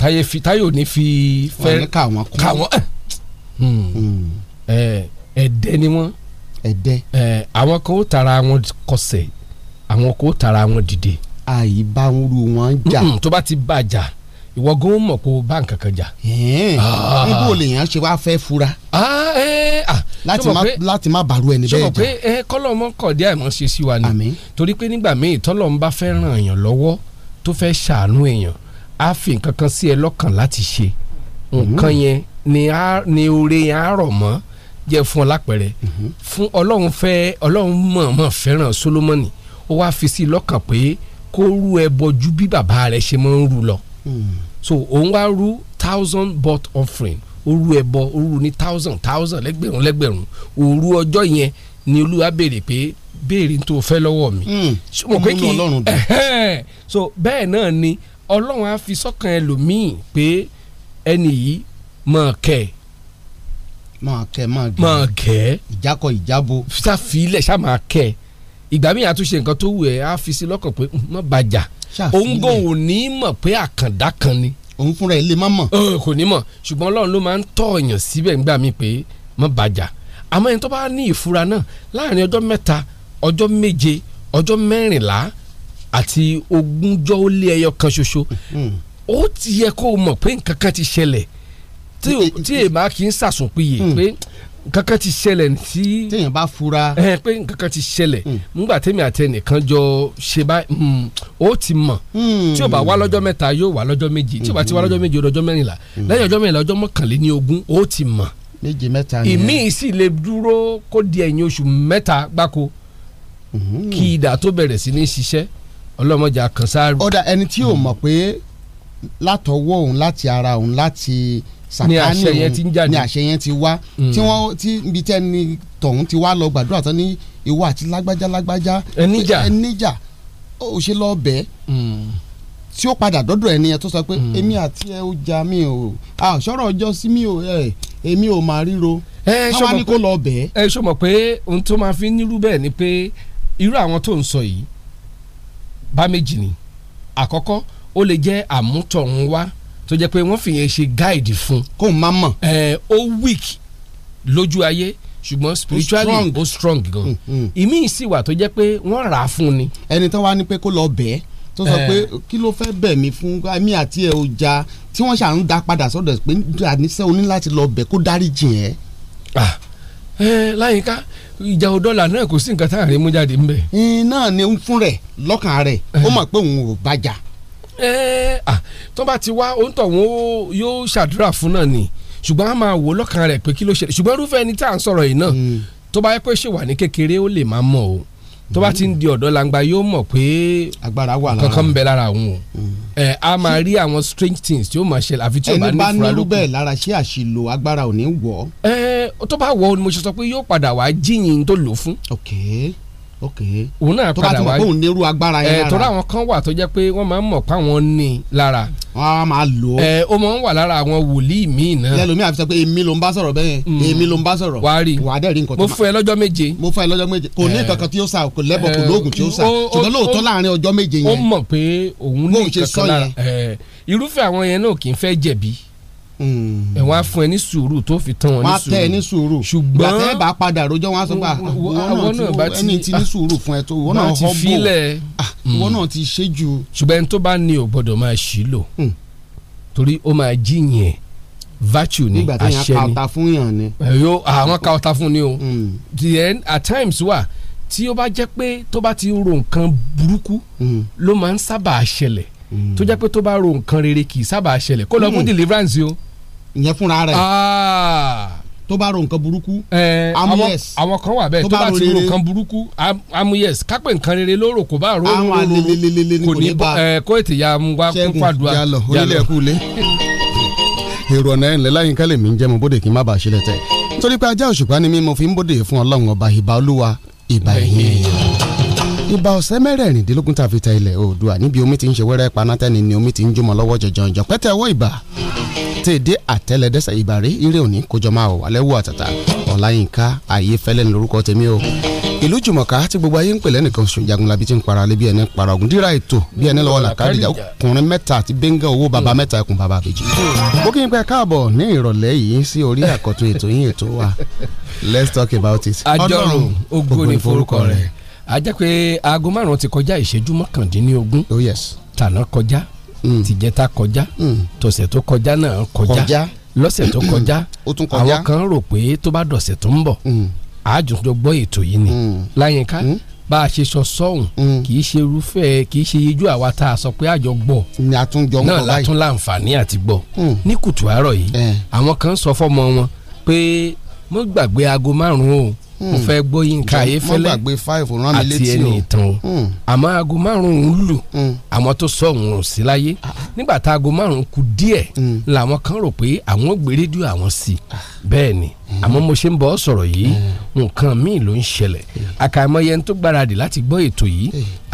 táyé fi táyé ò ní fi fẹ́ ká wọn kún ká wọn eh, hmm, hmm. Eh, ẹ̀dẹ́ ni wọ́n ẹ̀dẹ́ eh, àwọn kan ó tara wọn kọsẹ̀ àwọn kan ó tara wọn dìde. àyíbáwúrú wọn jà. tó bá ti bàjà ìwọ gan mọ̀ kó bá nǹkan kan jà. níbo ah. lèèyàn ṣe wá fẹ́ fura. Ah, eh, ah. láti má bàrú ẹni bẹ́ẹ̀ jà. sọ pé eh, ẹ kọ́lọ́ mọ́ kọ̀dí àìmọ́ ṣe sí wa ni torí pé nígbà míì tọ́lọ́ ń bá fẹ́ ràn èèyàn lọ́wọ́ tó fẹ́ ṣàánú èèyàn á fi nǹkan kan sí ẹ lọ́kàn láti ṣe mhmm. nǹkan yẹn ni oore yẹn á rọ̀ mọ́ jẹ́ fún ọ lápẹẹrẹ mhmm. fún ọlọ́run fẹ́ ọlọ́run mọ̀ọ́mọ̀ fẹ́ràn Solomoni ó wá fi sí lọ́kàn pé kó rú ẹbọ ju bí bàbá rẹ̀ ṣe máa ń rú lọ. Mm so òun wá rú thousand bot offering orú ẹbọ orú ní thousand thousand lẹ́gbẹ̀rún lẹ́gbẹ̀rún òru ọjọ́ yẹn ni olúwa béèrè pé béèrè tó fẹ́ lọ́wọ́ mi. Hmm. mo pé kí so bẹ́ẹ̀ náà ni ọlọ́run á fi sọ́kàn ẹlòmíì pé ẹni yìí máa kẹ́ ẹ máa kẹ́ máa gẹ máa kẹ́ ìjákọ ìjábo ṣàfilẹ̀ ṣá máa kẹ́ ìgbà míì àtúnṣe nǹkan tó wù ẹ́ á fi sí lọ́kàn pé má bàjá òun gan ò ní mọ̀ pé àkàndá kan ni. òun fúnra ẹ̀ lè má mọ̀. kò ní mọ̀ ṣùgbọ́n ọlọ́run ló máa ń tọ̀ èèyàn síbẹ̀ nígbà míì pé mọ̀ bàjá àmọ́ ẹni tó bá ní ìfura náà láàrin ọjọ́ mẹ́ta ọjọ́ méje ọjọ́ mẹ́rìnlá àti ogúnjọ́ ó lé ẹyọ kan ṣoṣo hmm. ó ti yẹ kó o mọ̀ pé nǹkan kan ti ṣẹlẹ̀ tí hmm. èèmà kì í sàsùn péye hmm. pé kankan ti ṣẹlẹ̀ sí. téèyàn bá fura. ẹ pé nkankan ti ṣẹlẹ̀ hmm. ngbà tèmi àti ẹnìkan jọ ṣe bá hmm, ó ti mọ̀ hmm. tí o bá wá lọ́jọ́ mẹ́ta yóò wá lọ́jọ́ méje tí o bá ti wá lọ́jọ́ méje lọ́jọ́ mẹ́rìnlá lẹ́yìn ọjọ́ mẹ́rìnlá ọjọ́ mọ́kànléní ogún ó ti mọ̀. méje mẹ́ta ni. ìmí sì lè dúró kó di ẹ̀yìn oṣù mẹ́ta gbáko kí idà tó bẹ̀rẹ̀ sí ní ṣiṣẹ́ ọlọ́mọjà kan ọ̀dà ẹni tí yóò ara òun sàkání ni àṣẹ yẹn ti wá mm. tí wọ́n ti ibi tẹ́ ni tọ̀hún ti wá lọ gbàdúrà tán ní ìwọ àti lágbájá lágbájá ẹníjà ẹníjà ó ṣe lọ bẹ́ẹ̀ mm. tí ó padà dọ́dọ̀ ẹni yẹn tó sọ pé mm. èmi àti ẹ ó ja mi ò àṣọrọ̀ ọjọ́ sí mi ò ẹ̀ èmi ò máa ríro káwá ní kó lọ bẹ́ẹ̀. ẹ ṣọ mọ̀ pé ohun tó máa fi nírú bẹ́ẹ̀ ni pé irú àwọn tó ń sọ yìí bá méjì ni àkọ́kọ́ ó lè jẹ́ àmútọ̀run wá tó jẹ́ pé wọ́n fìyẹn ṣe guide fún. kó o máa mọ̀. ẹ ó weak lójú ayé ṣùgbọ́n spiritually ó strong gan. Mm, mm. ìmí sì wà tó jẹ́ pé wọ́n rà á fún ni. ẹni tó wá ní pé kó lọ bẹ́ẹ̀ tó sọ pé kí ló fẹ́ bẹ̀ mí fún mi àti ẹ̀ ọjà tí wọ́n ṣà ń da padà sọ́dọ̀ pé àníṣe o ní láti lọ bẹ̀ kó dáríjì yẹn. láyìíká ìjà òdọ́là náà kò sí nǹkan tá à rí mú jáde ńbẹ. náà ni ń fún rẹ̀ lọ́kàn rẹ̀ ó mọ̀ pé òun ò bàjá tó bá ti wá òǹtọ̀ wọn yóò ṣàdúrà fún náà ni ṣùgbọ́n a máa wò lọ́kàn rẹ̀ pé kí ló ṣẹlẹ̀ ṣùgbọ́n irúfẹ́ ẹni tá à ń sọ̀rọ̀ yìí náà hmm. tó bá yẹ pé ṣe wà ní kékeré ó lè má mọ̀ o tó bá ti ń di ọ̀dọ́ langba yóò mọ̀ pé agbára wà lára kankan bẹ lára òun hmm. ẹ a máa rí àwọn strange things tí ó máa ṣẹlẹ̀ àfi tí o bá ní fura lókun ẹni bá nírú bẹ́ẹ̀ lára ṣé àṣìlò agbára ò ní wọ̀ ẹ tó bá wọ̀ ọ́ ni mo ṣe sọ pé yóò padà wá jíyìn tó lò fún. okay òun náà padà wá òun nírú agbára yẹn eh, lára tó láwọn kan wà tó jẹ́ pé wọ́n máa ń mọ̀ pé àwọn ní lára. wọ́n á máa lò ó. ẹ eh, ó máa ń wà lára àwọn wòlíì míì náà. lẹ́lòmíì àfi sọ pé èmi ló ń bá sọ̀rọ̀ bẹ́ẹ̀ mm. èmi ló ń bá sọ̀rọ̀. wàá rí wàá dẹ̀ rí nǹkan tó máa mo fún ẹ lọ́jọ́ méje. mo fún ẹ lọ́jọ́ méje kò ní kankan eh. tí ó sa kò lẹ́bọ̀ kò lóògùn tí ó sa ṣùgbọ́n lóòótọ́ láàrin ọjọ́ méje yẹn. ó mọ̀ pé òun ní Hmm. ẹ wá fún ẹ ní sùúrù tó fi tán wọn ní sùúrù. wọ́n á tẹ ẹ ní sùúrù ṣùgbọ́n gbàtẹ́ ẹ bá padà rojọ́ wọn sọ pé àwọn ah, náà ti ẹni tí ní sùúrù fún ẹ tó wọ́n náà họ́ bò wọ́n náà ti ṣe jù. ṣùgbọ́n ẹni tó bá ní o gbọ́dọ̀ máa ṣí lò hmm. torí ó máa jíyìn virtue ni àṣẹ ni nígbà tí yẹn ka ọ̀tá fún yàn ni. ẹ̀yọ́ àwọn ka ọ̀tá fún ni o hmm. the end at times wà tí ó bá jẹ́ pé tó bá ti ro nǹkan burúkú ló máa ń sábà ṣẹlẹ̀ tó jẹ́ pé tó bá ro nǹkan rere kì í sábà ṣẹlẹ̀ kó lọ mú deliverance o ìyẹn fúnra rẹ̀ ah. tó bá ro nǹkan burúkú. amuyes àwọn kan wà bẹ́ẹ̀ tó bá ti ro nǹkan burúkú amuyes kápẹ́ nǹkan rere lóró kò bá ro kò ní bá kó ètè ya mu wá kó fàdúrà yálọ onílẹ̀ kú lé èrò ọ̀nà ẹ̀ńlẹ̀ láyé nǹkan lè mí jẹ́ mo bóde kí n má bàa ṣílẹ̀ tẹ̀ torí pé ajá òṣùpá ni mí mo fi ń bóde fún ọlọ́run ọba ìbà olúwa ìbà ẹ̀yìn ẹ̀yìn ìbà ọ̀sẹ̀ mẹ́rẹ̀ẹ̀rìndínlógún tá ta ilẹ̀ oòdùà níbi omi ti ń ṣe wẹ́rẹ́ panátẹ́ni ni omi ti ń jómọ lọ́wọ́ jọjọ jọ pẹ́tẹ́ ọwọ́ ìbà tí àtẹlẹdẹsẹ ìbàrí ire òní kójọ máa wà lẹ́wọ́ àtàtà ọ̀làyínká ayéfẹ́lẹ́ ní lórúkọ tèmi o ìlú jùmọ̀ká tí gbogbo ayé ń pè lẹ́nìkan sùn jagunlabi ti ń para lé bí ẹni para ogun díra ètò bí ẹni lọ́wọ́ làkàdìjà ọkùnrin mẹ́ta àti bẹ́ńgà owó baba mẹ́ta ẹkùn baba àbèjì. mo kí n pẹ́ káàbọ̀ ní ìrọ̀lẹ́ yìí sí orí àkọ́tún ètò yín ètò wa let's talk about it. ọdọọrùn ògo ni forúkọ rẹ̀ a jẹ́ pé aago márùn-ún ti kọjá ìṣẹ́jú mọ́kàndínlógún oh, tànà kọjá Mm. tìjẹta kọjá mm. tọ̀sẹ̀ tó kọjá náà kọjá lọ́sẹ̀ tó kọjá àwọn kan rò pé tó bá dọ̀sẹ̀ tó ń bọ̀ mm. àjùjọ gbọ́ ètò yìí ni láyínká bá a ṣe sọ sọ́hùn kì í ṣe irúfẹ́ kì í ṣe ijú àwa tá a sọ pé àjọ gbọ́ náà látún láǹfààní àti gbọ́ ní kùtù àárọ̀ yìí eh. àwọn kan sọ fọ́mọ wọn pé mo gbàgbé aago márùn-ún o mo fẹ́ gbọ́ Yínká Ayéfẹ́lẹ́ àti ẹni ìtàn hmm. àmọ́ aago márùn-ún lù hmm. àwọn tó sọ òun ò sí láyé ah, ah. nígbà tá aago márùn-ún kù hmm. làwọn kan rò pé àwọn gbé rédíò àwọn sí ah. bẹ́ẹ̀ ni àmọ́ mo ṣe ń bọ́ sọ̀rọ̀ yìí nǹkan míì ló ń ṣẹlẹ̀ àkàìmọye ń tó gbáradì láti gbọ́ ètò yìí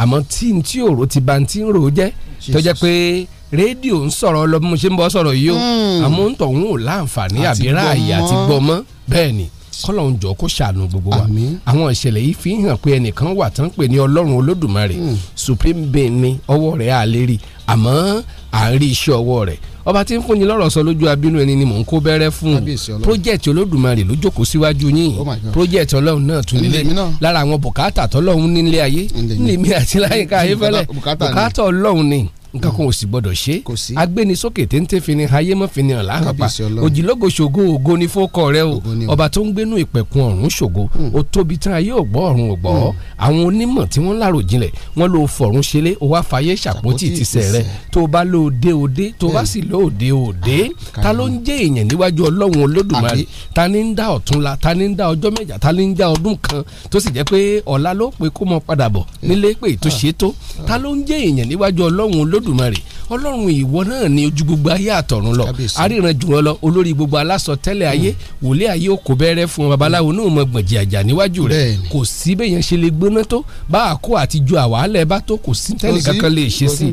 àmọ́ tí n tí òró ti ba n tí ń rò ó jẹ́ tó jẹ́ pé rédíò ń sọ̀rọ̀ lọ bí mo ṣe ń bọ́ sọ̀rọ̀ yìí o àmọ́ ń tọ̀ ń wò láǹfààní àbí ráàyè àti gbọ́ mọ́ ni kọ́lọ́hún jọ kó ṣàánú gbogbo wa àwọn ìṣẹ̀lẹ̀ yìí fi hàn pé ẹnìkan wà tán pè ní ọlọ́run olódùmarè hmm. supreme being ni ọwọ́ rẹ̀ à lè rí àmọ́ à ń rí iṣẹ́ ọwọ́ rẹ̀ ọba tí ń fún yín lọ́rọ̀ sọ lójú abínú ẹni ni mò ń kó bẹ́rẹ́ fún un project olódùmarè ló jókòó síwájú yín oh project ọlọ́run náà tún lé lára àwọn bùkátà tọ́lọ́run nílé ayé nílé mi àti láyìíká ayé fẹ́lẹ́ bùkátà ọlọ́run ni nǹkan kan ò sì gbọdọ̀ ṣe agbénisókè téńté fi ni ayé mọ́ fi ni hàn láhàpá òjìlógo ṣògo ògo ni fókọ rẹ o ọba tó ń gbénú ìpẹ̀kun ọ̀run ṣògo ó hmm. tóbi tán ayé ògbọ́ ọ̀run ògbọ́ hmm. àwọn onímọ̀ tí wọ́n lárò jinlẹ̀ wọ́n ló fọ̀run ṣeré o wá fàyè ṣàpótì tìṣẹ̀ rẹ tó o bá lò dé o dé tó o bá sì lò dé o dé ta ló ń jẹ́ èèyàn níwájú ọlọ́run olódùmarè ta ni ń dá ọ̀túnla ta ni ń dá ọjọ́ olódùmarè ọlọ́run ìwọ náà ni ojú gbogbo ayé àtọ̀run lọ aríran jùlọ lọ olórí gbogbo alásọ tẹ́lẹ̀ ayé wòlé ayé ò kò bẹ̀rẹ̀ fún babaláwo náà mọ gbọ̀njì àjà níwájú rẹ̀ kò sí bẹ́yẹn ṣe lè gbóná tó bá a kó àti ju àwàálẹ̀ bá tó kò sí tẹ́lẹ̀ kankan lè ṣe sí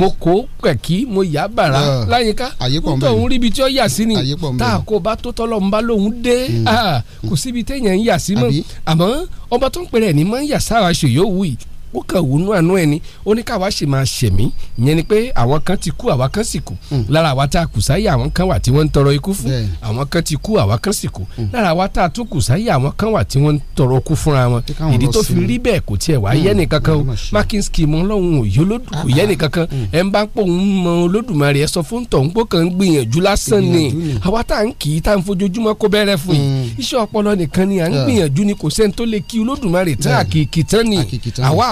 mo kó kẹ̀kí mo yà bàrà láyínká nítorí òun ríbi tí ó yà sí ni tá a kó bá tó tọ́lọ́ ń bá dé mm. ah, kò síbi téèyàn ń yà sí mọ́ àmọ́ ọba tó ń pèrè ní máa ń yà sára ṣèyí yìí ó kàn wù nú àánú ẹ ni ó ní káwa sì máa ṣẹ̀mí ìyẹn ni pé àwọn kan ti kú àwa kan sì kú hmm. lára àwa tá a kù sáyé àwọn kan wà tí wọ́n ń tọrọ ikú fún àwọn kan ti kú àwa kan sì kú hmm. lára àwa tá a tún kù sáyé àwọn kan wà tí wọ́n ń tọrọ ikú fúnra wọn ìdí tó fi rí bẹ́ẹ̀ kò tiẹ̀ wá hmm. yẹ́ nìkan o Makinski mọ ọlọ́run òye olódùkú ah, yẹ́ nìkan kan ẹ̀ ń bá pò ń mọ Olódùmarè ẹ sọ fún tọ̀ ń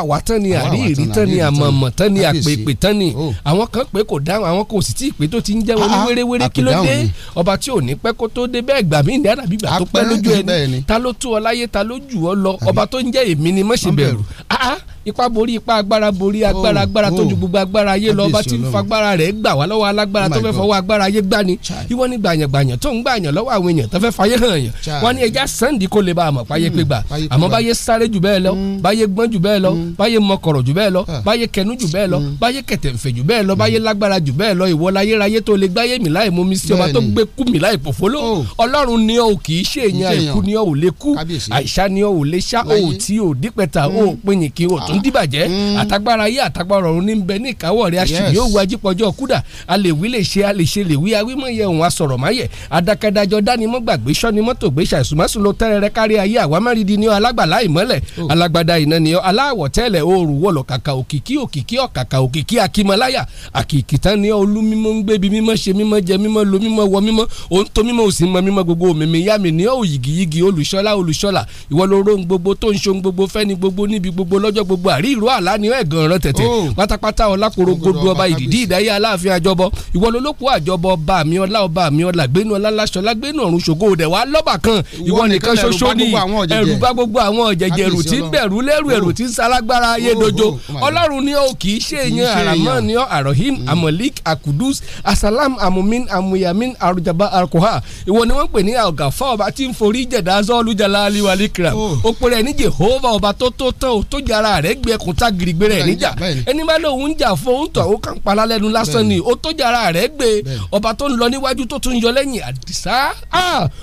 àwa tán ni àrí ìrí tán ni àmọ̀mọ̀ tán ni àpèpè tán ni oh. àwọn kan pé kò dáhùn àwọn kò sì tí ì pé tó ti ń jẹ́ wọn ní ah, ah, wéréwéré kí ló dé ọba tí ò ní pẹ́ kó tó dé bẹ́ẹ̀ gbà ní àdàbí gbà tó pẹ́ lójú ẹni ta ló tó ọ láyé ta ló jù ọ lọ ọba tó ń jẹ́ èmi ni mọ́ṣẹ́ bẹ̀rù ah, Ipa borí ipa agbára borí agbára oh, agbára tó ju oh. gbogbo agbára ayé lọ ọba tí ń fagbára rẹ̀ gbà wá lọ́wọ́ alágbára tó oh fẹ́ fọwọ́ agbára ayé gbani ìwọ ní gbàyàn gbàyàn tó ń gbàyàn lọ́wọ́ àwọn èèyàn tó fẹ́ fàyè hàn yàn wọ́n ní ẹja sànńdì kó lè bá hmm, àmọ́ báyé pé gbà àmọ́ báyé sáré jù bẹ́ẹ̀ lọ hmm. báyé gbọ́n jù bẹ́ẹ̀ lọ hmm. báyé mọkọ̀rọ̀ jù bẹ́ẹ̀ lọ ah. báyé kẹnu jù bẹ́ẹ̀ lọ báyé kẹtẹ̀fẹ̀ jù bẹ́ẹ̀ lọ báyé lágbára jù bẹ́ẹ̀ lọ ìwọ láyérayé tó lè gbáyé mi láì mú mi sí ọba tó gbé kú mi láì pòfóló ọlọ́run ni ọ́ kì í ṣe èèyàn àìkú ni ọ́ lè kú àìsá ni ọ́ lè ṣá ò tí ò dípẹ̀ta ò pinyìnkì ò tó ń dìbàjẹ́ mm. àtagbára ayé àtagbára ọ̀run ní ń bẹ ní ìkáwọ́ rẹ̀ aṣèlú yóò wá jípọ̀jọ́ kúdà a lè wí lè ṣe a lè ṣe lè wí awí mọ̀ yẹ òun asọ̀rọ̀ máyẹ̀ adakadajọ dánimọ̀ gbàgbé sọ́ni mọ́tò gbé ṣàìsùmọ́sùn ló tẹ́rẹ̀rẹ́ kárí ayé àwa má rí di ní ọ alágbàlá ìmọ́lẹ̀ oh. alágbádá iná ni ọ aláwọ̀ tẹ́lẹ̀ oòrùn wọ̀lọ̀ kàkà òkìkí òkìkí ọ̀kàkà òkìkí akímọ̀láyà àkìkí tán ni ọ olú mímọ́ ń gbébi ṣe mímọ́ jẹ mímọ́ lo mímọ́ wọ mímọ́ òun tó mímọ́ òsì mọ́ mímọ́ gbogbo òmìmí yá mi ní ọ òyìgìyìgì olùṣọ́lá olùṣọ́lá ìwọ lóró ń gbogbo tó ń ṣohun gbogbo fẹ́ni gbogbo níbi gbogbo lọ́jọ́ gbogbo gbogbo àrí ìró àlá ni ó ẹ̀gàn ọ̀rọ̀ tẹ̀tẹ̀ oh. pátápátá ọlákòrò gbogbo ọba ìdìdí ìdáyé aláàfin àjọbọ ìwọ lolóko àjọbọ ọba àmì ọlá ọba àmì ọlá gbénu ọlálásọ lágbénu ọ̀run ṣògo òdẹ̀ wá lọ́bà kan ìwọ nìkan ṣoṣo ni ẹ̀rù bá gbogbo àwọn ọ̀jẹ̀jẹ̀ ẹ̀rù tí ń bẹ̀rù lẹ́rù ẹ̀rù tí ń salágbára ayé dojo ọlọ́run ni ó kì í ṣe èèyàn àràmọ́ ni ó àròhìm mm. amọ̀lík akudus asalam amumin amuyamin arujaba alkoha ìwọ ni wọ́n pè ní àgàfà ọba tí ń forí jẹ̀dá zọ́ọ̀lù jalali walikram oh. ó ní jehova ọba tó tó tán ó tó jara rẹ̀ gbé ẹkùn tá gírígbé rẹ̀ níjà ẹni máa lọ òun jà fún òun tọ̀ ó kàn pa lálẹ́nu lásán ni ó tó jàrá rẹ̀ gbé ọba tó ń lọ níwájú tó tún yọ lẹ́yìn àdìsá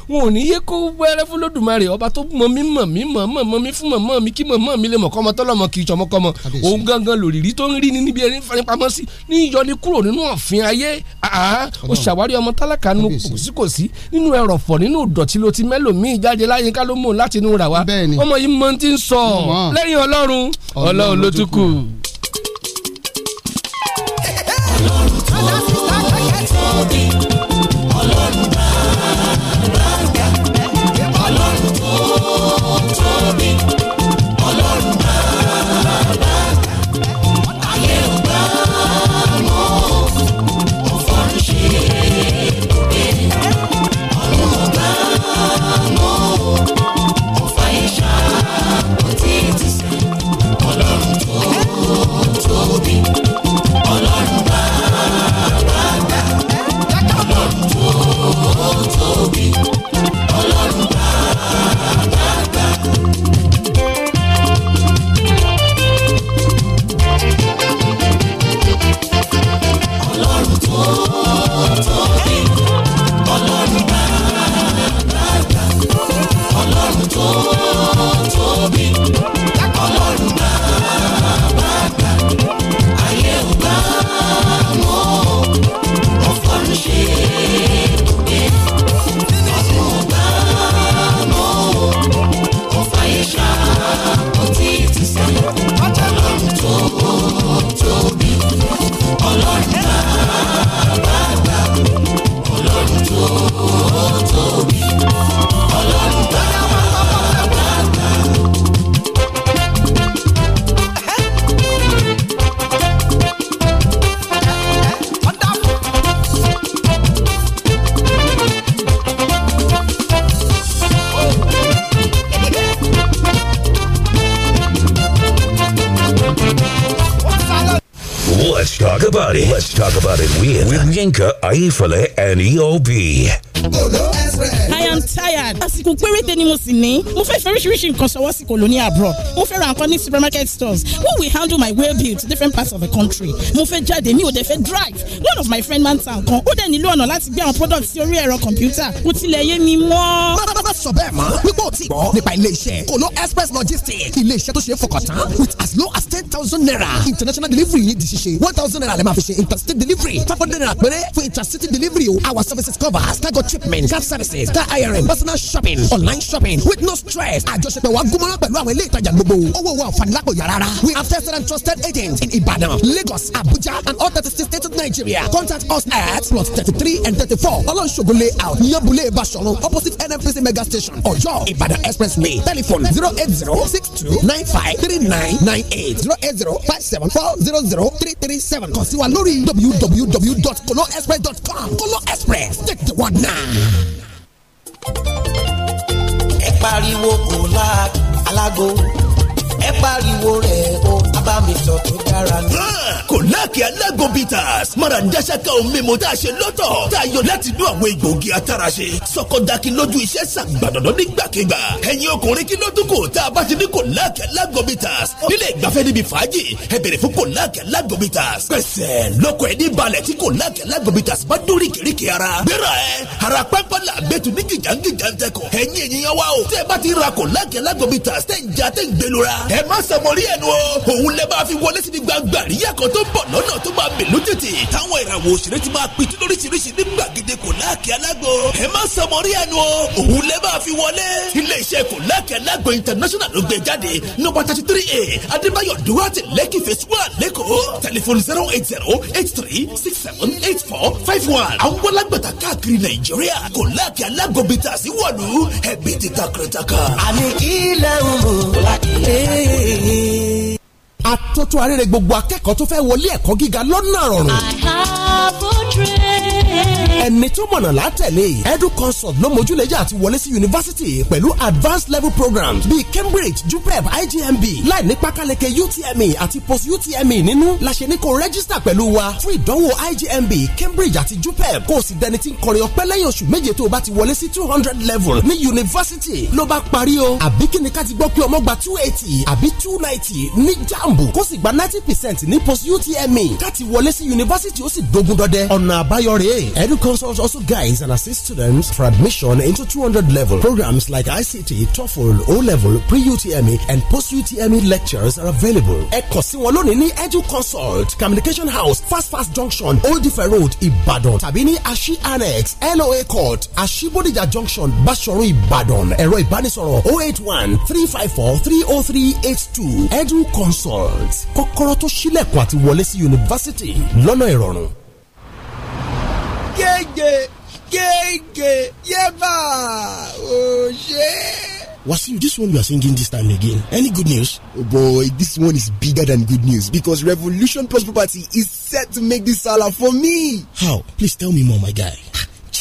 wọn ò ní yé kó wẹ́rẹ́ fún lódùmarè ọba tó mọ mí mọ̀ mí mọ̀ mọ̀ mọ̀ mí fún mọ̀ mọ̀ mí kí mọ̀ mọ̀ mí lè mọ̀ kọ́mọ tọ́lọ́mọ kì í sọmọkọ́mọ òun gangan lòrìrí tó ń rí ní níbi ẹni fanipamọ́ sí ní yọni kúrò nínú ọ̀fìn ayé ó ṣàwárí ọmọ tálákà nínú kòsíkòsí nínú ẹrọ̀fọ̀ nínú dọ̀tí ló ti mẹ́lòmíì jáde láyínká ló mú un láti inú rà wá ọmọ yìí mọ ti ń sọ lẹ́yìn ọlọ́run ọlọ́run ló tún kù. ọlọ́run tó tóbi. Yinka, Aifale, and EOB. I am tired. Àsìkò péréte ni mo sì ní. Mo fẹ́ fi oríṣiríṣi nǹkan ṣọwọ́ sí Koloni abroad. Mo fẹ́ ra nǹkan ní supermarket stores. Wọ́n will handle my well bill to different parts of the country. Mo fẹ́ jáde mi ò dẹ̀ fẹ́ drive. One of my friend máa ń ta nǹkan. Ó dẹ̀ nílò ọ̀nà láti gbé àwọn product sí orí ẹ̀rọ kọ̀m̀pútà. Kò tilẹ̀ yé mi mọ́. Bábá sọ bẹ́ẹ̀ mọ́, wípé o ti gbọ́ nípa ilé-iṣẹ́ Kolo Express Logistics. Ilé-iṣẹ́ tó ṣe é fọkàn tán with as low as ten thousand naira. International delivery yìí di ṣíṣe. One thousand naira lè máa interstate free five hundred naira péré fún intercity delivery our services cover cargo shipment car services car hiring personal shopping online shopping with no stress àjọṣepọ̀ wa gúnmọ́rán pẹ̀lú àwọn ilé ìtajà gbogbo owó wa ò fani lápò yà rárá we are tested and trusted agents in Ibadan Lagos Abuja and all thirty six states of Nigeria contact us at plus thirty three and thirty four Olonsogun layout Yambule Basoro opposite NNPC mega station Ọ̀yọ́ Ibadan expressway telephone zero eight zero six two nine five three nine nine eight zero eight zero five seven four zero zero three three seven kàn sí wa lórí www.koloexpress.com Kolo Express take the one now. bitters máràndásẹ́kà ohun mímu tá a ṣe lọ́tọ̀ tá a yọ láti inú àwọn egbòogi àtàràṣe sọkọdaki lójú iṣẹ́ sàgbàdàn nígbàkigbà ẹ̀yin ọkùnrin kí ló dún tá a bá ti ní kò láàkẹ́ lágọ̀ bitters nílé ìgbafẹ́ níbi fàájì ẹ bèrè fún kòláàkì alágbòmítàs pẹ̀sẹ̀ lọ́kọ̀ ẹni balẹ̀ tí kòláàkì alágbòmítàs bá dórí kìrìkì ara gbéra ẹ ara pápá la gbẹtù ní gìjàngìjà ń tẹkọ̀ ẹ̀yin ènìyàn wa o tẹ́ bá ti ra kòláàkì alágbòmítàs tẹ́ ń ja tẹ́ ń gbẹlura ẹ má sọmọrí ẹnu o òun lẹ bá fi wọlé síbi gbangba àríyá kan tó ń bọ̀ lọ́nà tó máa mèlú tètè táwọn ìràwọ̀ òṣèré ti máa pitú lóríṣiríṣi ní gbàgede kòláàkì alágbo ẹ má sọmọ rí ẹnu o òun lè máa fi wọlé. iléeṣẹ́ kòláàkì alágbo international ló gbé e jáde nọ́mbà thirty three a adébáyọ̀ duwati lẹ́kì phase one lẹ́kọ̀ọ́ tẹlifon zero eight zero eight three six seven eight four five one. àwọn wọlágbàtà káàkiri nàìjíríà kòláàkì alágbo bíi tàṣí wọ̀lú ẹ̀bí ti takurẹ̀taka. àmì ilẹ̀ òun àtúntò arére gbogbo akẹ́kọ̀ọ́ tó fẹ́ wọlé ẹ̀kọ́ gíga lọ́nà rọrùn ẹni tó mọ̀nà látẹ̀lé edu consult ló mójúlẹ̀jà àti wọlé sí yunifásitì pẹ̀lú advanced level programs bíi cambridge jupeb igmb láì ní pákáleke utme àti post utme nínú la ṣe ní kó rẹ́gísítà pẹ̀lú wa fún ìdánwò igmb cambridge àti jupeb kó o sì dẹni tí ń kọrin ọpẹ́ lẹ́yìn oṣù méje tó o bá ti wọlé sí two hundred level ní yunifásitì ló bá parí o àbí kí ni ká ti gbọ́ pé ọmọ gba two eighty àbí two ninety ní jambu kó sì gba ninety percent ní post utme ká ti wọlé sí yunifásitì ó sì dogun dọdẹ ọ̀nà àbáyọ rèé edu consult also guides and assist students for admission into 200 level. Programs like ICT, TOEFL, O level, pre UTME, and post UTME lectures are available. Ekosi ni Edu Consult, Communication House, Fast Fast Junction, Old Ife Road, Ibadan, Tabini Ashi Annex, LOA Court, Ashibodija Junction, Bashoru Ibadan, Ẹ̀rọ ìbánisọ̀rọ̀ 081 354 30382 Edu Consult. Kọ́kọ́rọ́ tó ṣílẹ̀kùn àti wọlé sí yunifásítì lọ́nà ìrọ̀rùn gègé gègé yeba òṣè. Wasim, this one you are singing this time again. Any good news? Oh boy, this one is bigger than good news because Revolution Plus Property is set to make this salah for me. How? Please tell me more, my guy.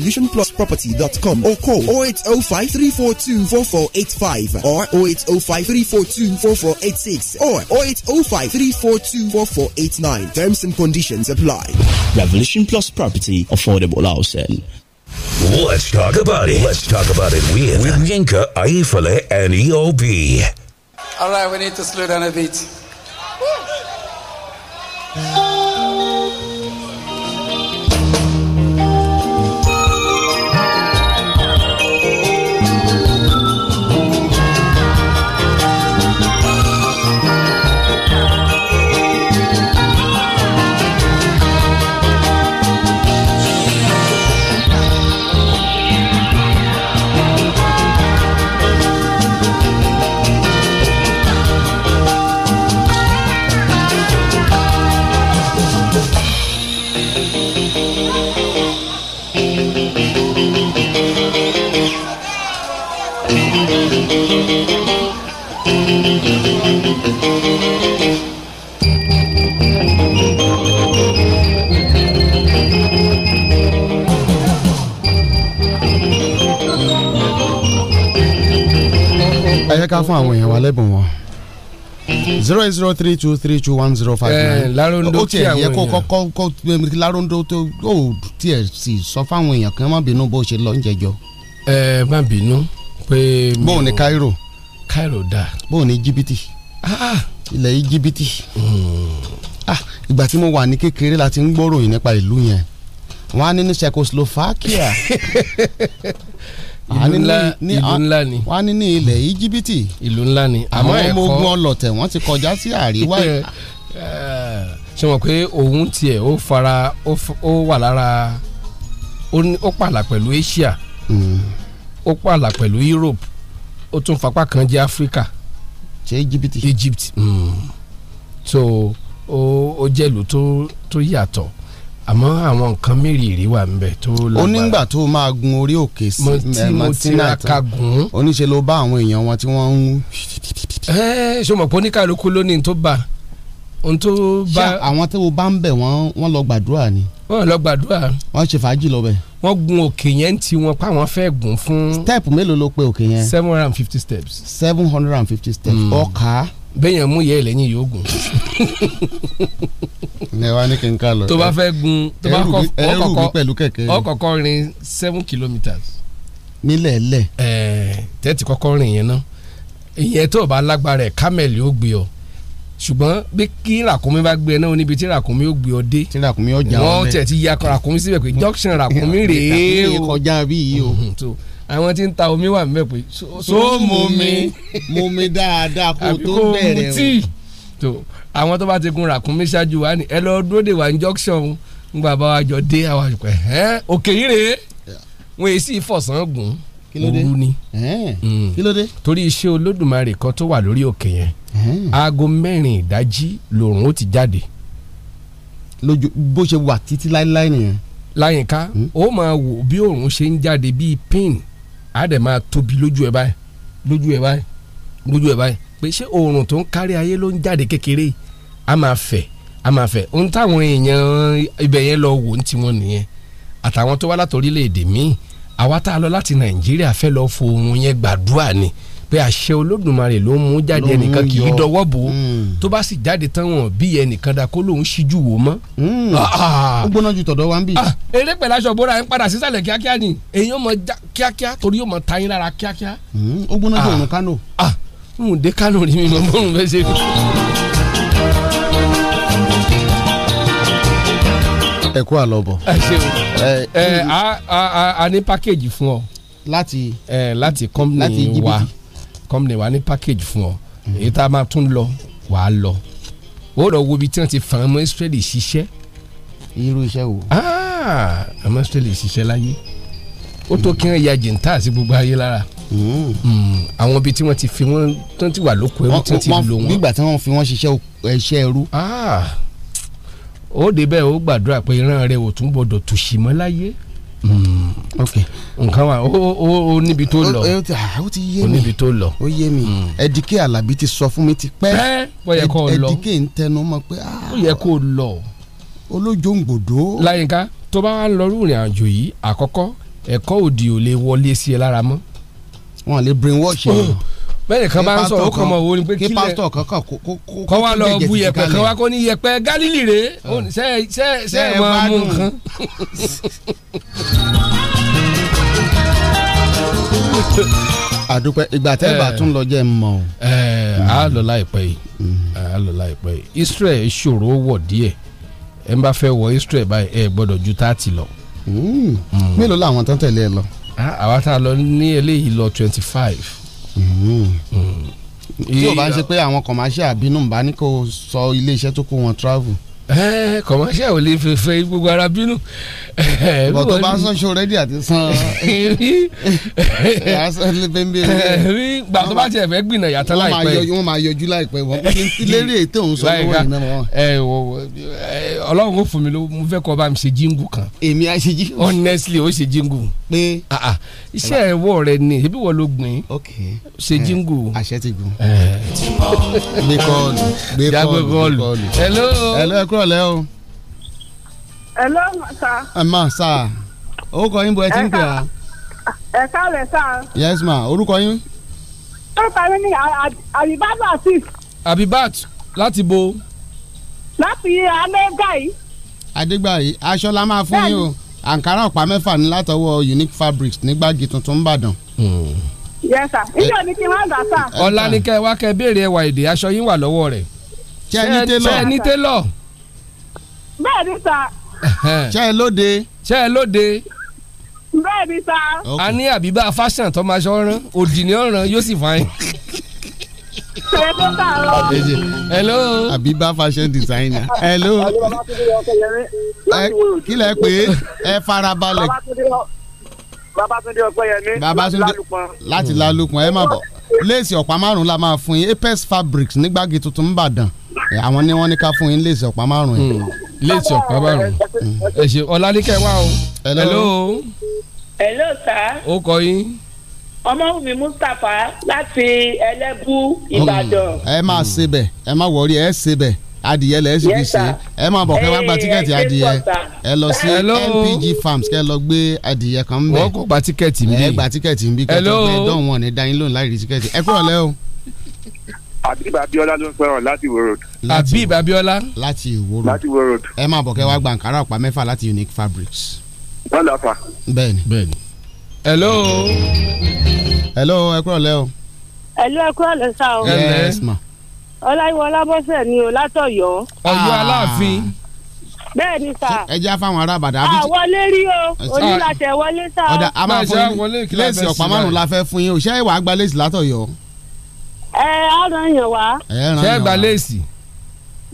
revolutionplusproperty.com or call 0805 342 4485 or 0805 342 4486 or 0805 342 4489. Terms and conditions apply. Revolution Plus Property Affordable Housing. Let's talk about it. Let's talk about it with, with Yinka, Aifale, and EOB. All right, we need to slow down a bit. ẹ yẹ ká fún àwọn èèyàn wa lẹ́bùn wọn zero zero three two three two one zero five nine. larondo tí àwọn èèyàn ó tiẹ̀ yẹ kó kọ́ kọ́ larondo tó ó tiẹ̀ sì sọ fáwọn èèyàn kí wọ́n má bínú bó ṣe lọ ń jẹjọ. ẹ má bínú pé. bóun ni Cairo. Cairo dáa. bóun ni jìbìtì ilẹ̀ íjíbítì ah, ìgbà tí mo wà ní kékeré la ti ń gbọ́ròyìn nípa ìlú yẹn wọ́n á ní ní Czechoslovakia ìlú ńlá ìlú ńlá ni wọ́n á ní ní ilẹ̀ íjíbítì ìlú ńlá ni àmọ́ ẹ̀kọ́ àwọn ọmọ ogun ọlọ̀tẹ̀ wọ́n ti kọjá sí àríwá eh, ṣe mọ̀ pé òun tiẹ̀ ó fara ó wà lára ó pààlà pẹ̀lú Asia hmm. ó pààlà pẹ̀lú Europe ó tún fapá kan jẹ́ Africa ṣe Egypt. Egypt so ó jẹ́ ìlú tó yàtọ̀ àmọ́ àwọn nǹkan mérìírí wà ń bẹ tó lágbára. ó nígbà tó máa gun orí òkè sí mọtínà tán oníṣe ló bá àwọn èèyàn wọn tí wọ́n ń. ẹ ṣe mọ̀ pé oníkàlùkù lónìí tó bá ohun tó bá. ṣé àwọn tó bá ń bẹ̀ wọ́n lọ gbàdúrà ni. wọ́n lọ gbàdúrà. wọ́n ṣe fàájì lọ bẹ́ẹ̀. wọ́n gun òkè yẹn ti wọn pa àwọn fẹ́ gùn fún. step mélòó ló pé òkè yẹn. seven steps. seven hundred steps. Hmm. ọkà. mú iye lẹ́yìn yóò gùn. ní ẹ ní kí lọ. tó bá fẹ́ gun tó bá kọ ọkọ̀kọ̀ rin seven kilometres. nílẹ̀ lẹ̀. ẹ̀ẹ́d rin yẹn náà ìyẹn tó o bá lágbára ẹ̀ kámẹ́lì ọ ṣùgbọ́n bí kí ràkúnmí bá gbé ẹ náà níbi tí ràkúnmí ó gbé ọ dé tí ràkúnmí ọjà ọmọ wọn tẹ̀ ti ya ràkúnmí síbẹ̀ pé junction ràkúnmí rèé o kọjá bí yìí o àwọn tí ń ta omi wà mẹ́ pé so mu mi mu mi dáadáa kó o tó bẹ̀rẹ̀ o àwọn tó bá ti kun ràkúnmí ṣáájú wa ni ẹ lọ dúró de wa ní junction ngbà bá wa jọ dé àwọn àjùkọ ẹ òkè yìí rèé wọn èyí sì fọ̀sán gùn òru ni mm. kílódé torí iṣẹ́ olódùmarè kan tó wà lórí òkè yẹn aago mẹ́rin ìdájí lòrùn ó ti jáde. lójú bó ṣe wà títí láéláé nìyẹn. láyìnká hmm? ó máa wò bí òòrùn ṣe ń jáde bíi pin á dẹ̀ máa tóbi lójú ẹ̀ báyìí lójú ẹ̀ báyìí lójú ẹ̀ báyìí pé ṣé òòrùn tó ń kárí ayé ló ń jáde kékeré a máa fẹ̀ a máa fẹ̀ ohun táwọn èèyàn ibẹ̀ yẹn lọ wò ń tiwọn nìyẹn àtàwọn tó wá láti orílẹ̀-èdè míì àwa tá a lọ láti nàìjíríà fẹ́ lọ fo oorun yẹn gbàdúrà ni. Mm pé àṣẹ olódùmarè ló ń mú jáde ẹnìkan kì í dọwọ́ bò ó hmm. tó bá sì jáde tán wọn bí ẹnìkan da kó lòun ṣíjú wò mọ́. Hmm. Ah, ah, ah. ó gbóná ju tọ̀dọ̀ wa ń bì. eré pẹ̀lú aṣọ bóra ń padà sísàlẹ̀ kíákíá ni èyí ó mọ kíákíá torí ó mọ tayín lára kíákíá. Hmm. ó gbóná ju òun kánò. n ò dé kánò rí mi mọ bóun fẹ́ ṣe. ẹ kú àlọ́ bọ̀. ẹ ṣeun ẹ eh, a ní pákéjì fún ọ. láti eh, láti kọ́mpìnì wa company wa ní package fún ọ èyí tá a máa tún lọ wàá lọ ó lọ wo ibi tí wọ́n ti fàn ọmọ Ísírẹ́lì ṣiṣẹ́. irú iṣẹ́ wo. Ah, ọmọ Ísírẹ́lì ṣiṣẹ́ láyé ó tó kí wọ́n ya jìntà sí gbogbo ayé lára hmm. Hmm, àwọn ibi tí wọ́n ti fi wọ́n tó ti wà lóko ẹrú tó ti lò wọ́n. nígbà tí wọ́n fi wọ́n ṣiṣẹ́ ẹṣẹ́ ẹrú. Ah, ó débẹ̀ ó gbàdúrà pé ìran rẹ̀ ò tún gbọ́dọ̀ tòṣì láyé. Mm. ok nǹkan wa o níbi tó lọ ó ah, ti yé mi ó níbi tó lọ ó yé mi mm. ẹ̀díkẹ́ alábí ti sọ fún mi ti pẹ́ ẹ̀díkẹ́ ń tẹnu mọ́ pé ah. ó yẹ kó lọ olójó ń gbòdó. láyìnká tó bá wà ń lọ rúrin àjò yìí àkọ́kọ́ ẹ̀kọ́ òdì ò lè wọlé sí ẹ lára mọ́. wọn lè brainwash ẹ. bẹ́ẹ̀ nìkan bá ń sọ ọkọ̀ mọ̀ wo ni pé kílẹ̀ kí pásítọ̀ kankan kó kó kó kó wá lọ bu yẹpẹ kan wá kó ní yẹpẹ Gálílì rèé ṣe ṣe ṣe ẹ̀ máa mú nǹkan. àdúpẹ́ ìgbà tẹ́ bá tún lọ jẹ́ mọ́ o. ẹ á lọ láìpẹ́ yìí á mm-hmm. lọ láìpẹ́ yìí Israel ṣòro wọ̀ díẹ̀ ẹ bá fẹ́ wọ Israel báyìí ẹ gbọ́dọ̀ ju táàtì lọ. Mm-hmm. Mm. mélòó làwọn tán tẹ̀lé ẹ lọ. Ah, àwa tá a lọ ní eléyìí lọ twenty five tí o bá ń ṣe pé àwọn commercial bínú bá ní kó sọ iléeṣẹ́ tó kó wọn travel kọ̀mọ́ṣẹ́ ò lè fẹ́fẹ́ gbogbo ara bínú. bọ̀ eh, tó bá sàn ṣo rẹ́dí àti san asan pẹ́ńpẹ́ rẹ̀. gbà tó bá tiẹ̀ fẹ́ gbìnà yàtọ̀ láìpẹ́. wọ́n máa yọjú láìpẹ́ wọ́n lérí ètò òun sọ lọ́wọ́ yìí náà. Eh, eh, ọlọ́run ó fún mi ló mo fẹ́ kọ́ bá mi ṣe jíǹgù kan. èmi á ṣe jíǹgù. honestly ó ṣe jíǹgù. pé ah, ah. iṣẹ́ ẹ̀wọ̀ rẹ ni ebi wọ́n ló gbìn. ṣe jíǹgù. àṣẹ ti gùn. gbé kọ́ọ̀lù. gbé kọ́ọ̀lù. hello. hello ẹ̀kọ́ rọ̀lẹ́ o. ẹ ló mọ sá. ẹ má sá orúkọ yín bo ẹ ti ń pè á. ẹ káàlẹ̀ sá. yes ma orúkọ yín. tó parí ní Abibat Latif. Abibat láti bo. láti adégbàyí. adégbàyí aṣọ la máa fún yín o àǹkárá ọ̀pá mẹ́fà ní látọwọ́ unique fabrics nígbàgì tuntun ńbàdàn. yes sir ìjọ ni kí n wá gbà sá. ọ̀la ni kẹ́ ẹ wá kẹ́ ẹ béèrè ẹwà èdè aṣọ yín wà lọ́wọ́ rẹ̀. ṣé ẹ ní télọ̀ bẹ́ẹ̀ ni sà. ṣe é lóde. ṣe é lóde. bẹ́ẹ̀ ni sà. a ní àbíbá fashion tó máa ṣọ́ rán òdì ni ọ̀ràn yóò sì fain. hello. àbíbá fashion designer. hello. kí lẹ pé ẹ farabalẹ̀. Babatunde Ọpẹ́yẹmí lálùpọn. láti lálùpọn ẹ má bọ̀ léèsì ọ̀pá márùn-ún la máa fún yín Apex Fabrics nígbàgì tuntun nìbàdàn àwọn ni wọ́n ní ká fún yín léèsì ọ̀pá márùn-ún yìí. Hmm. léèsì ọ̀pá márùn-ún ẹ ṣe ọ̀làníkẹ́ wà o. hello. hello sir. ó kọ yín. ọmọwùmí Mustapha láti ẹlẹ́bù Ìbàdàn. ẹ máa ṣe bẹ́ẹ̀ ẹ má wọrí ẹ ṣe bẹ́ẹ̀ adìyẹ lẹ SBC ẹ máa bọ̀ kẹ́ wá gba tíkẹ́ẹ̀tì adìyẹ ẹ lọ sí MPG Farms kẹ́ lọ gbé adìyẹ kan bẹ̀ wọ́n kò gba tíkẹ́ẹ̀tì nbí ẹ gba tíkẹ́ẹ̀tì nbí kẹ́tọ́ pé dọ́hùn wọn ní dáyín lónìí láì rí tíkẹ́ẹ̀tì ẹ kúrò lẹ́ o. Habib Abiola ló ń sọ̀rọ̀ láti Iwo Road. Habib Abiola láti Iwo Road láti Iwo Road. ẹ máa bọ̀ kẹ́ wá gba nkárà ọ̀pá mẹ́fà láti Unique Fabrics. wọ́n lọ fà. bẹ́ẹ̀ni bẹ́ẹ̀ni. hello. hello ẹ kúrò lẹ́ o. hello ẹ kúrò lẹ́ sá o. ẹ lẹ́sìn mọ́ ọláyíwọ ọlábọ̀sẹ̀ ni o látọ̀yọ́. Ọ̀yọ́ ah. aláàfin. bẹ́ẹ̀ ni sà. ẹ jẹ́ fáwọn ará àbàdà. a wọlé rí o onílàtẹ wọlé sà o. ọ̀dà a máa fún yín léèsì ọ̀pá márùn-ún la fẹ́ fún yín òṣèré ìwà gba léèsì látọ̀yọ́. ẹ á ràn yàn wá. ṣé ẹ gba léèsì.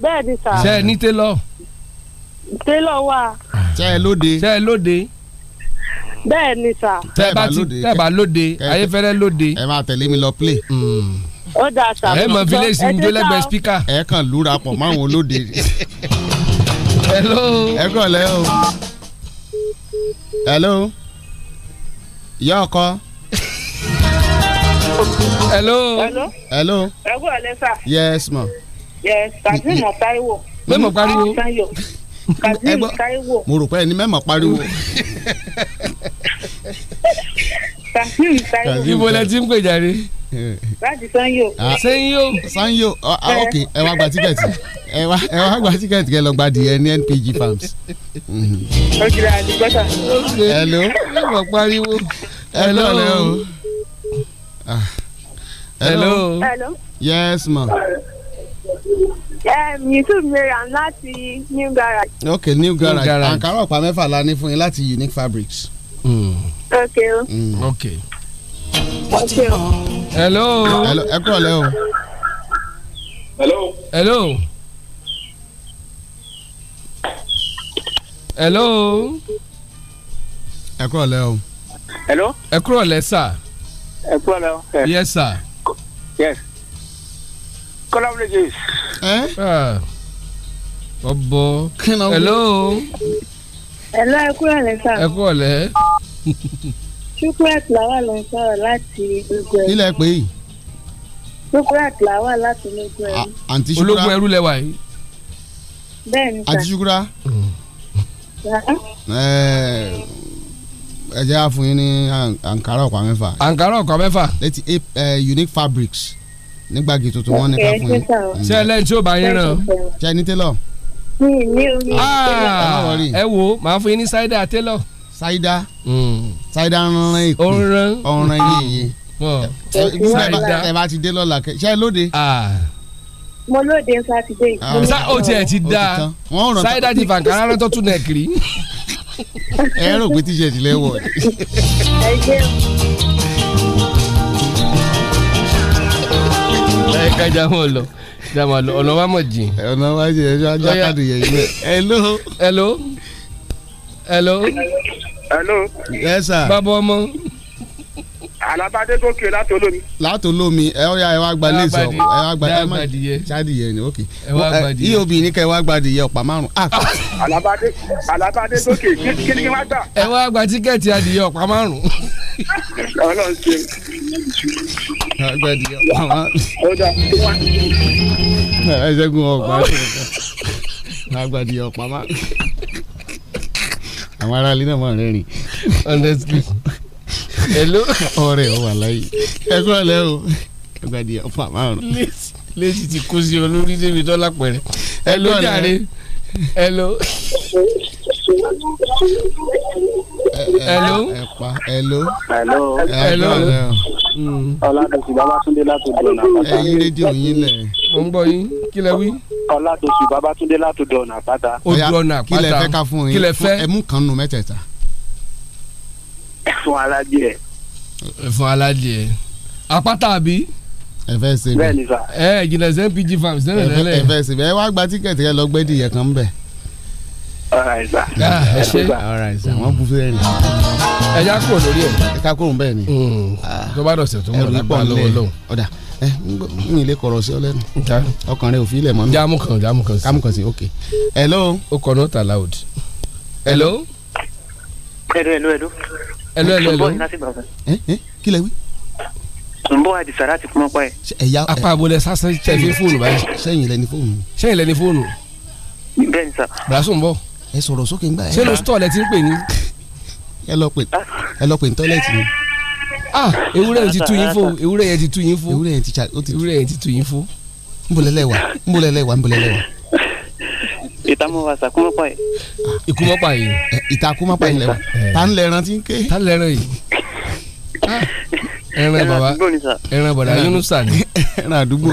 bẹ́ẹ̀ ni sà. ṣé ẹ ní télọ̀. télọ̀ wà. ṣé ẹ lóde. ṣé ẹ lóde bẹ́ẹ̀ ni sà. ẹ bá lóde ayéfẹ́rẹ́ lóde. ẹ máa tẹ̀lé mi lọ play. Hmm ó da sàmúlò ẹ mọ village ń jó lẹ́gbẹ̀ẹ́ spika. ẹ kàn lúra pọ̀ máwọn olóde. hello. ẹ kọ̀lẹ́ o. hello. ìyá ọkọ. hello. hello. ẹ kọ̀lẹ́ sà. yes ma. yes tàbí mọ̀ táíwò. mẹ́mọ̀ pariwo kazeem taiwo. mo rò pé ẹni mẹ́mọ̀ pariwo. kazeem taiwo. ibo lẹ ti ń pè jáde. láti sanyo. Ah, sanyo. sanyo ah, ok ẹ wá gba tíkẹ́ẹ̀tì ẹ wá ẹ wá gba tíkẹ́ẹ̀tì kẹ lọ gba di ẹni NPG farms. ojúlá àti gbọ́dọ̀. hello mẹ́mọ̀ pariwo. hello hello. Ah. hello. hello. yes ma yusuf mariam láti new garage. ok new garage àǹkárá ọ̀pá mẹ́fà la ní fún yín láti unique fabrics. Mm. ok o. Mm. ok. ok o. hello. ẹ kúrọ̀ lẹ́ o. hello. hello. hello. ẹ kúrọ̀ lẹ́ hello. ẹ kúrọ̀ lẹ́ ẹ kúrọ̀ lẹ́ yes sir. yes kọ́lá wọlé jẹ́ ẹ́ ọbọ hello. hello ẹ kúrò lẹ́ sá. ẹ kúrò lẹ́. Chukwuat làwà ló ń sọ̀rọ̀ láti gbogbo ẹ̀rú. nílẹ̀ pé. Chukwuat làwà láti gbogbo ẹ̀rú. àǹtí Shukura ológun ẹrú lẹ́wà yìí. bẹ́ẹ̀ni sá. àǹtí Shukura. ẹ jẹ́ àfún yín ní ankara ọ̀pá mẹ́fà. ankara ọ̀pá mẹ́fà. eighty eight eh, unique fabrics nígbàgì tuntun wọn ní ká fún yín. Mm. ṣé ẹlẹ́ni tí ó bá yín rán. ṣé ẹni télọ̀. mi ní omi. Ah! ẹ wo màá fún yín ní ṣáídà télọ̀. ṣáídà ṣáídà ń rán ìpè ọ̀ràn yìí ẹ bá ti dé lọ́la ṣe é lóde. Ah. mo lóde sátidé. sá o tiẹ̀ ti da sáyidá ti fàǹkà rárá tó tún nẹ̀ kiri. ẹ rò pé tíṣẹ̀tì lẹ́wọ̀. ẹ jẹun. ẹ ká jamalọ jamalọ ọ̀nà wa mọ̀ jìn. ọ̀nà wa jìn ẹjọ́ ajá káàdì yẹn ilé. hello. hello. hello. hello. yes sir. bàbá ọmọ alábàdé gòkè láti olómi. láti olómi ẹ ó yá ẹ wá gba léèsì ọ ẹ wá gba ẹ má ṣáàdìyẹ ni ok eob ní kẹ ẹ wá gba adìyẹ ọ̀pá márùn. Ah. alábàdé alábàdé gòkè kí ni kí wá gbà. ẹ wá gba tíkẹ́ẹ̀tì adìyẹ ọ̀pá márùn. ọlọ́run ṣe. agbadìyẹ ọ̀pá márùn. ẹ ṣẹ́gun ọ̀gbà agbadìyẹ ọ̀pá márùn. àwọn aráalé náà mọ̀ rẹ́rìn. honestly hello ọ̀rẹ́ ò wà láyé ẹ kúrò lẹ́ o ọgbàdì ọ̀pọ̀ àmàrùn lẹ́sì ti kó sí olórí débi dọ́là pẹ̀rẹ́ hello jàre hello. hello. ẹ̀pà hello. hello. hello. Mm. ọ̀làdọ̀sí babátúndé láti dọ̀nà. ẹ̀yin rédíò yín lẹ̀. mo ń gbọ́ yín kí lẹ wí. ọ̀làdọ̀sí babátúndé láti dọ̀nà pátá. ó dọ̀nà pátá kí lẹ fẹ́ ká fún yín ẹ̀mú kan nù mẹ́tẹ̀ẹ̀ta ẹ̀fọn aládìẹ. ẹ̀fọn aládìẹ àpáta àbí ẹ ṣe bẹ́ẹ̀ ẹ jìnnà sẹ pg farm sẹlẹ lẹlẹ ẹ fẹ́ ṣe bẹ́ẹ̀ ẹ wá gba tíkẹ̀tì rẹ lọ gbé dìyẹ kan bẹ. Ah, ẹ ṣe wọn bú ni. ẹ kúrò lórí ẹ. ẹ ká kúrò bẹ́ẹ̀ ni. Hmm. tó bá dọ̀sẹ̀ tó ń bọ̀ lọ́wọ́ lọ́wọ́. ọ̀dà ẹ n ilé kọ̀rọ̀ sí ọ lẹ́nu ọkàn rẹ ò fi ilẹ̀ mọ́ mi. jámù kan jámù kan sí. jámù kan sí ok. hello. o kọ̀ nọ́ọ̀tà loud. hello. hello hello hello ẹlò ẹlò ẹlò kí lẹ wí. nbọ àdìsá láti kún ọpọ ẹ. apá abolẹ sásán tẹfí fóònù báyìí. sẹ́yìn lẹni fóònù. sẹ́yìn lẹni fóònù. bẹ́ẹ̀ni sá. brasu ń bọ. ẹ sọ̀rọ̀ sókè ńgbà. ṣé ló sọ lẹ ti ń pè ní. ẹ lọ pè ẹ lọ pè ní tọ́lẹ̀tì ni. ah ewúrẹ́ yẹn ti tu yín fo ewúrẹ́ yẹn ti tu yín fo ewúrẹ́ yẹn ti tu yín fo. nbọlẹ́lẹ̀ wa nbọlẹ́lẹ̀ wa nbọlẹ́lẹ̀ wa ìtàmúwàsà kúmọ́pá yìí. ìkúmọ́pá yìí ìta kúmọ́pá yìí lẹ́wọ̀ ta ń lẹ́ran tí ń ké. ta ń lẹ́ran yìí. Ah. ẹran bàbá ẹran bàbá yunusa ni. ẹran àdúgbò.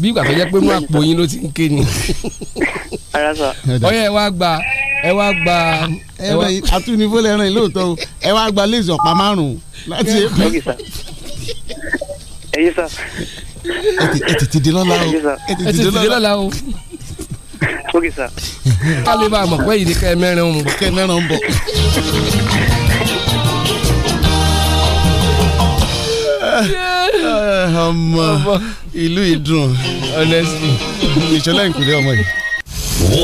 bí ìgbà tó jẹ́ pé inú àpò yín ló ti ń ké ni. ara sọ. ọyọ ẹ wá gba ẹ wá gba. ẹ wá atúnifó lẹ́ran yìí lóòótọ́ o ẹ wá gba léèzì ọ̀pá márùn-ún láti ẹ̀kọ́. ẹ̀yin sá. ẹ tètè dé lọ́la o ẹ tètè dé lọ́la o ok sir. kálíbà mọ̀ pé ìdí kẹ́ mẹ́rin ń bọ̀ kẹ́ mẹ́rin ń bọ̀. ọmọ ìlú ìdùn honestly ìṣọlá ìkúlẹ̀ ọmọ yìí.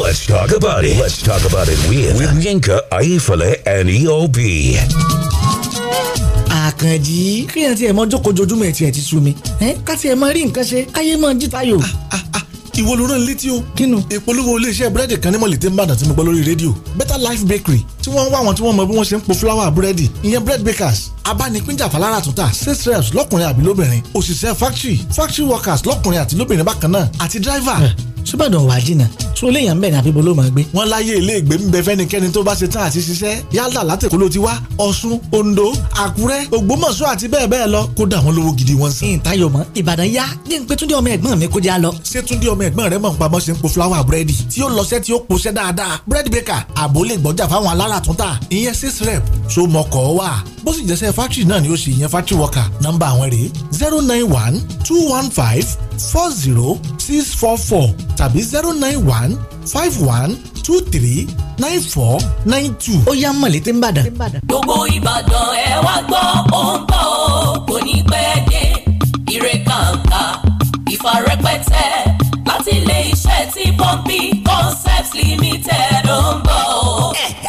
Let's talk about it. Let's talk about it with, with Yinka Ayefele and EOB. Àkànjí, kí ni àti ẹ̀ mọ́ jókòó jojúmọ̀ ẹ̀ tiẹ̀ ti sú mi? Ká tiẹ̀ máa rí nǹkan ṣe, káyé máa jí tayò. Ah, ah ìwọ ló rán létí o. kínú. ìpolówó iléeṣẹ́ búrẹ́dì kan ní mọ̀lẹ́tẹ̀ Ìbàdàn tí mo gbọ́ lórí rédíò Better Life Bakery tí wọ́n ń wá àwọn tí wọ́n mọ bí wọ́n ṣe ń po fúláwà búrẹ́dì ìyẹn bread bakers abánipínjà falára àtúntà sales reps lọ́kùnrin àbí lóbìnrin òṣìṣẹ́ factory factory workers lọ́kùnrin àti lóbìnrin bákan náà àti driver ṣùgbọ́n wàá jìnnà so ilé yẹn ń bẹ̀ ní àbíbo ló máa gbé. wọ́n láyé ilé ìgbé ń bẹ fẹ́nikẹ́ni tó bá ṣe tán àti ṣiṣẹ́ yálà látẹ̀kọ́ ló ti wá ọ̀ṣun ondo àkúrẹ́ ògbómọ̀ṣọ́ àti bẹ́ẹ̀ bẹ́ẹ̀ lọ kódà wọn lówó gidi wọn san. ìtayọ̀ mọ́ ìbàdàn yá ní pé túndé ọmọ ẹ̀gbọ́n mi kó já lọ. ṣé túndé ọmọ ẹ̀gbọ́n rẹ mọ̀ ń pamọ́ ṣe ń po fúláwà búrẹ́dì tí ó lọ́sẹ̀ tí ó poṣẹ́ dáadáa búrẹ́dì bẹ́kà àbólé gbọ́jà fáwọn aláràtúntà ìyẹn six rep so mọ̀kọ́ wà bó sì jẹ́sẹ̀ fátìrì náà ni ó ṣe ìyẹn fátìrì wọ́kà nọ́mbà àwọn rèé zero nine one two one five four zero six four four tàbí zero nine one five one two three nine four nine two. ó yá mọ̀lẹ́ tí ń bàdàn. gbogbo ìbàdàn ẹ wá gbọ́ ó ń bọ̀ ó kò ní pẹ́ dé ire kàǹkà ìfarẹ́pẹ́tẹ́ láti ilé iṣẹ́ tí pọ́ńpì concepts limited ó ń bọ̀ ó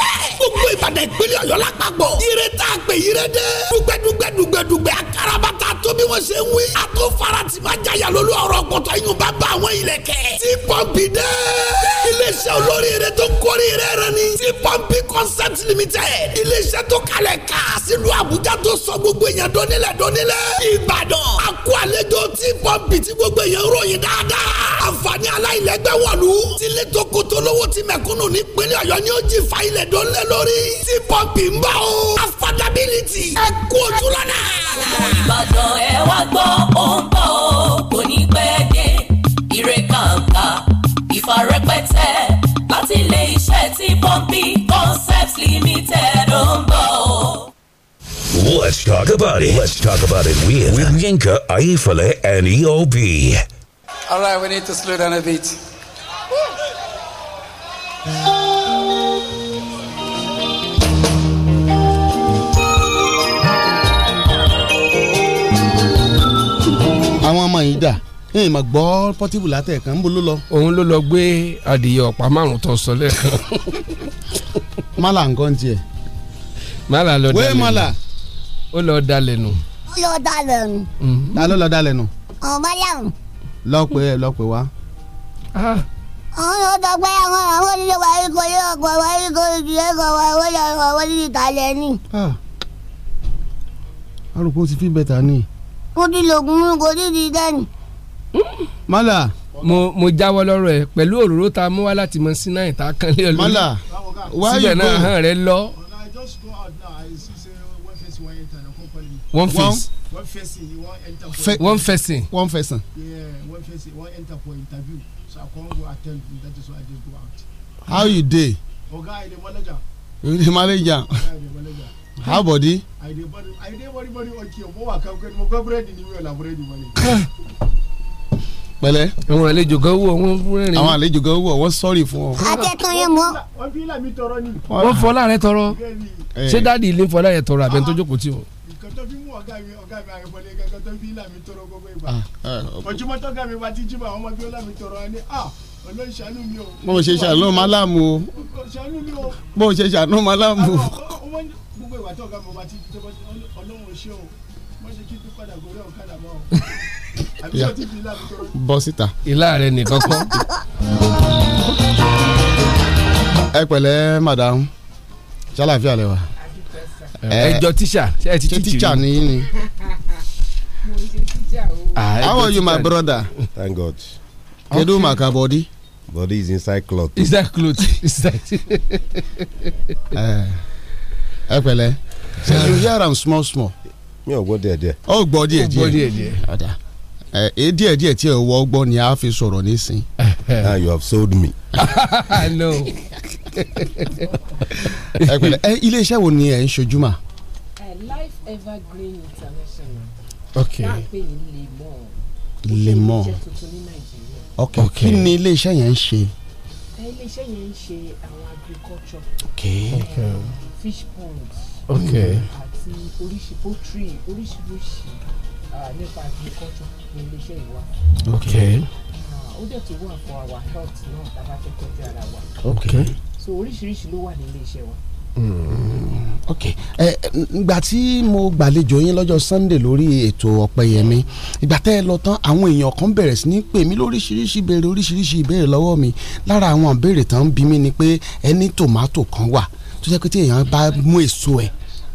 àtàdà ìpínlẹ̀ ọ̀yọ́ lápapọ̀ ire tá a pè ire dé dùgbẹ́dùgbẹ́ dùgbẹ́dùgbẹ́ akarabata tó bí wọ́n ṣe ń wí a tó fara tì máa jaya lólu ọ̀rọ̀ pọ̀tọ́ yín bá bá àwọn ilẹ̀kẹ̀ tí pọ́ǹpì dé iléeṣẹ́ olórí rẹ tó kórè rẹ rẹ ni tí pọ́ǹpì concept limited iléeṣẹ́ tó kalẹ̀ ká sílùú àbújá tó sọ gbogbo èèyàn dọ́nílẹ̀ dọ́nílẹ̀ ìbàdàn a kó àlejò tí pọ́ǹpì tí gbogbo èèyàn ròyìn dáadáa àǹfààní aláìlẹ́gbẹ́ wọ̀lú tí lẹ́tọ̀kọ̀tọ̀ lówó ti mẹ̀kúnnù nípínlẹ̀ ọ̀yọ́ ni ó jì fa ilẹ̀ dọ́nílẹ̀ lórí ń o. affordability ẹ kú ojú lọ́nà. ìbàdàn ẹ wá gbọ́ ó ń bọ̀ ó kò ní pẹ́ dé ire kàǹkà ìfarẹ́pẹ́tẹ́ láti ilé iṣẹ́ tí pọ́ńpì limited ó ń bọ̀ ó. Let's talk about it. Let's talk about it with, with Yinka, Aifale, and EOB. All right, we need to slow down a bit. àwọn ọmọ yìí dà ẹ̀yìn mà gbọ́ pọ́tíbù látẹ̀ẹ̀kan ń bo ló lọ. òun ló lọ gbé adìyẹ ọ̀pá márùn tó sọ lẹ́ẹ̀kan. mala nǹkan tiẹ̀. mala lọ dalẹ̀ nù. wé mala. ó lọ dalẹ̀ nù. ó lọ dalẹ̀ nù. Mm-hmm. ta ló lọ dalẹ̀ nù. ọmọ yàrá. lọ pé ẹ lọ pé wá. àwọn ah. ọ̀dọ́ pé àwọn àwọn onílé wa ikọ̀ yẹ ọkọ̀ wa ikọ̀ ìdílé kan wa wọ́n yà wọ́n ní ìtàlẹ́ ni. a rò pé ó ti fi bẹ́ẹ̀ ta ni mo ti lògùn kò tí di dání. mọ́là mo mo jáwọ́ lọ́rọ̀ ẹ̀ pẹ̀lú òróró ta mú wá láti mọ sí náà ìta kan lé ọ lórí. mọ́là síbẹ̀ náà hàn rẹ lọ. one face one facing enter one face, one face. yeah one face, one enter for interview so i come go attend you that is why i just go out. how you dey. oga i dey manager. you dey manager. oga i dey manager how body. i dey body i dey body body okay mo wà kankan mo gbọ́ búrẹ́dì ni la búrẹ́dì mọ́lẹ̀. pẹ̀lẹ́. àwọn àlejò kan wò wọn rẹ́rìn. àwọn àlejò kan wò wọn sọrí fún ọ. akẹ́kọ̀ọ́ yẹn mọ́. fi ilà mi tọrọ ni. wọ́n fọlá rẹ tọrọ eh. ṣé dáàdi ilé fọlá rẹ tọrọ àbẹ̀ tó ah. jókòó tì o. nǹkan tó fi mú ọ̀gá mi ọ̀gá mi àrẹ̀fọ́lẹ̀ kankan tó fi ilà mi tọrọ gbogbo ìgbà. Ah, ah, ojúmọ́ tó ga mi bá ti jí bá àwọn ọmọ bí ó là mi tọrọ ẹni ọlọ́run ṣàánú mi o. bó o ṣe ṣàánú málámù o. bó o ṣe ṣàánú málámù o pé ìwà tó ọ̀gá mo bá ọlọ́run ṣé o wọ́n ṣe kí n tún padà gorí ọ̀kadà mọ́ àbí yóò ti di ìlà mi tó bọ́ síta. ìlà rẹ nìkan kọ́. ẹ pẹ̀lẹ́ madam ṣàlàfíà lẹ wa. ẹ jọ tíṣà ẹ ti títì tíṣà ni yín ni. Ah, How are you my brother? Thank God. kedu maka body? Body is inside cloth. Inside cloth. Inside. uh, ẹ pẹ̀lẹ́ you hear am small small. mi ò gbọ́ díẹ̀ díẹ̀. ó gbọ́ díẹ̀ díẹ̀ ó gbọ́ díẹ̀ díẹ̀. ẹ díẹ̀ díẹ̀ tí ẹ wọ́ gbọ́ ni a fi sọ̀rọ̀ nísìn. now you have sold me. no. ẹ pẹ̀lẹ́ ẹ iléeṣẹ́ wo ni ẹ ń ṣojú mà. Eh, life evergreen international. ok náà pè ní lemon. lemon ok kí ni iléeṣẹ́ yẹn ń ṣe. Eh, iléeṣẹ́ yẹn ń ṣe àwọn agriculture. ok. okay. Eh, okay fish pond okay. àti oríṣi poultry oríṣiríṣi nípa agriculture ní iléeṣẹ́ ìwà. ó dẹ̀ tó wà fún our health náà tá a bá fẹ́ tọ́jú ara wa. so oríṣiríṣi ló wà ní iléeṣẹ́ wa. Hmm, ok ìgbà tí mo gbàlejò yín lọ́jọ́ sunday lórí ètò ọ̀pẹ̀yẹmí ìgbà tẹ́ ẹ lọ tán àwọn èèyàn kan bẹ̀rẹ̀ sí ní pè mí lóríṣiríṣi ìbéèrè oríṣiríṣi ìbéèrè lọ́wọ́ mi lára àwọn ìbéèrè tán ń bi mí ni pé ẹni tòmátò kan wà tó jẹ́ pé tí èèyàn bá mú èso ẹ̀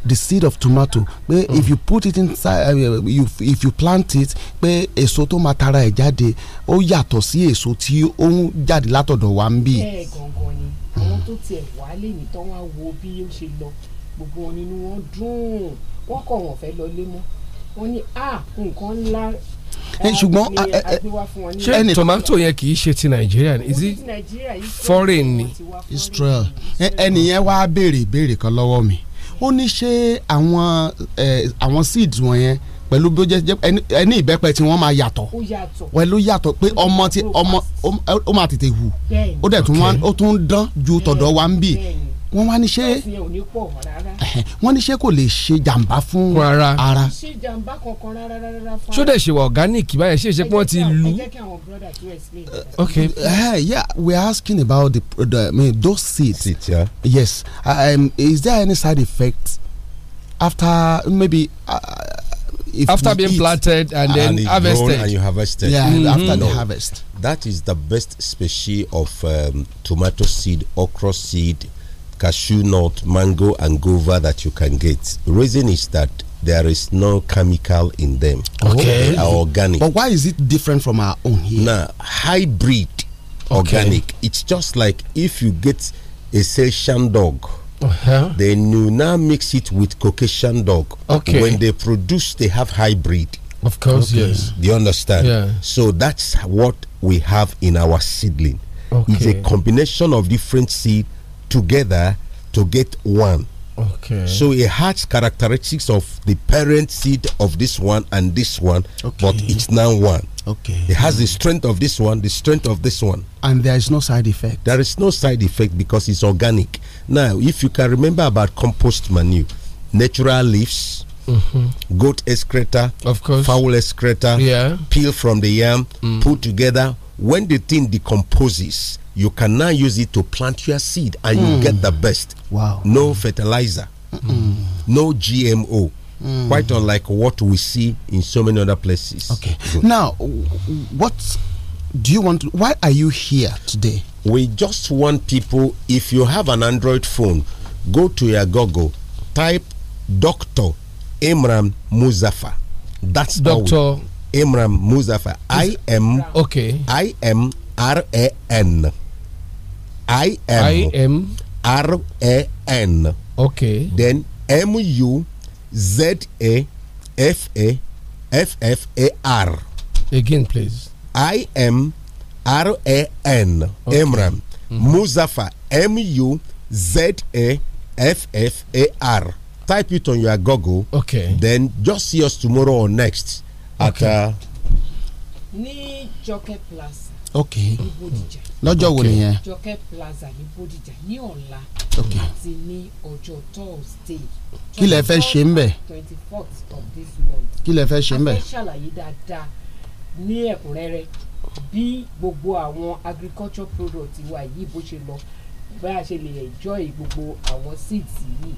the seed of tomato pé mm. if you put it inside uh, you, if you plant it pé èso tó máa tara ẹ̀ jáde ó yàtọ̀ sí èso tí ó ń jáde látọ̀dọ̀ wa ń bì. bẹ́ẹ̀ gangan ni àwọn tó tiẹ̀ wá lè ní tán wá wo bí ó ṣe lọ gbogbo wọn nínú wọn dùn wọn kọ̀ wọ́n fẹ́ lọ lé mọ́ wọn ní nǹkan ńlá Eh, ṣùgbọ́n ṣé tomato yẹn kì í ṣe ti nàìjíríà ni is it foreign ni. israel ẹnìyẹn wá béèrè ìbéèrè kan lọ́wọ́ mi ó ní ṣé àwọn àwọn seeds wọ̀nyẹn pẹ̀lú bí ó jẹ́ ẹni ìbẹ́pẹ tí wọ́n máa yàtọ̀ pẹ̀lú yàtọ̀ pé ọmọ ti ọmọ ó máa tètè hù ó dẹ̀ tún ó tún dán ju tọ̀dọ̀ wa ń bì wọ́n wá ní ṣe wọ́n ní ṣe kò lè ṣe jàǹbá fún ara. ṣódẹ̀ ṣèwà organic báyẹn ṣe ṣe pé wọ́n ti lu. okay uh, yeah we are asking about the, the I mean, those seeds. seeds yeah. yes um, is there any side effect after maybe. Uh, if after being planted and, and then harvested and you harvested yeah mm -hmm. after the harvest that is the best species of um, tomato seed okra seed cashew nut, mango, and guava that you can get. Reason is that there is no chemical in them. Okay. They are organic. But why is it different from our own here? hybrid okay. organic. It's just like if you get a Seychelles dog. Uh -huh. Then you now mix it with Caucasian dog. Okay. When they produce, they have hybrid. Of course, okay. yes. Do you understand? Yeah. So that's what we have in our seedling. Okay. It's a combination of different seed together to get one. Okay. So it has characteristics of the parent seed of this one and this one, okay. but it's now one. Okay. It has the strength of this one, the strength of this one. And there is no side effect. There is no side effect because it's organic. Now, if you can remember about compost manure, natural leaves, mm -hmm. goat excreta, of course, fowl excreta, yeah. peel from the yam, mm. put together. When the thing decomposes, you can now use it to plant your seed and mm. you get the best. Wow. No fertilizer, mm. no GMO. Mm. Quite unlike what we see in so many other places. Okay. Now, what do you want? why are you here today? We just want people, if you have an Android phone, go to your Google, type Dr. Imran Muzaffar. That's Dr. Imran Muzaffar. I am. Okay. I am R A N I M. I M. R A N. Okay. Then M U Z A F A F F A R. Again, please. I M R A N. Okay. Emran. Mm -hmm. Muzaffar. M U Z A F F A R. Type it on your Google. Okay. Then just see us tomorrow or next okay. at. Uh, ní jọkẹ́ plaza. okay. Mm -hmm. lọ́jọ́ wo nìyẹn. jọkẹ́ plaza ní bódìjà ní ọ̀la àti ní ọjọ́ thursday. kí lẹ fẹ́ ṣe ń bẹ̀. twenty fourth of this month. kí lẹ fẹ́ ṣe ń bẹ̀. a fẹ́ ṣàlàyé dáadáa ní ẹ̀kúnrẹ́rẹ́ bí gbogbo àwọn agriculture product wa yìí bó ṣe lọ bá a ṣe lè enjoy gbogbo àwọn seeds yìí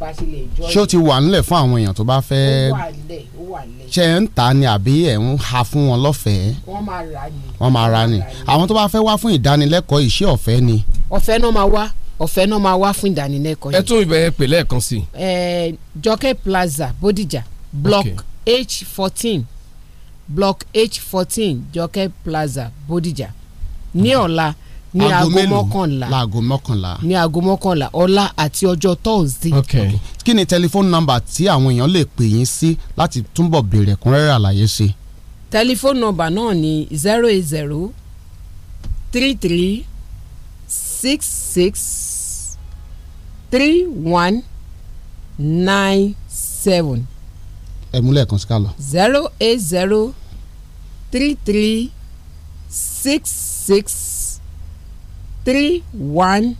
bá ṣe lè jọ. ṣé ó ti wà nílẹ̀ fún àwọn èèyàn tó bá fẹ́. ó wà lẹ̀ ó wà lẹ̀. ṣé ẹ̀ ń ta ni àbí ẹ̀ ń ha fún wọn lọ́fẹ̀ẹ́. wọ́n máa ra ni. wọ́n máa ra ni àwọn tó bá fẹ́ wá fún ìdánilẹ́kọ̀ọ́ iṣẹ́ ọ̀fẹ́ ni. ọ̀fẹ́ náà máa wá ọ̀fẹ́ náà máa wá fún ìdánilẹ́kọ̀ọ́ yìí. ẹ tún ibẹ̀ pè lẹ́ẹ̀kan sí. ẹ Plaza Bódìjà block h fourteen block h fourteen Jọkẹ́ Plaza Bódìjà ní ọ̀la. Okay ní aago mọ́kànlá láago mọ́kànlá ní aago mọ́kànlá ọ̀la àti ọjọ́ thursday. okay kí ni tẹlifóònù nọ́mbà tí àwọn èèyàn lè pè yín sí láti túbọ̀ béèrè ẹ̀kúnrẹ́rẹ́ àlàyé sí. tẹlifóònù nọ́mbà náà ni zero eight zero three three six six three one nine seven. ẹ múlẹ̀ kan sí ká lọ. zero eight zero three three six six three one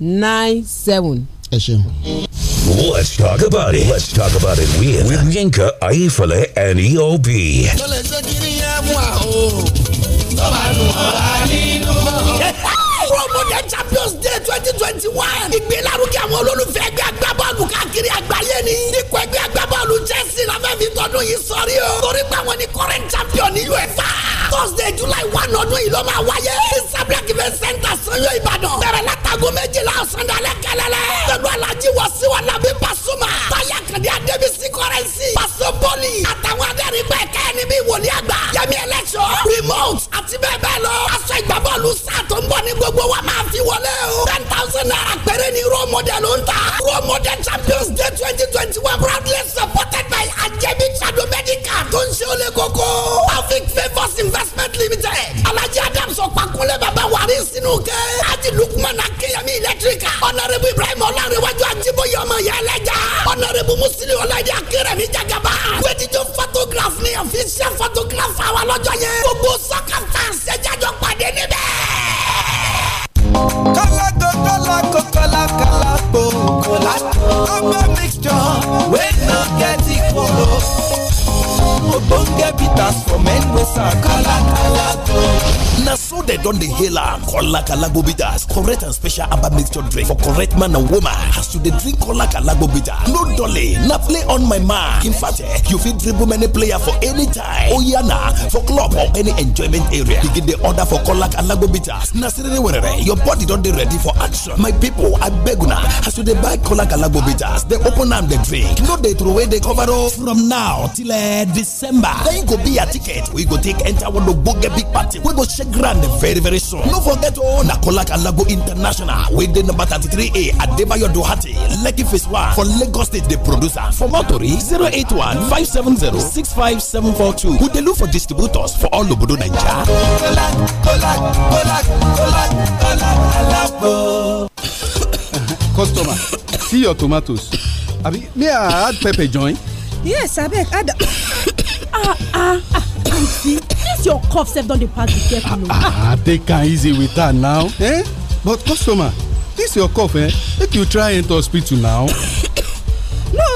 nine seven. ẹ ṣeun. Let's talk about it. Let's talk about it with, with Yinka Ayefele and EOB. Lọ́lẹ̀ ṣé kí ni ẹ mú àhó? Tọ́ba nù ọ̀la nínú. Promoted Champions Day twenty twenty one. Ìgbélárugẹ àwọn olólùfẹ́ ẹgbẹ́ agbábọ́ọ̀lù káàkiri àgbáyé ni. Ikọ̀ ẹgbẹ́ agbábọ́ọ̀lù Chelsea la fẹ́ fi tọdún yìí sọrí o. Torí pé àwọn ni current champion ní UEFA thursday july one ọdún yìí ló máa wáyé sablak event center sanyo ìbàdàn bẹ̀rẹ̀ látago méjìlá ọ̀sán-dalẹ̀ kẹlẹ́lẹ́ pẹ̀lú alhaji wasiwa nabi pasuma táyà kàdé adébísí kọ́rẹ́nsì pasopoli àtàwọn adẹ́rìn pẹ̀ kẹ́ níbi ìwòlí àgbà yẹmi ẹlẹ́ṣọ́ remote àti bẹ́ẹ̀ bẹ́ẹ̀ lọ aṣọ ìgbàbọ́ọ̀lù sáà tó ń bọ̀ ní gbogbo wa máa fi wọlé o ten thousand naira péré ni role model ń ta role model champions day twenty twenty one proudly supported by ajẹ́bí trado medical tó ń ṣe olè koko perfect favours investment investment limited alhaji adams ọ̀pákúnlé bàbá wàrí sínú kẹ́ aji lukman akeyami electrica ọ̀nàrẹ́bù ibrahim ọ̀làrẹ́wájú ajiboye ọmọ ìyá ẹlẹ́jà ọ̀nàrẹ́bù musili ọ̀làdí akérèmí jagaba wẹ́díjọ́ photograph ni official photograph àwọn ọlọ́jọ́ yẹn gbogbo sọ́kàtà ṣẹjájọ́ pàdé níbẹ̀. kọ́lákó kọ́lákó kọ́lákó kọ́lákó ọmọ mixture. get bitters for men wey sack. na so dem don dey hail am kolakalago bitters correct and special herbal mixture drink for correct man and woman as you dey drink kolakalago bitters no dolly na play on my mind. in fact eh, you fit dribble many player for any time oh, na for club or any enjoyment area begin dey order for kolakalago bitters na siriri werere your body don dey ready for action my people abeg una as you dey buy kolakalago bitters dey open am dey drink no dey throw away the cover o from now till uh, december then go be your ticket wey go take enter one ogbonge big party wey go shake grand very very soon. no forget o na kolak alago international wey dey number thirty-three a adebayo Duhati, lekki phase one for lagos state the producer. am. for more tori zero eight one five seven zero six five seven four two we dey look for distributors for all obodo naija. kolak customer see your tomatoes abi may i add pepper joint? yes abeg add ah ah you see this your cough sef don dey pass the careful o. Ah, ah, ah take am easy with that now eh but customer this your cough eh make you try enter hospital now. no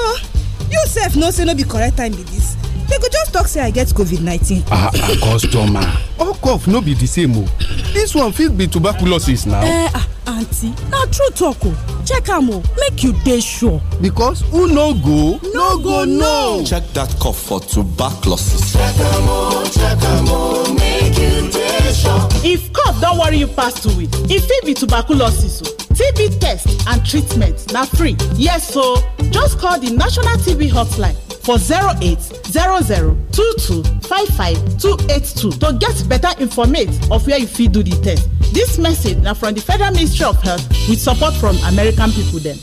you sef know say no be correct time be this They go just talk say i get covid nineteen. ah ah, ah customer all cough no be the same o oh. this one fit be tuberculosis now. eh ah aunty na true talk o. Oh check am o make you dey sure. because who no go no go know. check dat cough for tuberculosis. check am o check am o make you dey sure. if cough don worry you pass to week e fit be tuberculosis o. TB test and treatment na free. Yes, so just call the National TB Hotline for 080022552282 to get better informate of where you fit do the test. This message na from the Federal Ministry of Health with support from American people. dem.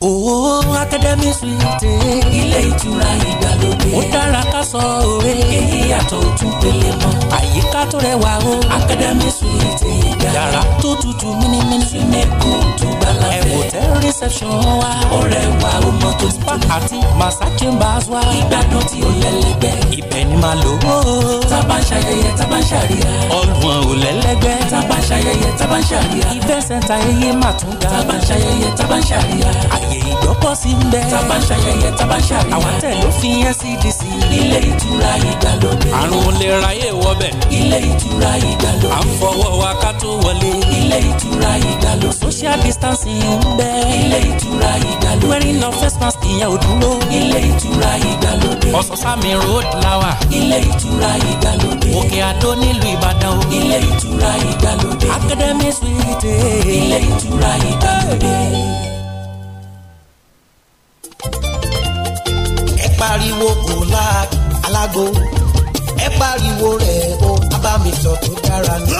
Òwò Akademi Suite ilé ìtura ìgbà ìgbàlódé. ó dára ká sọ òwe. èyí yàtọ̀ ojú pele mọ́. àyíká tó rẹwà o. akademi suwite ìgbà. yàrá tó tutù mímímí. sinimu tó fẹ́. ẹ̀wò tẹ́ rìsẹ̀pṣọ̀n wa. ọ̀rẹ́ wa ó mọ tó ti tó. àti massa chambers wa. ìgbádùn tí ó lẹ́lẹ́gbẹ́. ibẹ̀ ni màá lò tábà ń ṣayẹyẹ tábà ń ṣàríyá. ọgbọ̀n ò lẹ́lẹ́gbẹ́. tábà ń ṣayẹyẹ tábà ń ṣàríyá. ìfẹ́ sẹ́ńtà eyé máa tún ga. tábà ń ṣayẹyẹ tábà ń ṣàríyá. àyè ìgbọ́kọ̀sí ń bẹ. tábà ń ṣayẹyẹ tábà ń ṣàríyá. àwọn tẹ̀ ló fi yẹn CDC. ilé ìtura ìgbàlódé. àrùn lè ráyè wọbẹ̀. ilé ìtura ìgbàlódé. à ń fọwọ́ wa ká tó wọlé. ilé ìtura ìgbàlódé. social distancing ń bẹ. ilé ìtura ìgbàlódé. wearing of face mask ìyẹn ò dúró. ilé ìtura ìgbàlódé. ọ̀sán-sámi road lawa. ilé ìtura ìgbàlódé. òkè àdó nílùú ìbàdàn o. ilé ìtura ìgbàlódé. academy suite. ilé ìtura ìgbàlódé. pariwo kò láàgó pariwo rẹ̀ o abamisọ tó dára ni.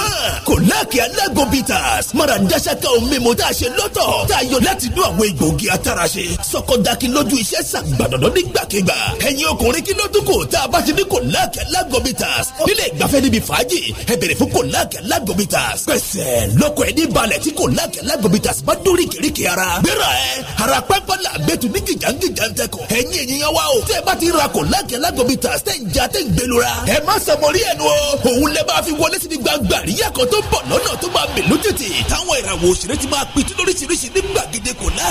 kò láàkì alágbo bitters mara ń dáṣẹ́ ká ohun mímu tá a ṣe lọ́tọ̀ tá a yọ láti inú àwọn egbòogi ataraṣe sọkọdaki lójú iṣẹ́ sàgbàdàdàn nígbàkigbà ẹ̀yin ọkùnrin kí ló tún kò tá a bá ti ní kò láàkì alágbo bitters nílé ìgbafẹ́ níbi fàájì ẹ bèrè fún kò láàkì alágbo bitters pẹ̀sẹ̀ lọ́kọ̀ ẹ̀ ní balẹ̀ tí kò láàkì alágbo bitters bá dórí kìrìkì ara gbéra ẹ ara pápá làgbẹ́tù ní gìjàngìjà ń tẹkọ̀ ẹ̀yin ẹ má sọ mọ́rí ẹnu o. òun lẹ máa fi wọlé síbi gbangba àríyá kan tó ń bọ̀ lọ́nà tó máa mèlú tètè. táwọn ìràwọ̀ òṣèré ti máa pitú lóríṣiríṣi ní gbàgede kò láàk